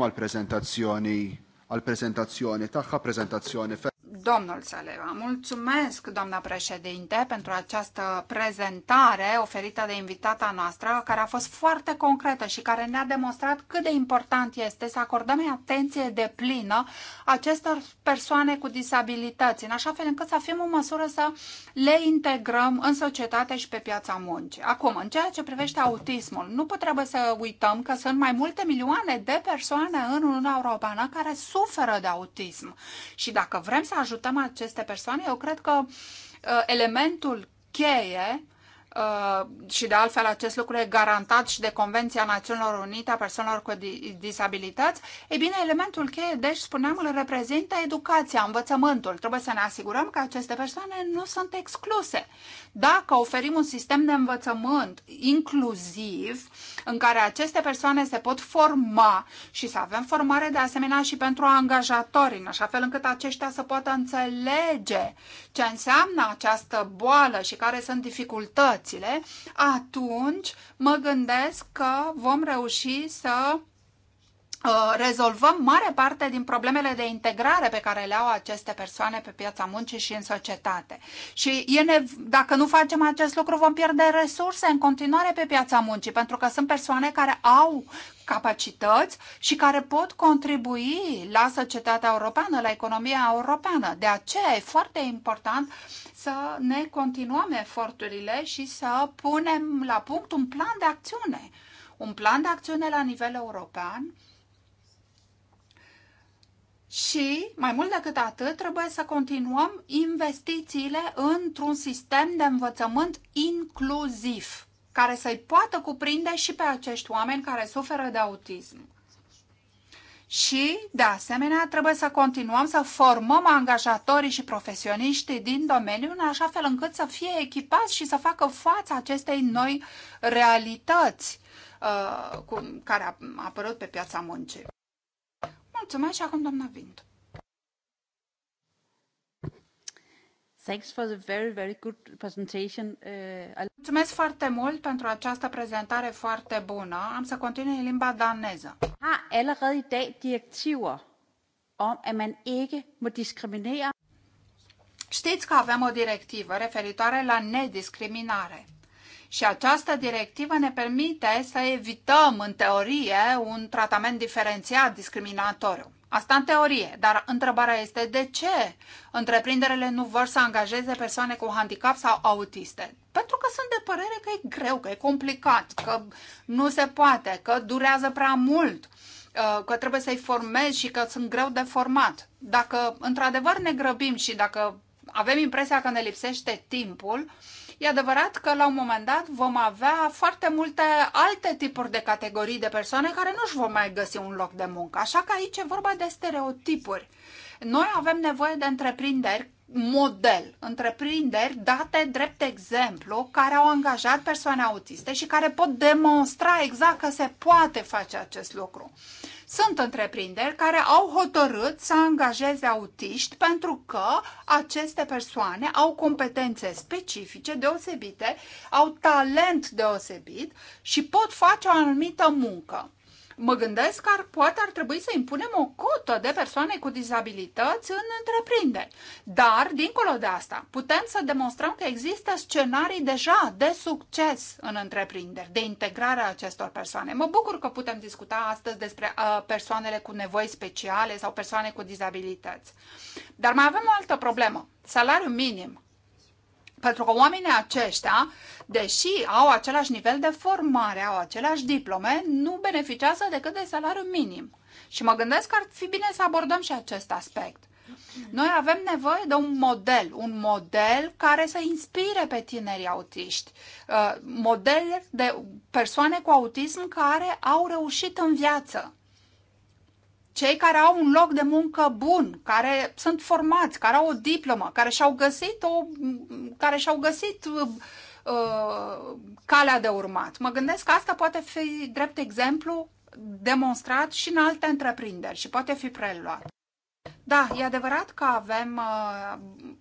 [SPEAKER 4] al prezentației, al prezentației, ta taħħa prezentație.
[SPEAKER 1] Domnul Saleva, mulțumesc, doamna președinte, pentru această prezentare oferită de invitata noastră, care a fost foarte concretă și care ne-a demonstrat cât de important este să acordăm atenție de plină acestor persoane cu disabilități, în așa fel încât să fim în măsură să le integrăm în societate și pe piața muncii. Acum, în ceea ce privește autismul, nu trebuie să uităm că sunt mai multe milioane de persoane în Uniunea Europeană care suferă de autism. Și dacă vrem să ajutăm aceste persoane, eu cred că uh, elementul cheie Uh, și de altfel acest lucru e garantat și de Convenția Națiunilor Unite a persoanelor cu disabilități, e bine, elementul cheie, deci spuneam, îl reprezintă educația, învățământul. Trebuie să ne asigurăm că aceste persoane nu sunt excluse. Dacă oferim un sistem de învățământ inclusiv, în care aceste persoane se pot forma și să avem formare de asemenea și pentru angajatori, în așa fel încât aceștia să poată înțelege ce înseamnă această boală și care sunt dificultăți, părțile, atunci mă gândesc că vom reuși să Uh, rezolvăm mare parte din problemele de integrare pe care le au aceste persoane pe piața muncii și în societate. Și e ne... dacă nu facem acest lucru, vom pierde resurse în continuare pe piața muncii, pentru că sunt persoane care au capacități și care pot contribui la societatea europeană, la economia europeană. De aceea e foarte important să ne continuăm eforturile și să punem la punct un plan de acțiune. Un plan de acțiune la nivel european și, mai mult decât atât, trebuie să continuăm investițiile într-un sistem de învățământ inclusiv, care să-i poată cuprinde și pe acești oameni care suferă de autism. Și, de asemenea, trebuie să continuăm să formăm angajatorii și profesioniștii din domeniu în așa fel încât să fie echipați și să facă față acestei noi realități uh, cu, care a apărut pe piața muncii. Mulțumesc și acum doamna Vint. Thanks for the very, very good presentation. Uh, Mulțumesc foarte mult pentru această prezentare foarte bună. Am să continui în limba daneză. Har allerede i dag direktiver om at man ikke må diskriminere. Știți că avem o directivă referitoare la nediscriminare. Și această directivă ne permite să evităm, în teorie, un tratament diferențiat discriminatoriu. Asta în teorie, dar întrebarea este de ce întreprinderile nu vor să angajeze persoane cu handicap sau autiste? Pentru că sunt de părere că e greu, că e complicat, că nu se poate, că durează prea mult, uh, că trebuie să-i formezi și că sunt greu de format. Dacă într-adevăr ne grăbim și dacă avem impresia că ne lipsește timpul, uh, E adevărat că la un moment dat vom avea foarte multe alte tipuri de categorii de persoane care nu își vor mai găsi un loc de muncă. Așa că aici e vorba de stereotipuri. Noi avem nevoie de întreprinderi model, întreprinderi date drept exemplu, care au angajat persoane autiste și care pot demonstra exact că se poate face acest lucru. Sunt întreprinderi care au hotărât să angajeze autiști pentru că aceste persoane au competențe specifice, deosebite, au talent deosebit și pot face o anumită muncă mă gândesc că ar, poate ar trebui să impunem o cotă de persoane cu dizabilități în întreprinderi. Dar, dincolo de asta, putem să demonstrăm că există scenarii deja de succes în întreprinderi, de integrare a acestor persoane. Mă bucur că putem discuta astăzi despre uh, persoanele cu nevoi speciale sau persoane cu dizabilități. Dar mai avem o altă problemă. Salariul minim pentru că oamenii aceștia, deși au același nivel de formare, au aceleași diplome, nu beneficiază decât de salariu minim. Și mă gândesc că ar fi bine să abordăm și acest aspect. Noi avem nevoie de un model, un model care să inspire pe tinerii autiști, uh, model de persoane cu autism care au reușit în viață cei care au un loc de muncă bun, care sunt formați, care au o diplomă, care și-au găsit o, care și-au găsit uh, calea de urmat. Mă gândesc că asta poate fi drept exemplu demonstrat și în alte întreprinderi și poate fi preluat. Da, e adevărat că avem uh,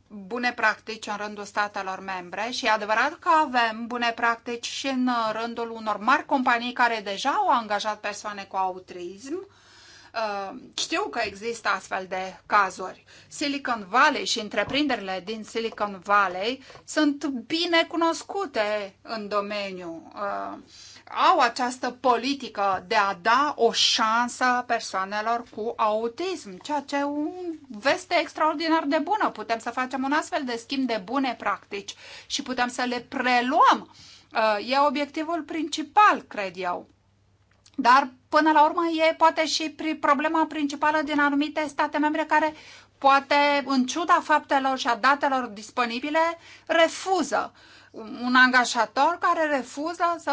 [SPEAKER 1] bune practici în rândul statelor membre și e adevărat că avem bune practici și în uh, rândul unor mari companii care deja au angajat persoane cu autism Uh, știu că există astfel de cazuri. Silicon Valley și întreprinderile din Silicon Valley sunt bine cunoscute în domeniu. Uh, au această politică de a da o șansă persoanelor cu autism, ceea ce e un veste extraordinar de bună. Putem să facem un astfel de schimb de bune practici și putem să le preluăm. Uh, e obiectivul principal, cred eu. Dar, până la urmă, e poate și problema principală din anumite state membre care poate, în ciuda faptelor și a datelor disponibile, refuză un angajator care refuză să,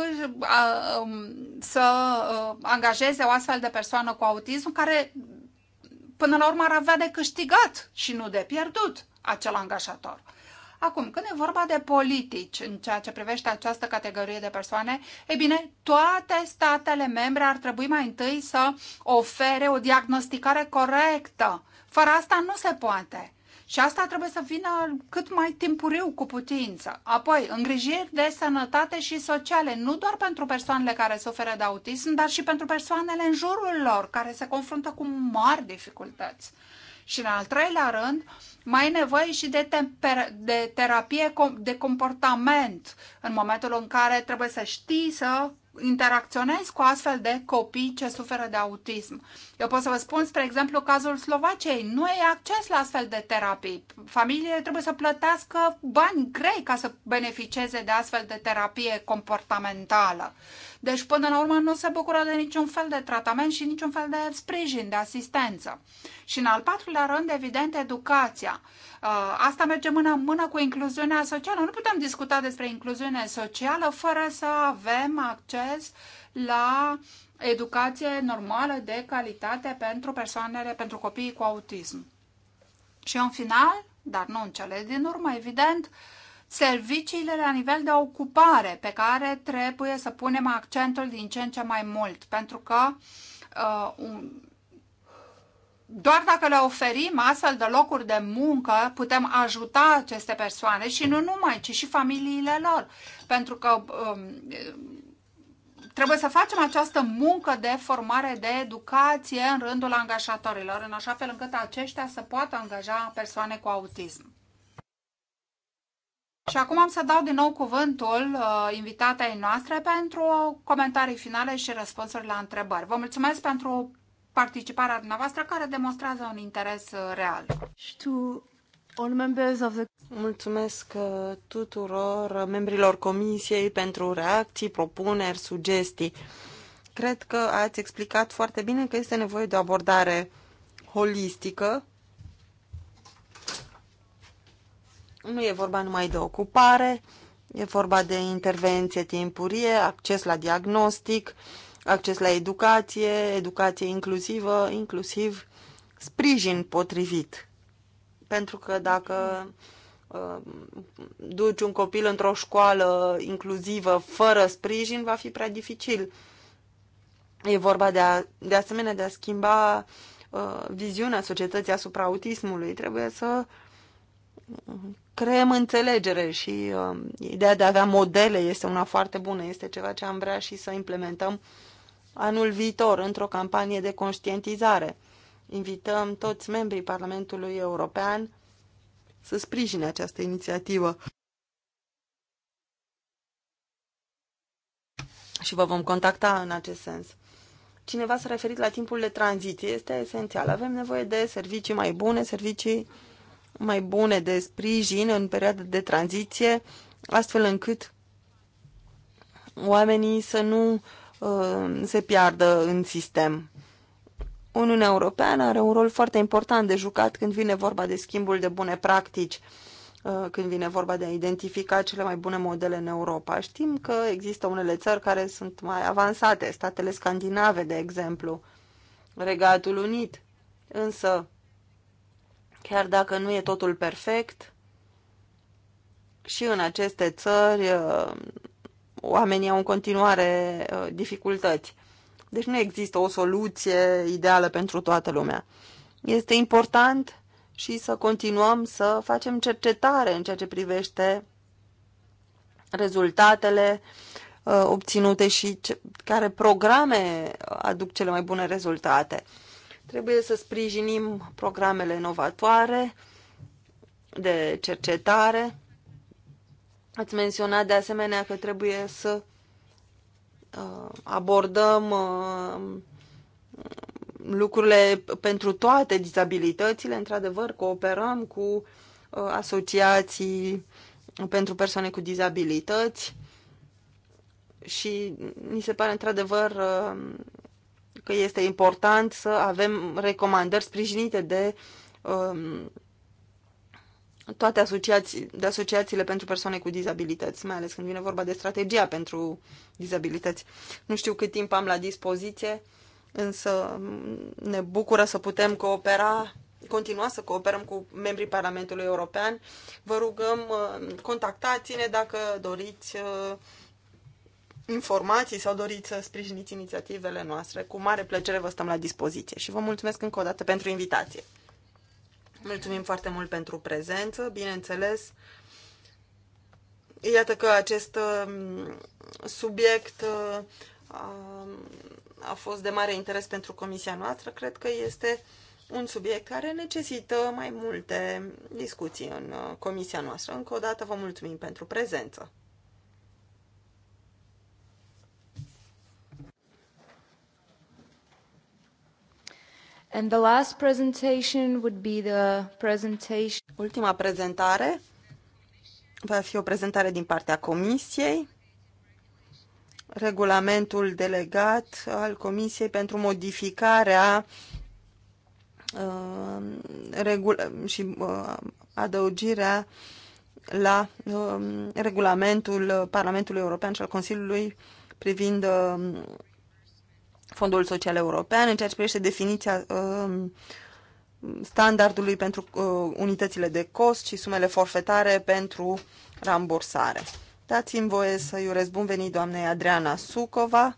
[SPEAKER 1] își, um, să uh, angajeze o astfel de persoană cu autism care până la urmă ar avea de câștigat și nu de pierdut acel angajator. Acum, când e vorba de politici în ceea ce privește această categorie de persoane, e bine, toate statele membre ar trebui mai întâi să ofere o diagnosticare corectă. Fără asta nu se poate. Și asta trebuie să vină cât mai timpuriu cu putință. Apoi, îngrijiri de sănătate și sociale, nu doar pentru persoanele care suferă de autism, dar și pentru persoanele în jurul lor, care se confruntă cu mari dificultăți. Și în al treilea rând, uh, mai e nevoie și de, de terapie de comportament în momentul în care trebuie să știi să interacționezi cu astfel de copii ce suferă de autism. Eu pot să vă spun, spre exemplu, cazul Slovaciei. Nu e acces la astfel de terapii. Familiile trebuie să plătească bani grei ca să beneficieze de astfel de terapie comportamentală. Deci, până la urmă, nu se bucură de niciun fel de tratament și niciun fel de sprijin, de asistență. Și, în al patrulea rând, evident, educația. Uh, asta merge mână în mână cu incluziunea socială. Nu putem discuta despre incluziune socială fără să avem acces la educație normală de calitate pentru persoanele, pentru copiii cu autism. Și în final, dar nu în cele din urmă, evident, serviciile la nivel de ocupare pe care trebuie să punem accentul din ce în ce mai mult, pentru că uh, un, doar dacă le oferim astfel de locuri de muncă, putem ajuta aceste persoane și nu numai, ci și familiile lor. Pentru că um, trebuie să facem această muncă de formare, de educație în rândul angajatorilor, în așa fel încât aceștia să poată angaja persoane cu autism. Și acum am să dau din nou cuvântul uh, invitatei noastre pentru comentarii finale și răspunsuri la întrebări. Vă mulțumesc pentru participarea dumneavoastră care demonstrează un interes uh, real.
[SPEAKER 3] Știu Mulțumesc uh, tuturor uh, membrilor comisiei pentru reacții, propuneri, sugestii. Cred că ați explicat foarte bine că este nevoie de o abordare holistică. Nu e vorba numai de ocupare, e vorba de intervenție timpurie, acces la diagnostic, acces la educație, educație inclusivă, inclusiv sprijin potrivit pentru că dacă uh, duci un copil într-o școală inclusivă fără sprijin, va fi prea dificil. E vorba de, a, de asemenea de a schimba uh, viziunea societății asupra autismului. Trebuie să creăm înțelegere și uh, ideea de a avea modele este una foarte bună, este ceva ce am vrea și să implementăm anul viitor într-o campanie de conștientizare invităm toți membrii Parlamentului European să sprijine această inițiativă. Și vă vom contacta în acest sens. Cineva s-a referit la timpul de tranziție. Este esențial. Avem nevoie de servicii mai bune, servicii mai bune de sprijin în perioada de tranziție, astfel încât oamenii să nu uh, se piardă în sistem. Uniunea Europeană are un rol foarte important de jucat când vine vorba de schimbul de bune practici, uh, când vine vorba de a identifica cele mai bune modele în Europa. Știm că există unele țări care sunt mai avansate, statele scandinave, de exemplu, Regatul Unit. Însă, chiar dacă nu e totul perfect, și în aceste țări uh, oamenii au în continuare uh, dificultăți. Deci nu există o soluție ideală pentru toată lumea. Este important și să continuăm să facem cercetare în ceea ce privește rezultatele uh, obținute și care programe aduc cele mai bune rezultate. Trebuie să sprijinim programele inovatoare de cercetare. Ați menționat de asemenea că trebuie să Uh, abordăm uh, lucrurile pentru toate dizabilitățile, într-adevăr cooperăm cu uh, asociații pentru persoane cu dizabilități și mi se pare într-adevăr că este important să avem recomandări sprijinite de toate asociații, de asociațiile pentru persoane cu dizabilități, mai ales când vine vorba de strategia pentru dizabilități. Nu știu cât timp am la dispoziție, însă ne bucură să putem coopera, continua să cooperăm cu membrii Parlamentului European. Vă rugăm, uh, contactați-ne dacă doriți uh, informații sau doriți să sprijiniți inițiativele noastre. Cu mare plăcere vă stăm la dispoziție și vă mulțumesc încă o dată pentru invitație. Mulțumim foarte mult pentru prezență, bineînțeles. Iată că acest um, subiect uh, um, a fost de mare interes pentru comisia noastră. Cred că este un subiect care necesită mai multe discuții în uh, comisia noastră. Încă o dată vă mulțumim pentru prezență.
[SPEAKER 2] And the last presentation would be the
[SPEAKER 3] presentation... Ultima prezentare va fi o prezentare din partea Comisiei, regulamentul delegat al Comisiei pentru modificarea uh, regul și uh, adăugirea la uh, regulamentul Parlamentului European și al Consiliului privind uh, Fondul Social European în ceea ce privește definiția um, standardului pentru uh, unitățile de cost și sumele forfetare pentru rambursare. Dați-mi voie să-i urez bun venit doamnei Adriana Sucova.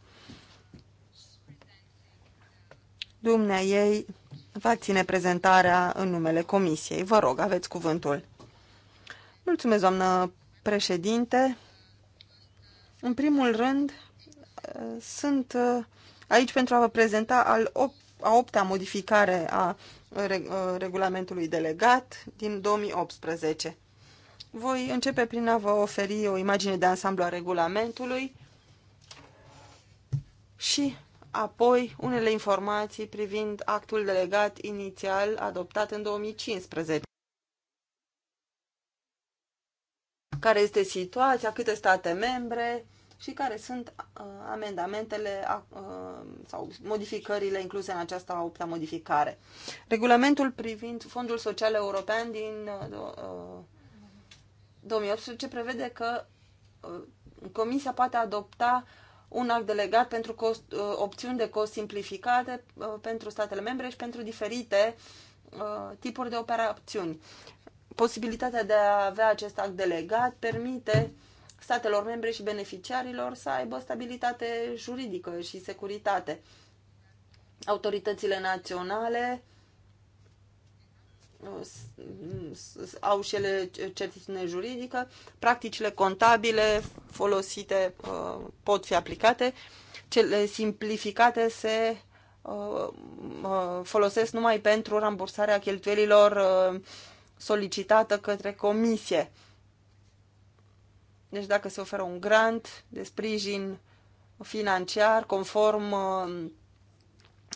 [SPEAKER 3] Dumnea ei va ține prezentarea în numele comisiei. Vă rog, aveți cuvântul. Mulțumesc, doamnă președinte. În primul rând, uh, sunt uh, aici pentru a vă prezenta al op, a opta modificare a uh, uh, regulamentului delegat din 2018. Voi începe prin a vă oferi o imagine de ansamblu a regulamentului și apoi unele informații privind actul delegat inițial adoptat în 2015. Care este situația, câte state membre, și care sunt uh, amendamentele uh, sau modificările incluse în această a opta modificare. Regulamentul privind Fondul Social European din uh, 2018 uh, prevede că uh, Comisia poate adopta un act delegat pentru cost, uh, opțiuni de cost simplificate uh, pentru statele membre și pentru diferite uh, tipuri de operațiuni. Posibilitatea de a avea acest act delegat permite uh, statelor membre și beneficiarilor să aibă stabilitate juridică și securitate. Autoritățile naționale uh, au și ele certitudine juridică, practicile contabile folosite uh, pot fi aplicate, cele simplificate se uh, folosesc numai pentru rambursarea cheltuielilor solicitată către comisie. Deci dacă se oferă un grant de sprijin financiar conform uh,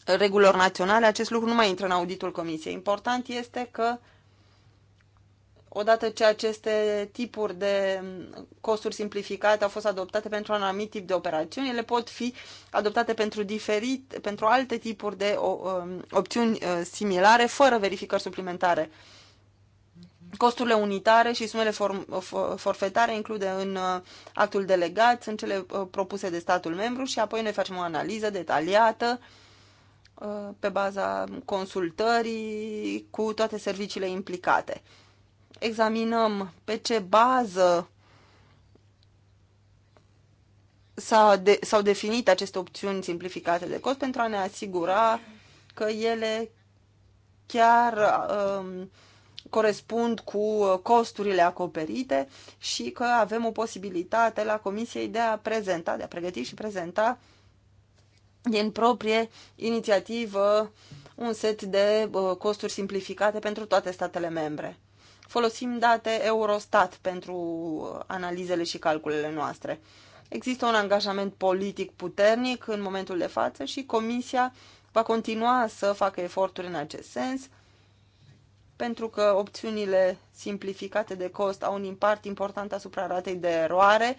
[SPEAKER 3] regulilor naționale, acest lucru nu mai intră în auditul comisiei. Important este că odată ce aceste tipuri de mm, costuri simplificate au fost adoptate pentru un anumit tip de operațiuni, ele pot fi adoptate pentru, diferit, pentru alte tipuri de um, opțiuni uh, similare, fără verificări suplimentare costurile unitare și sumele for, for, forfetare include în uh, actul delegat, sunt cele uh, propuse de statul membru și apoi noi facem o analiză detaliată uh, pe baza consultării cu toate serviciile implicate. Examinăm pe ce bază s-au de, definit aceste opțiuni simplificate de cost pentru a ne asigura că ele chiar Uh, corespund cu uh, costurile acoperite și că avem o posibilitate la Comisiei de a prezenta, de a pregăti și prezenta din proprie inițiativă un set de uh, costuri simplificate pentru toate statele membre. Folosim date Eurostat pentru uh, analizele și calculele noastre. Există un angajament politic puternic în momentul de față și Comisia va continua să facă eforturi în acest sens pentru că opțiunile simplificate de cost au un impact important asupra ratei de eroare,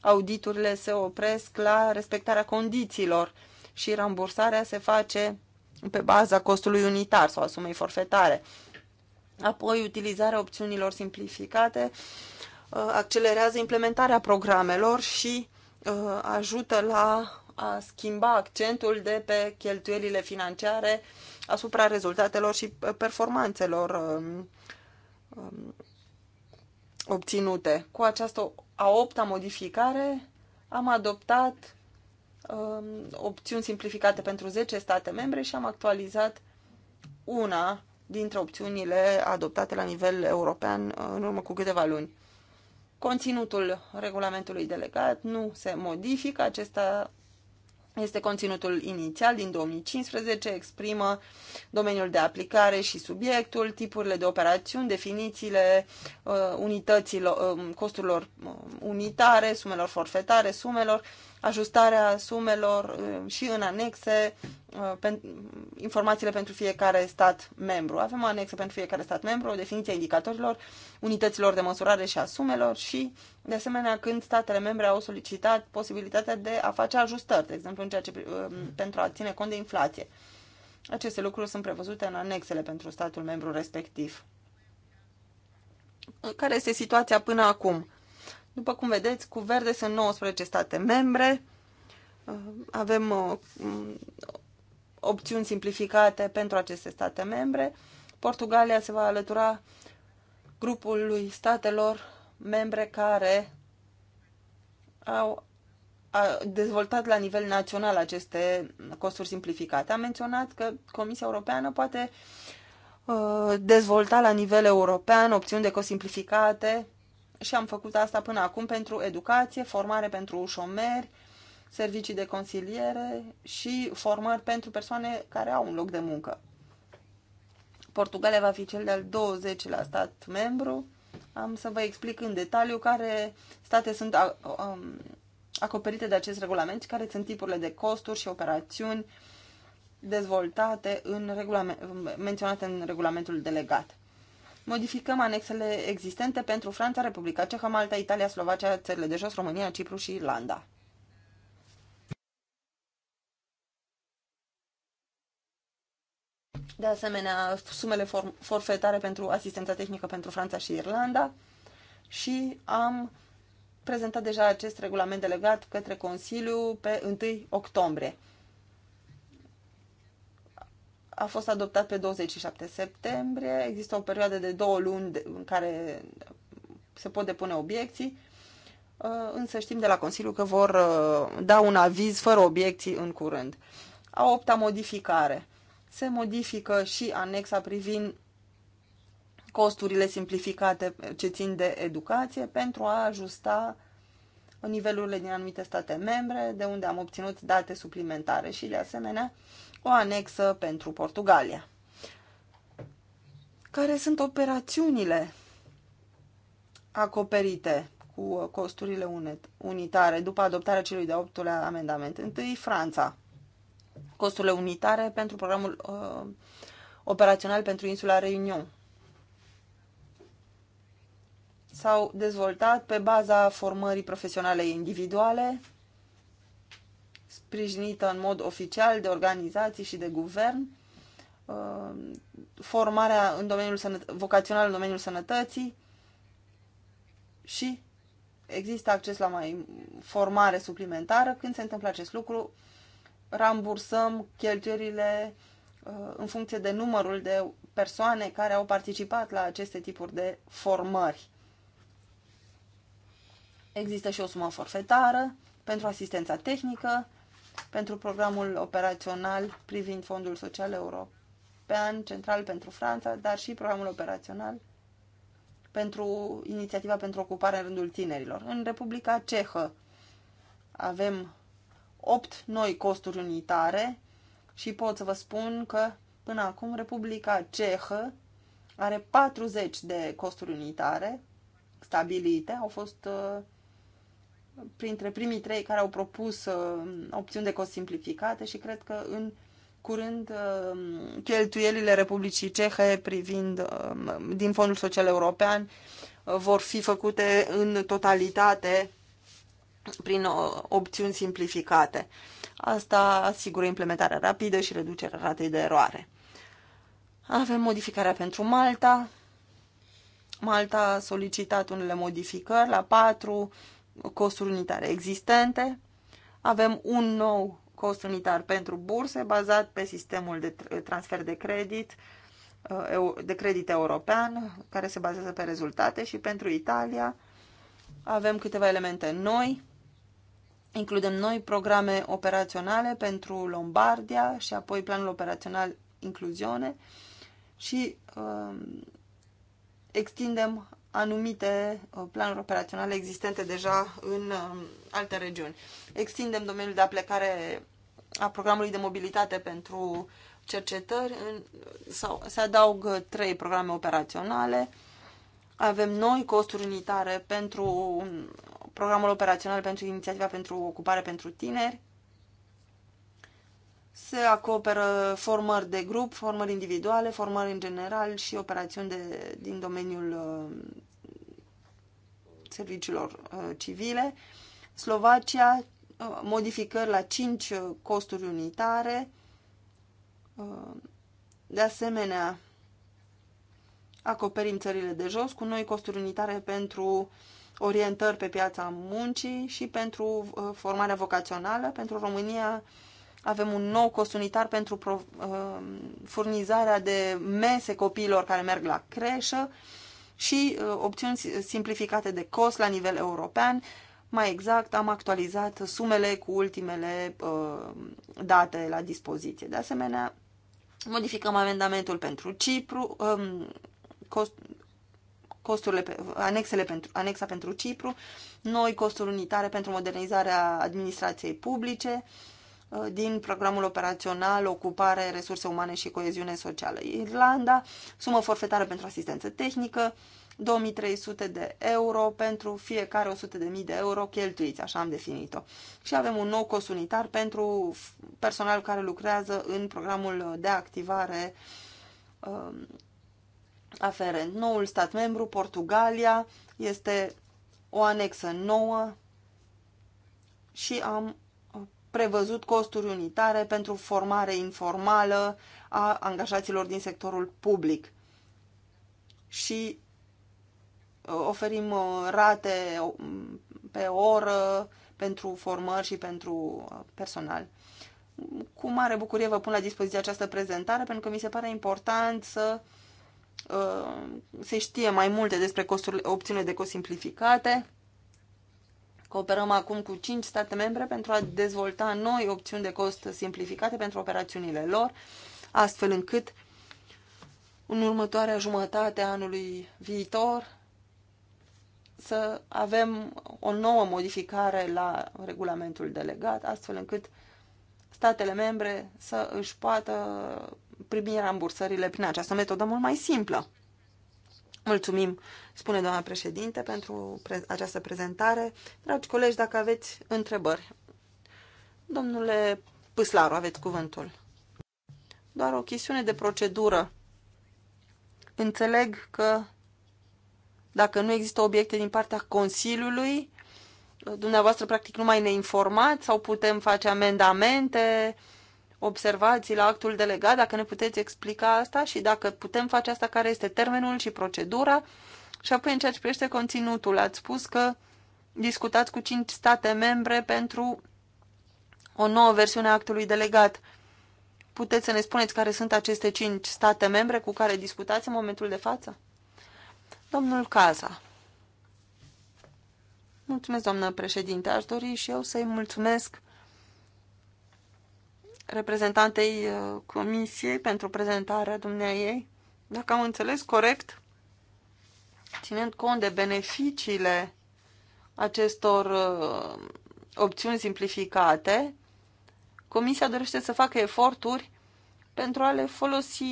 [SPEAKER 3] auditurile se opresc la respectarea condițiilor și rambursarea se face pe baza costului unitar sau a sumei forfetare. Apoi, utilizarea opțiunilor simplificate uh, accelerează implementarea programelor și uh, ajută la a schimba accentul de pe cheltuielile financiare uh, asupra rezultatelor și uh, performanțelor um, um, obținute. Cu această a opta modificare am adoptat um, opțiuni simplificate pentru 10 state membre și am actualizat una dintre opțiunile adoptate la nivel european uh, în urmă cu câteva luni. Conținutul regulamentului delegat nu se modifică, acesta este conținutul inițial din 2015, exprimă domeniul de aplicare și subiectul, tipurile de operațiuni, definițiile uh, unităților, uh, costurilor uh, unitare, sumelor forfetare, sumelor ajustarea sumelor uh, și în anexe uh, informațiile pentru fiecare stat membru. Avem o anexă pentru fiecare stat membru, o definiție a indicatorilor, unităților de măsurare și a sumelor și, de asemenea, când statele membre au solicitat posibilitatea de a face ajustări, de exemplu, în ceea ce, uh, pentru a ține cont de inflație. Aceste lucruri sunt prevăzute în anexele pentru statul membru respectiv. Care este situația până acum? După cum vedeți, cu verde sunt 19 state membre. Avem uh, um, opțiuni simplificate pentru aceste state membre. Portugalia se va alătura grupului statelor membre care au dezvoltat la nivel național aceste costuri simplificate. Am menționat că Comisia Europeană poate uh, dezvolta la nivel european opțiuni de cost simplificate și am făcut asta până acum pentru educație, formare pentru șomeri, servicii de consiliere și formări pentru persoane care au un loc de muncă. Portugalia va fi cel de-al 20-lea stat membru. Am să vă explic în detaliu care state sunt um, acoperite de acest regulament și care sunt tipurile de costuri și operațiuni dezvoltate în regulament, menționate în regulamentul delegat modificăm anexele existente pentru Franța, Republica Cehă, Malta, Italia, Slovacia, țările de jos, România, Cipru și Irlanda. De asemenea, sumele for forfetare pentru asistența tehnică pentru Franța și Irlanda și am prezentat deja acest regulament delegat către Consiliu pe 1 octombrie a fost adoptat pe 27 septembrie. Există o perioadă de două luni în care se pot depune obiecții, uh, însă știm de la Consiliu că vor uh, da un aviz fără obiecții în curând. A opta modificare. Se modifică și anexa privind costurile simplificate ce țin de educație pentru a ajusta nivelurile din anumite state membre, de unde am obținut date suplimentare și, de asemenea, o anexă pentru Portugalia. Care sunt operațiunile acoperite cu costurile unitare după adoptarea celui de-a optulea amendament? Întâi, Franța. Costurile unitare pentru programul uh, operațional pentru insula Reunion. S-au dezvoltat pe baza formării profesionale individuale, sprijinită în mod oficial de organizații și de guvern, uh, formarea în domeniul sănăt- vocațional în domeniul sănătății și există acces la mai formare suplimentară. Când se întâmplă acest lucru, rambursăm cheltuierile uh, în funcție de numărul de persoane care au participat la aceste tipuri de formări. Există și o sumă forfetară pentru asistența tehnică pentru programul operațional privind Fondul Social European, central pentru Franța, dar și programul operațional pentru inițiativa pentru ocupare în rândul tinerilor. În Republica Cehă avem 8 noi costuri unitare și pot să vă spun că până acum Republica Cehă are 40 de costuri unitare stabilite, au fost uh, printre primii trei care au propus uh, opțiuni de cost simplificate și cred că în curând uh, cheltuielile Republicii Cehe privind uh, din Fondul Social European vor fi făcute în totalitate prin opțiuni simplificate. Asta asigură implementarea rapidă și reducerea ratei de eroare. Avem modificarea pentru Malta. Malta a solicitat unele modificări la 4, costuri unitare existente, avem un nou cost unitar pentru burse bazat pe sistemul de transfer de credit, uh, de credit european, care se bazează pe rezultate și pentru Italia avem câteva elemente noi, includem noi programe operaționale pentru Lombardia și apoi planul operațional incluziune și uh, extindem anumite uh, planuri operaționale existente deja în uh, alte regiuni. Extindem domeniul de aplicare a programului de mobilitate pentru cercetări în, sau se adaugă trei programe operaționale. Avem noi costuri unitare pentru um, programul operațional pentru inițiativa pentru ocupare pentru tineri se acoperă formări de grup, formări individuale, formări în general și operațiuni de, din domeniul uh, serviciilor uh, civile. Slovacia, uh, modificări la 5 costuri unitare. De asemenea, acoperim țările de jos cu noi costuri unitare pentru orientări pe piața muncii și pentru formarea vocațională. Pentru România, avem un nou cost unitar pentru pro, uh, furnizarea de mese copiilor care merg la creșă și uh, opțiuni simplificate de cost la nivel european. Mai exact, am actualizat sumele cu ultimele uh, date la dispoziție. De asemenea, modificăm amendamentul pentru Cipru, um, cost, costurile, pe, anexele pentru, anexa pentru Cipru, noi costuri unitare pentru modernizarea administrației publice, uh, Uh, din programul operațional Ocupare, Resurse Umane și Coeziune Socială. Irlanda, sumă forfetară pentru asistență tehnică, 2300 de euro pentru fiecare 100.000 de euro cheltuiți, așa am definit-o. Și avem un nou cost unitar pentru personal care lucrează în programul de activare um, aferent. Noul stat membru, Portugalia, este o anexă nouă și am prevăzut costuri unitare pentru formare informală a angajaților din sectorul public. Și uh, oferim uh, rate um, pe oră pentru formări și pentru uh, personal. Cu mare bucurie vă pun la dispoziție această prezentare pentru că mi se pare important să se știe mai multe despre costurile, opțiunile de cost simplificate Cooperăm acum cu cinci state membre pentru a dezvolta noi opțiuni de cost simplificate pentru operațiunile lor, astfel încât în următoarea jumătate a anului viitor să avem o nouă modificare la regulamentul delegat, astfel încât statele membre să își poată primi rambursările prin această metodă mult mai simplă. Mulțumim, spune doamna președinte, pentru pre această prezentare. Dragi colegi, dacă aveți întrebări, domnule Păslaru, aveți cuvântul. Doar o chestiune de procedură. Înțeleg că dacă nu există obiecte din partea Consiliului, dumneavoastră practic nu mai ne informați sau putem face amendamente, observații la actul delegat, dacă ne puteți explica asta și dacă putem face asta, care este termenul și procedura. Și apoi, în ceea ce privește conținutul, ați spus că discutați cu cinci state membre pentru o nouă versiune a actului delegat. Puteți să ne spuneți care sunt aceste cinci state membre cu care discutați în momentul de față? Domnul Caza. Mulțumesc, doamnă președinte. Aș dori și eu să-i mulțumesc reprezentantei uh, Comisiei pentru prezentarea dumneaei. Dacă am înțeles corect, ținând cont de beneficiile acestor uh, opțiuni simplificate, Comisia dorește să facă eforturi pentru a le folosi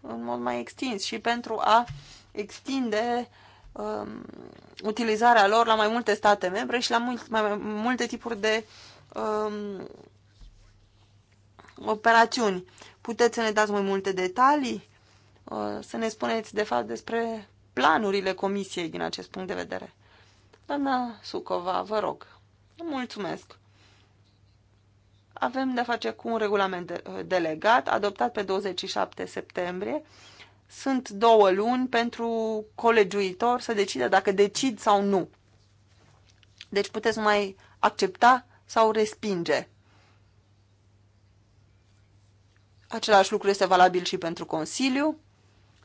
[SPEAKER 3] în mod mai extins și pentru a extinde um, utilizarea lor la mai multe state membre și la mult, mai, mai multe tipuri de um, operațiuni. Puteți să ne dați mai multe detalii? Uh, să ne spuneți, de fapt, despre planurile comisiei din acest punct de vedere. Doamna Sucova, vă rog. Mulțumesc. Avem de face cu un regulament uh, delegat adoptat pe 27 septembrie. Sunt două luni pentru colegiuitor să decide dacă decid sau nu. Deci puteți mai accepta sau respinge. Același lucru este valabil și pentru Consiliu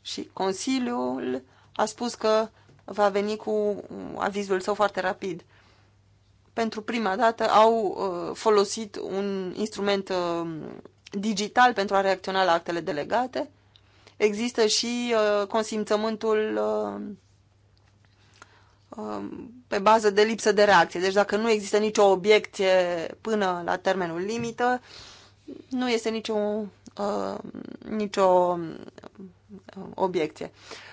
[SPEAKER 3] și Consiliul a spus că va veni cu avizul său foarte rapid. Pentru prima dată au uh, folosit un instrument uh, digital pentru a reacționa la actele delegate. Există și uh, consimțământul um, pe bază de lipsă de reacție. Deci dacă nu există nicio obiecție până la termenul limită, nu este nicio uh, nicio uh, obiecție.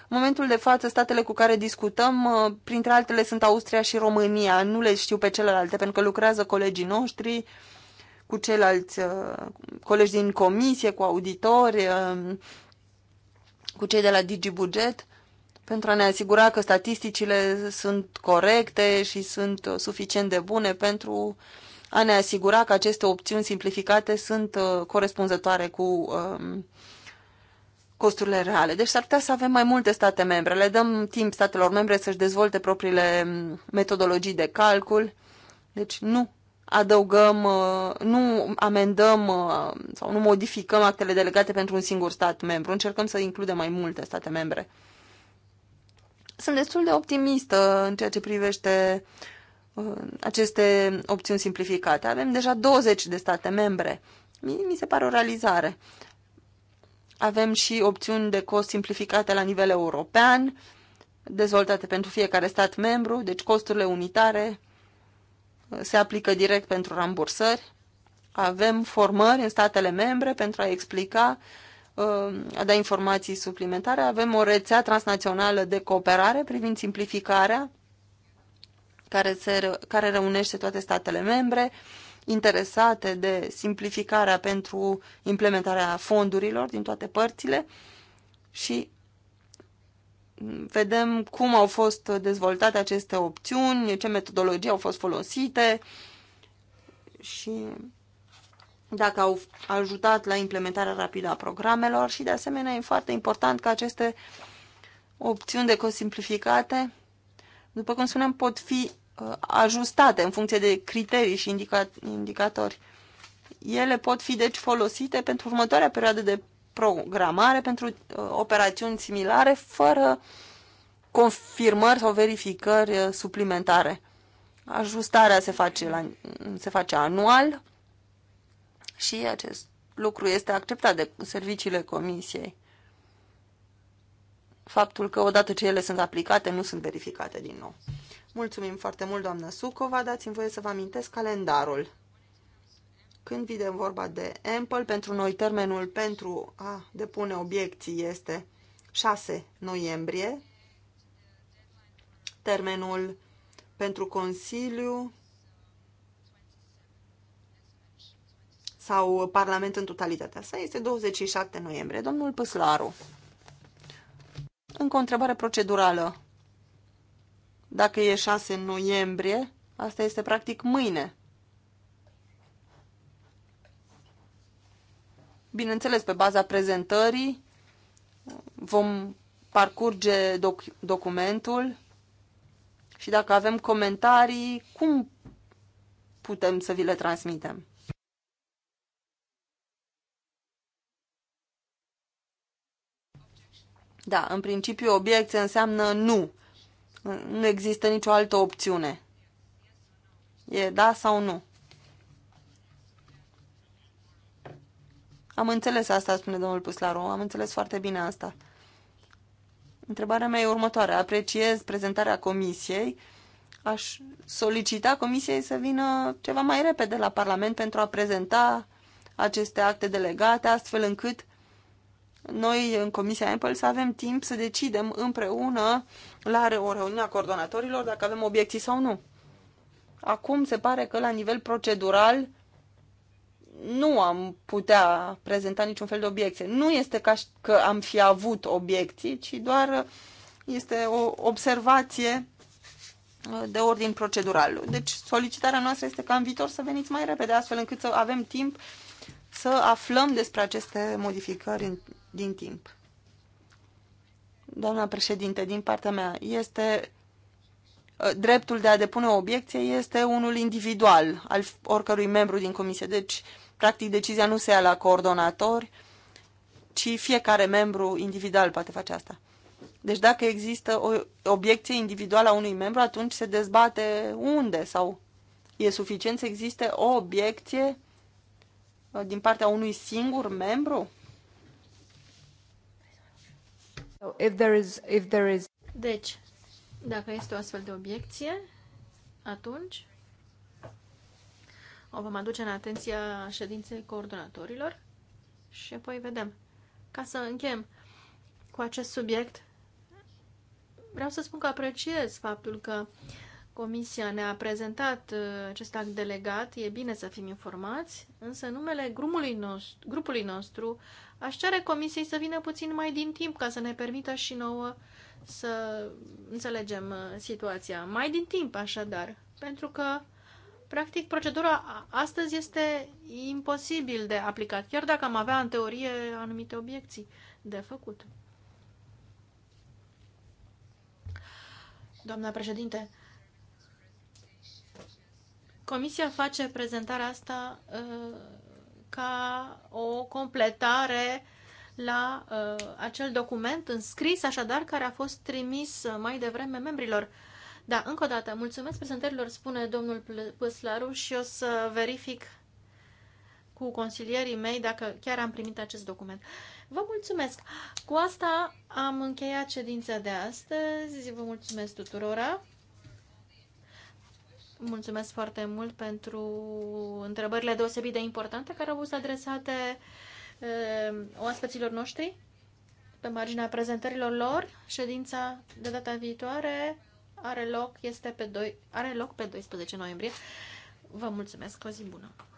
[SPEAKER 3] În momentul de față, statele cu care discutăm, uh, printre altele, sunt Austria și România. Nu le știu pe celelalte, pentru că lucrează colegii noștri cu ceilalți uh, colegi din comisie, cu auditori, uh, cu cei de la DigiBuget, pentru a ne asigura că statisticile sunt corecte și sunt uh, suficient de bune pentru uh, a ne asigura că aceste opțiuni simplificate sunt uh, corespunzătoare cu um, costurile reale. Deci s-ar putea să avem mai multe state membre. Le dăm timp statelor membre să-și dezvolte propriile um, metodologii de calcul. Deci nu adăugăm, uh, nu amendăm uh, sau nu modificăm actele delegate pentru un singur stat membru. Încercăm să includem mai multe state membre. Sunt destul de optimistă în ceea ce privește Uh, aceste opțiuni simplificate. Avem deja 20 de state membre. Mi se pare o realizare. Avem și opțiuni de cost simplificate la nivel european, dezvoltate pentru fiecare stat membru, deci costurile unitare uh, se aplică direct pentru rambursări. Avem formări în statele membre pentru a explica, uh, a da informații suplimentare. Avem o rețea transnațională de cooperare privind simplificarea care, se, care reunește toate statele membre interesate de simplificarea pentru implementarea fondurilor din toate părțile și vedem cum au fost dezvoltate aceste opțiuni, ce metodologii au fost folosite și dacă au ajutat la implementarea rapidă a programelor și de asemenea e foarte important că aceste opțiuni de cost simplificate, după cum spuneam, pot fi Uh, ajustate în funcție de criterii și indica indicatori. Ele pot fi deci folosite pentru următoarea perioadă de programare, pentru uh, operațiuni similare, fără confirmări sau verificări uh, suplimentare. Ajustarea se face, la, se face anual și acest lucru este acceptat de serviciile comisiei faptul că odată ce ele sunt aplicate, nu sunt verificate din nou. Mulțumim foarte mult, doamnă Sucova. Dați-mi voie să vă amintesc calendarul. Când vine vorba de Ample, pentru noi termenul pentru a depune obiecții este 6 noiembrie. Termenul pentru Consiliu sau Parlament în totalitatea sa este 27 noiembrie. Domnul Păslaru. Încă o întrebare procedurală. Dacă e 6 noiembrie, asta este practic mâine. Bineînțeles, pe baza prezentării vom parcurge doc documentul și dacă avem comentarii, cum putem să vi le transmitem? Da, în principiu obiecție înseamnă nu. Nu există nicio altă opțiune. E da sau nu. Am înțeles asta, spune domnul Puslaru. Am înțeles foarte bine asta. Întrebarea mea e următoare. Apreciez prezentarea comisiei. Aș solicita comisiei să vină ceva mai repede la Parlament pentru a prezenta aceste acte delegate, astfel încât noi în Comisia Apple să avem timp să decidem împreună la o reuniune a coordonatorilor dacă avem obiecții sau nu. Acum se pare că la nivel procedural nu am putea prezenta niciun fel de obiecție. Nu este ca că am fi avut obiecții, ci doar este o observație uh, de ordin procedural. Deci solicitarea noastră este ca în viitor să veniți mai repede, astfel încât să avem timp să aflăm despre aceste modificări din timp. Doamna președinte, din partea mea, este ă, dreptul de a depune o obiecție este unul individual al oricărui membru din comisie. Deci, practic, decizia nu se ia la coordonatori, ci fiecare membru individual poate face asta. Deci dacă există o obiecție individuală a unui membru, atunci se dezbate unde sau e suficient să existe o obiecție ă, din partea unui singur membru?
[SPEAKER 2] Deci, dacă este o astfel de obiecție, atunci o vom aduce în atenția ședinței coordonatorilor și apoi vedem. Ca să încheiem cu acest subiect, vreau să spun că apreciez faptul că Comisia ne-a prezentat uh, acest act delegat, e bine să fim informați, însă numele grupului nostru, grupului nostru Aș cere comisiei să vină puțin mai din timp ca să ne permită și nouă să înțelegem uh, situația. Mai din timp, așadar, pentru că, practic, procedura astăzi este imposibil de aplicat, chiar dacă am avea în teorie anumite obiecții de făcut. Doamna președinte, Comisia face prezentarea asta uh, ca o completare la uh, acel document înscris, așadar, care a fost trimis uh, mai devreme membrilor. Da, încă o dată, mulțumesc prezentărilor, spune domnul Păslaru și o să verific cu consilierii mei dacă chiar am primit acest document. Vă mulțumesc! Cu asta am încheiat ședința de astăzi. Vă mulțumesc tuturora! Mulțumesc foarte mult pentru întrebările deosebit de importante care au fost adresate eh, oaspeților noștri pe marginea prezentărilor lor. Ședința de data viitoare are loc, este pe 2, are loc pe 12 noiembrie. Vă mulțumesc, o zi bună!